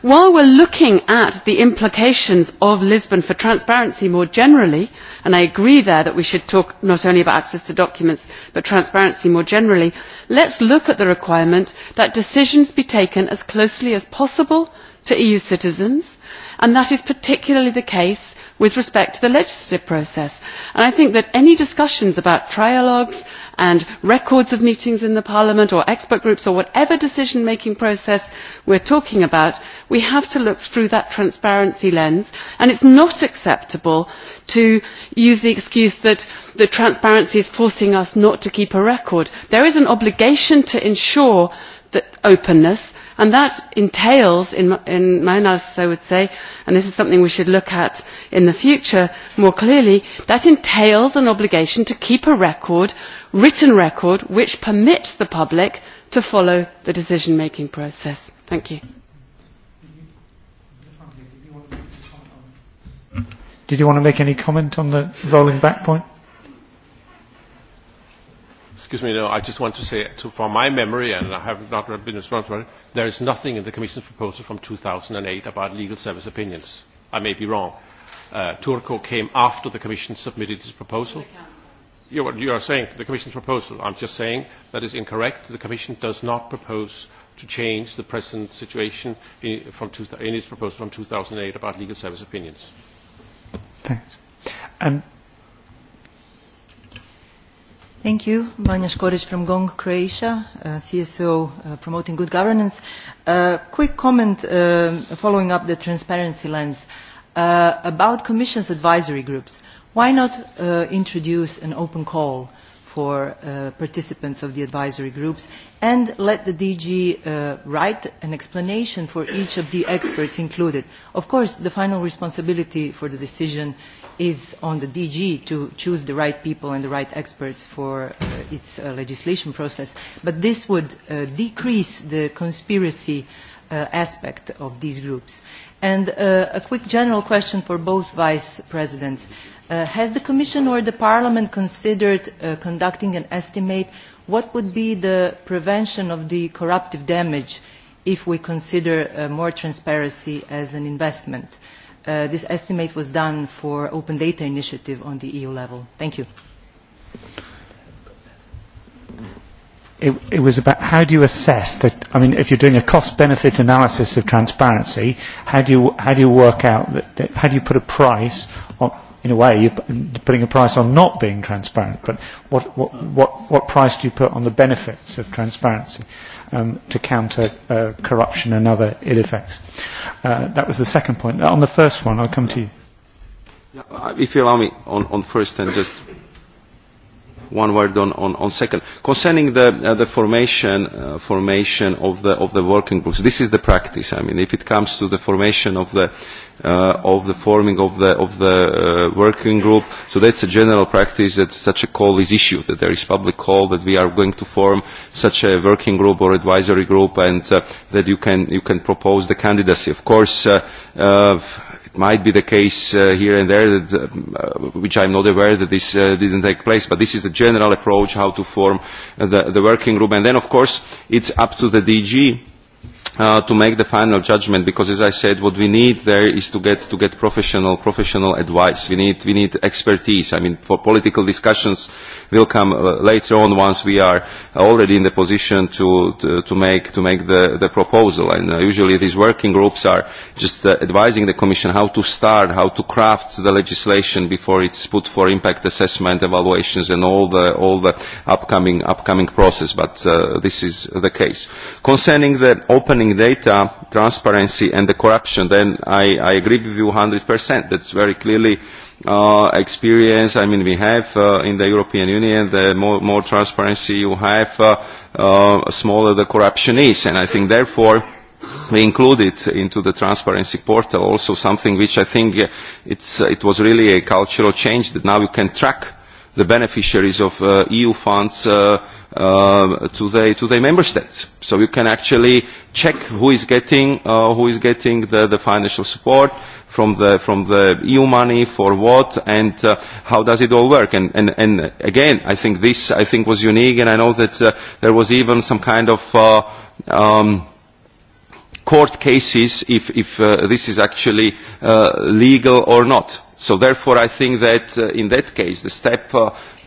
While we are looking at the implications of Lisbon for transparency more generally, and I agree there that we should talk not only about access to documents but transparency more generally, let us look at the requirement that decisions be taken as closely as possible to EU citizens, and that is particularly the case with respect to the legislative process. I think that any discussions about trialogues and records of meetings in Parliament or expert groups or whatever decision making process we are talking about, we have to look through that transparency lens and it is not acceptable to use the excuse that the transparency is forcing us not to keep a record. There is an obligation to ensure that openness and that entails in my analysis i would say and this is something we should look at in the future more clearly that entails an obligation to keep a record written record which permits the public to follow the decision making process. thank you. did you want to make any comment on the rolling back point? Excuse me, no, I just want to say, to, from my memory, and I have not been responsible, there is nothing in the Commission's proposal from 2008 about legal service opinions. I may be wrong. Uh, Turco came after the Commission submitted its proposal. You, are saying the Commission's proposal. I'm just saying that is incorrect. The Commission does not propose to change the present situation in, from two, in its proposal from 2008 about legal service opinions. Thanks. Thank you. Vanja Škorić from GONG Croatia, CSO promoting good governance. Quick comment following up the transparency lens about Commission's advisory groups. Why not introduce an open call? for participants of the advisory groups and let the DG write an explanation for each of the experts included. Of course, the final responsibility for the decision is on the DG to choose the right people and the right experts for its legislation process, but this would decrease the conspiracy aspect of these groups. And a quick general question for both Vice Presidents. Has the Commission or the Parliament considered conducting an estimate what would be the prevention of the corruptive damage if we consider more transparency as an investment? This estimate was done for Open Data Initiative on the EU level. Thank you it was about how do you assess that I mean if you're doing a cost benefit analysis of transparency how do you how do you work out that how do you put a price on in a way you're putting a price on not being transparent but what what what what price do you put on the benefits of transparency to counter corruption and other ill effects that was the second point on the first one I'll come to you if you allow me on on first and just one word on on second concerning the the formation formation of the of the working groups this is the practice i mean if it comes to the formation of the of the forming of the of the working group so that's a general practice that such a call is issued that there is public call that we are going to form such a working group or advisory group and that you can you can propose the candidacy of course It might be the case here and there, which I am not aware that this didn't take place, but this is the general approach how to form the working group. And then, of course, it's up to the DG to make the final judgment because as i said what we need there is to get to get professional professional advice we need we need expertise i mean for political discussions will come later on once we are already in the position to to make to make the the proposal and usually these working groups are just advising the commission how to start how to craft the legislation before it's put for impact assessment evaluations and all the all the upcoming upcoming process but this is the case concerning the opening data, transparency and the corruption, then I agree with you 100%. That's very clearly experience. I mean, we have in the European Union, the more transparency you have, the smaller the corruption is. And I think, therefore, we included into the transparency portal also something which I think it was really a cultural change that now you can track the beneficiaries of EU funds to their to member states. So you can actually check who is getting who is getting the financial support from the from the EU money for what and how does it all work. And and and again I think this I think was unique and I know that there was even some kind of court cases if if this is actually legal or not So therefore I think that in that case the step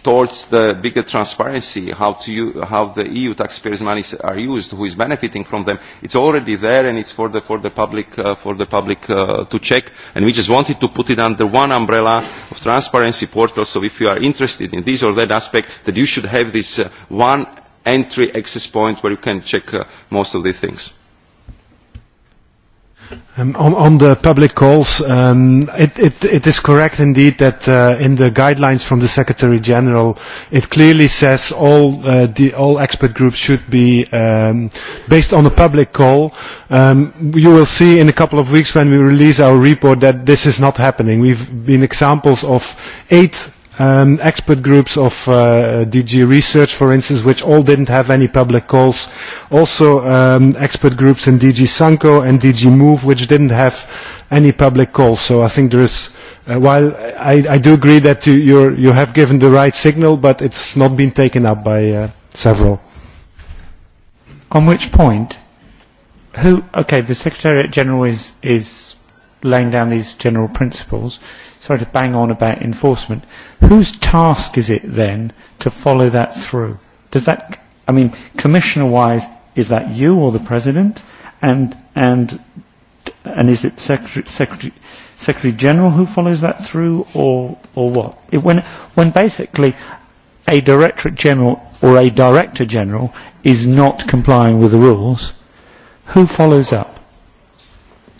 towards the bigger transparency, how the EU taxpayers' money are used, who is benefiting from them, it's already there and it's for the public to check. And we just wanted to put it under one umbrella of transparency portal, so if you are interested in this or that aspect, that you should have this one entry access point where you can check most of these things. On the public calls, it is correct indeed that in the guidelines from the Secretary General, it clearly says all the all expert groups should be based on a public call. You will see in a couple of weeks when we release our report that this is not happening. We've been examples of eight um expert groups of DG Research, for instance, which all didn't have any public calls. Also expert groups in DG Sanko and DG Move, which didn't have any public calls. So I think there is, while I I do agree that you you have given the right signal, but it's not been taken up by several. On which point? Who? Okay, the Secretariat General is is laying down these general principles sorry to bang on about enforcement, whose task is it then to follow that through? Does that, I mean, commissioner-wise, is that you or the president? And and and is it secretary secretary general who follows that through, or or what? When when basically a directorate general or a director general is not complying with the rules, who follows up?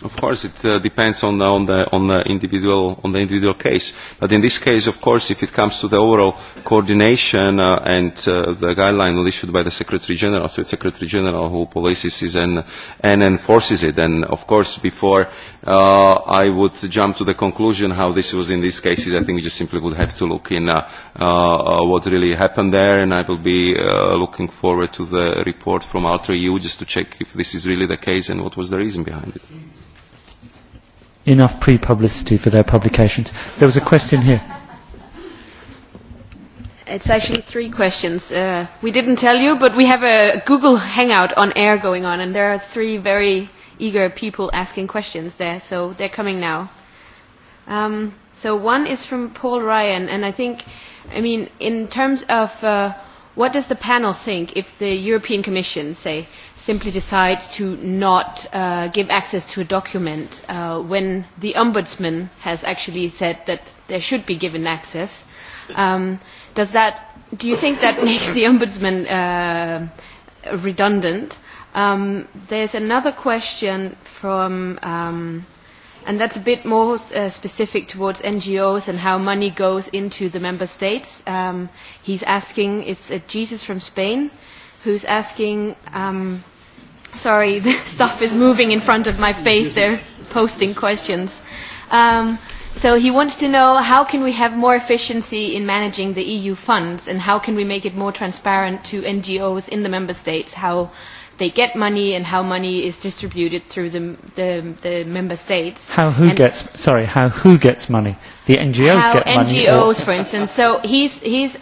Of course, it depends on the, on, the, on, the individual, on the individual case. But in this case, of course, if it comes to the overall coordination and the guideline was issued by the Secretary General, so it's Secretary General who policies it and, enforces it. And of course, before I would jump to the conclusion how this was in these cases, I think we just simply would have to look in what really happened there. And I will be looking forward to the report from Alter EU just to check if this is really the case and what was the reason behind it enough pre-publicity for their publications. There was a question here. It's actually three questions. Uh, we didn't tell you, but we have a Google Hangout on air going on, and there are three very eager people asking questions there, so they're coming now. Um, so one is from Paul Ryan, and I think, I mean, in terms of... Uh, What does the panel think if the European Commission, say, simply decides to not give access to a document when the Ombudsman has actually said that there should be given access? Does that, do you think that makes the Ombudsman redundant? There's another question from and that's a bit more specific towards ngos and how money goes into the member states um he's asking it's jesus from spain who's asking um sorry the stuff is moving in front of my face they're posting questions um so he wants to know how can we have more efficiency in managing the eu funds and how can we make it more transparent to ngos in the member states how they get money and how money is distributed through the the, the member states. How who gets sorry? How who gets money? The NGOs get money. NGOs, for instance. So he's he's.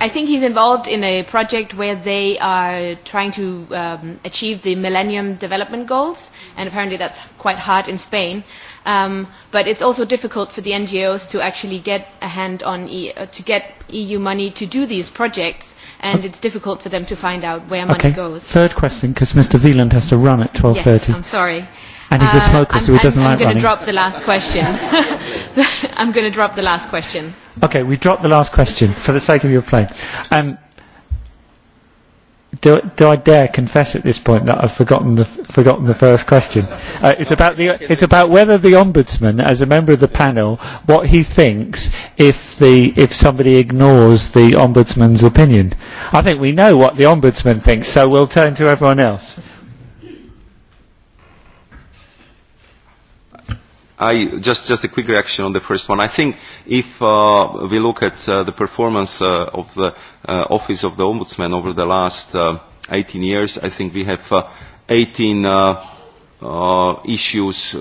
I think he's involved in a project where they are trying to um, achieve the Millennium Development Goals, and apparently that's quite hard in Spain. but it's also difficult for the NGOs to actually get a hand on, to get EU money to do these projects and it's difficult for them to find out where money goes. Third question, because Mr. Veland has to run at 12.30. Yes, I'm sorry. And he's a smoker, so he doesn't like running. I'm going to drop the last question. I'm going to drop the last question. Okay, we drop the last question for the sake of your plane. Um, do, do I dare confess at this point that I've forgotten the, forgotten the first question? it's, about the, it's about whether the Ombudsman, as a member of the panel, what he thinks if, the, if somebody ignores the Ombudsman's opinion. I think we know what the Ombudsman thinks, so we'll turn to everyone else. I just just a quick reaction on the first one. I think if we look at the performance of the Office of the Ombudsman over the last 18 years, I think we have 18 issues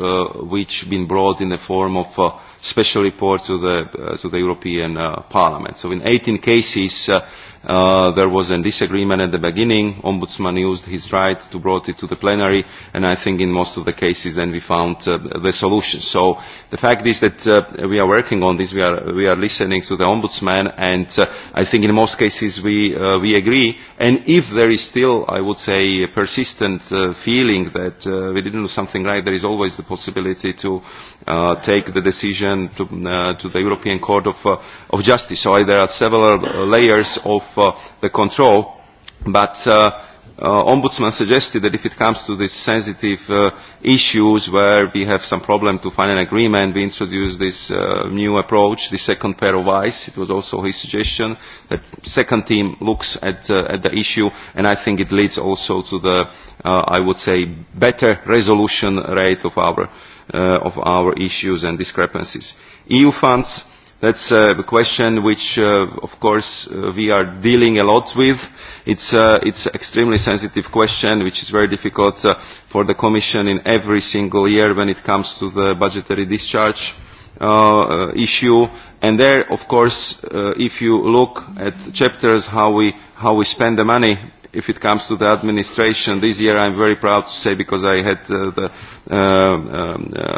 which have been brought in the form of special report to the to the European Parliament. So in 18 cases There was a disagreement at the beginning. Ombudsman used his right to brought it to the plenary, and I think in most of the cases then we found the solution. So the fact is that we are working on this. We are listening to the ombudsman, and I think in most cases we we agree. And if there is still, I would say, a persistent feeling that we didn't do something right, there is always the possibility to take the decision to the European Court of Justice. So there are several layers of the control, but the Ombudsman suggested that if it comes to these sensitive issues where we have some problem to find an agreement, we introduce this new approach, the second pair of eyes. It was also his suggestion. The second team looks at the issue, and I think it leads also to the, I would say, better resolution rate of our issues and discrepancies. EU funds That's a question which, of course, we are dealing a lot with. It's an extremely sensitive question, which is very difficult for the Commission in every single year when it comes to the budgetary discharge issue. And there, of course, if you look at chapters how we how we spend the money if it comes to the administration, this year I'm very proud to say because I had the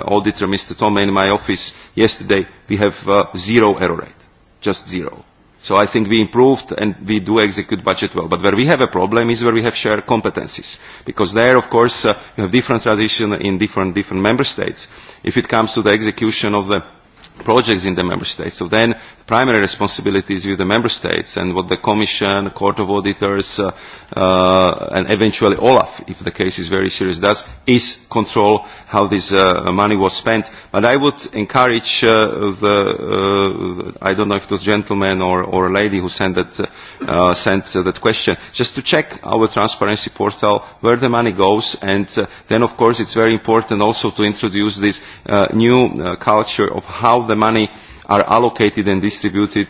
auditor, Mr. Tome, in my office yesterday, we have zero error rate, just zero. So I think we improved and we do execute budget well. But where we have a problem is where we have shared competencies. Because there, of course, you have different tradition in different different member states. If it comes to the execution of the projects in the member states. So then the primary responsibility is with the member states and what the commission, the court of auditors, and eventually Olaf, if the case is very serious, does is control how this money was spent. But I would encourage the, I don't know if it was gentleman or, or a lady who sent that, sent that question, just to check our transparency portal where the money goes. And then, of course, it's very important also to introduce this new culture of how the money are allocated and distributed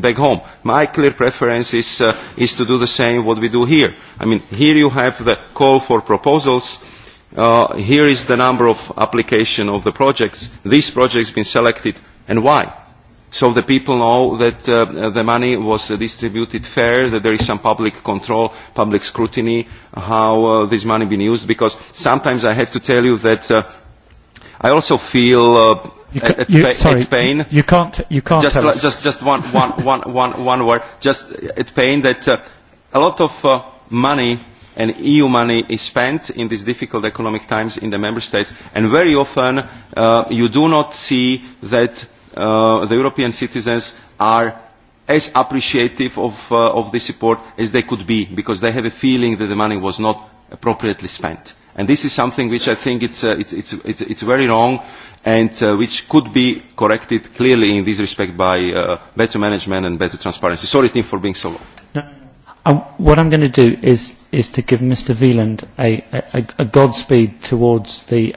back home. My clear preference is to do the same what we do here. I mean, here you have the call for proposals. Here is the number of application of the projects. These projects been selected and why? So the people know that the money was distributed fair, that there is some public control, public scrutiny, how this money been used. Because sometimes I have to tell you that I also feel You can't. You can't. Just, just, just one, one word. Just it's pain that a lot of money and EU money is spent in these difficult economic times in the member states, and very often you do not see that the European citizens are as appreciative of this support as they could be, because they have a feeling that the money was not appropriately spent. And this is something which I think it's it's it's it's very wrong and which could be corrected clearly in this respect by better management and better transparency. Sorry, Tim, for being so long. What I'm going to do is is to give Mr. Veland a godspeed towards the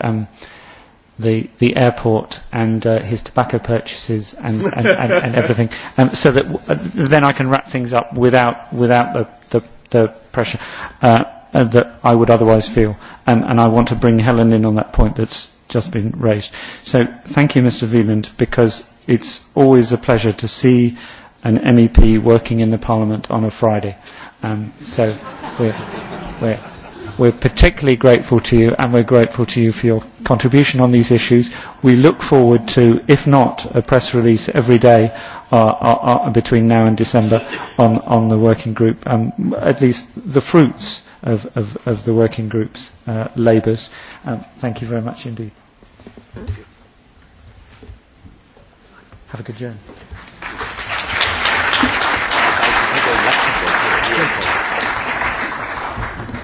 the the airport and his tobacco purchases and and everything, so that then I can wrap things up without without the the pressure that I would otherwise feel. And I want to bring Helen in on that point. That's just been raised. So thank you, Mr. Veland, because it's always a pleasure to see an MEP working in the Parliament on a Friday. so we're, we're, we're particularly grateful to you and we're grateful to you for your contribution on these issues. We look forward to, if not, a press release every day between now and December on, on the working group, um, at least the fruits of, of, of the working group's labours. thank you very much indeed. Have a good journey.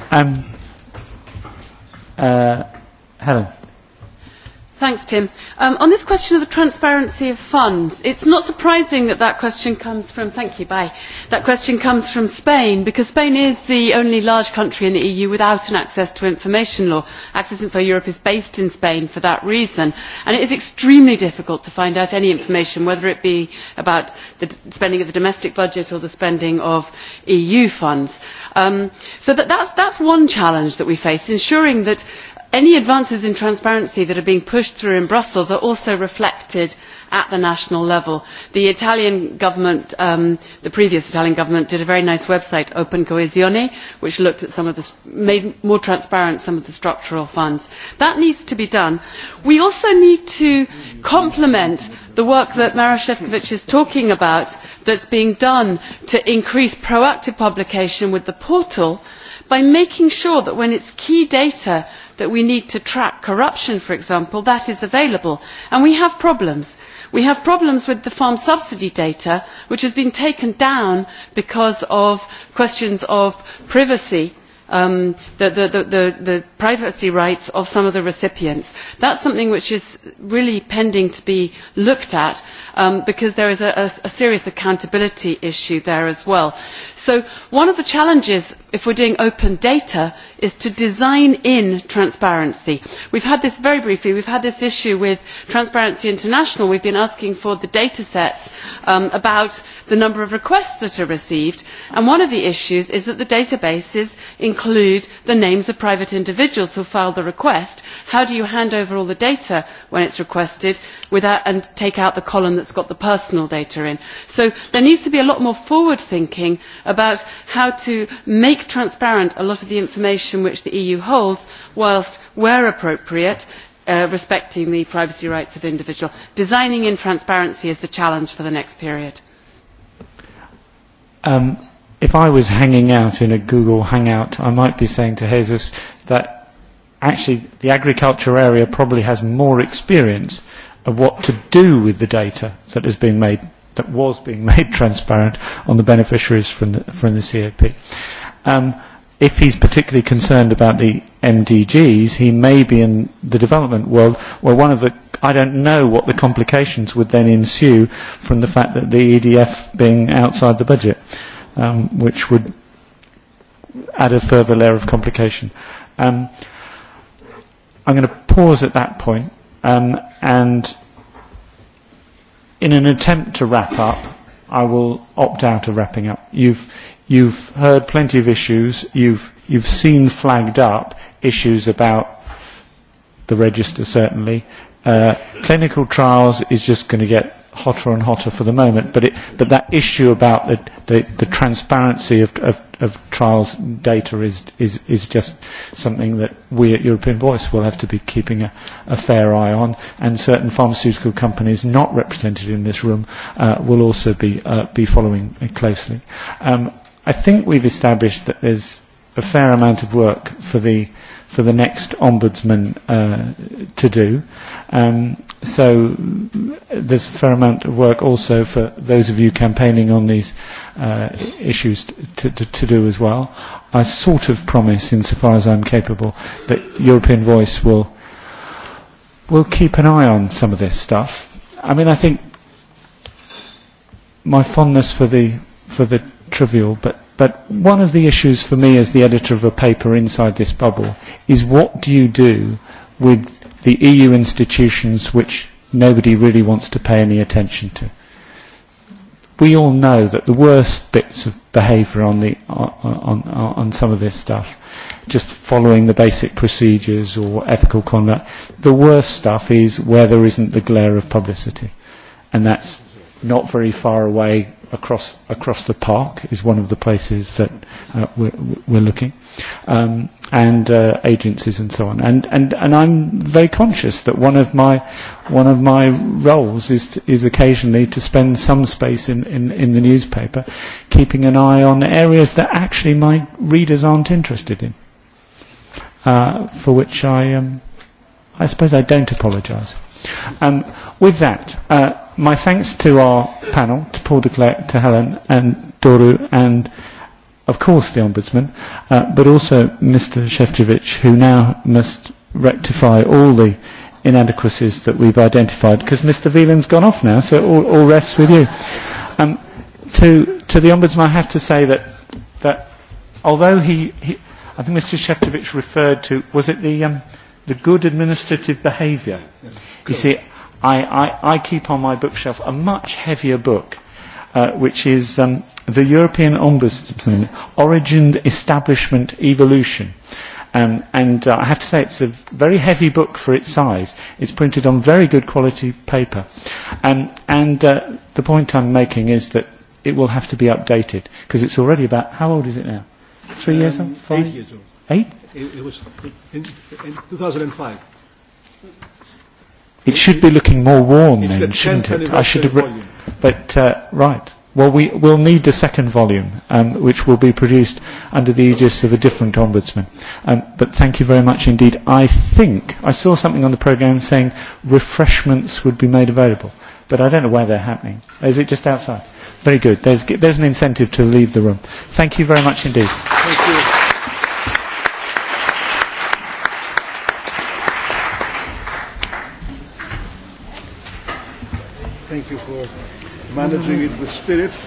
Um, uh, Helen. Thanks, Tim. On this question of the transparency of funds, it it's not surprising that that question comes from, thank you, bye, that question comes from Spain, because Spain is the only large country in the EU without an access to information law. Access Info Europe is based in Spain for that reason, and it is extremely difficult to find out any information, whether it be about the spending of the domestic budget or the spending of EU funds. So that that's one challenge that we face, ensuring that any advances in transparency that are being pushed through in brussels are also reflected at the national level. the italian government the previous italian government did a very nice website open coesione which looked at some of the made more transparent some of the structural funds. that needs to be done. we also need to complement the work that mara efovi is talking about that is being done to increase proactive publication with the portal by making sure that when it is key data that we need to track corruption for example that is available and we have problems. we have problems with the farm subsidy data which has been taken down because of questions of privacy the privacy rights of some of the recipients. That is something which is really pending to be looked at because there is a serious accountability issue there as well. So one of the challenges if we are doing open data is to design in transparency. We've had this very briefly we've had this issue with Transparency International. We have been asking for the data sets about the number of requests that are received, and one of the issues is that the databases include the names of private individuals who filed the request. How do you hand over all the data when it's is requested and take out the column that's got the personal data in? So there needs to be a lot more forward thinking about how to make transparent a lot of the information position which the EU holds, whilst, where appropriate, respecting the privacy rights of individuals. Designing in transparency is the challenge for the next period. If I was hanging out in a Google Hangout, I might be saying to Jesus that actually the agriculture area probably has more experience of what to do with the data that made that was being made transparent on the beneficiaries from from the CAP if he's particularly concerned about the MDGs, he may be in the development world where one of the, I don't know what the complications would then ensue from the fact that the EDF being outside the budget, um, which would add a further layer of complication. Um, I'm going to pause at that point um, and in an attempt to wrap up, I will opt out of wrapping up. You've you've heard plenty of issues. You've you've seen flagged up issues about the register certainly. Clinical trials is just going to get hotter and hotter for the moment. But but that issue about the the transparency of of trials data is is is just something that we at European Voice will have to be keeping a fair eye on, and certain pharmaceutical companies not represented in this room will also be be following closely. I think we've established that there's a fair amount of work for the for the next ombudsman to do. So there's a fair amount of work also for those of you campaigning on these issues to do as well. I sort of promise, insofar as I'm capable, that European Voice will will keep an eye on some of this stuff. I mean, I think my fondness for the for the trivial but But one of the issues for me as the editor of a paper inside this bubble is what do you do with the EU institutions which nobody really wants to pay any attention to? We all know that the worst bits of behaviour on, on, on some of this stuff, just following the basic procedures or ethical conduct, the worst stuff is where there isn't the glare of publicity. And that's not very far away across across the park is one of the places that we're we're looking um and agencies and so on and and and I'm very conscious that one of my one of my roles is is occasionally to spend some space in in in the newspaper keeping an eye on areas that actually my readers aren't interested in uh for which I um I suppose I don't apologize um with that uh My thanks to our panel, to Paul de Klerk, to Helen and Doru and of course the Ombudsman, but also Mr. Shevchevich who now must rectify all the inadequacies that we've identified because Mr. Veland's gone off now so it all, all rests with you. Um, to, to the Ombudsman I have to say that, that although he, he I think Mr. Shevchevich referred to, was it the, um, the good administrative behaviour? You see, I keep on my bookshelf a much heavier book, which is The European Ombudsman, Origin, Establishment, Evolution. And I have to say it's a very heavy book for its size. It's printed on very good quality paper. And the point I'm making is that it will have to be updated, because it's already about, how old is it now? Three years old? Eight years old. Eight? It was in 2005. It should be looking more warm then, shouldn't it? I should have. But right. Well, we will need a second volume, which will be produced under the aegis of a different ombudsman. But thank you very much indeed. I think I saw something on the programme saying refreshments would be made available, but I don't know where they're happening. Is it just outside? Very good. There's an incentive to leave the room. Thank you very much indeed. managing it with spirit.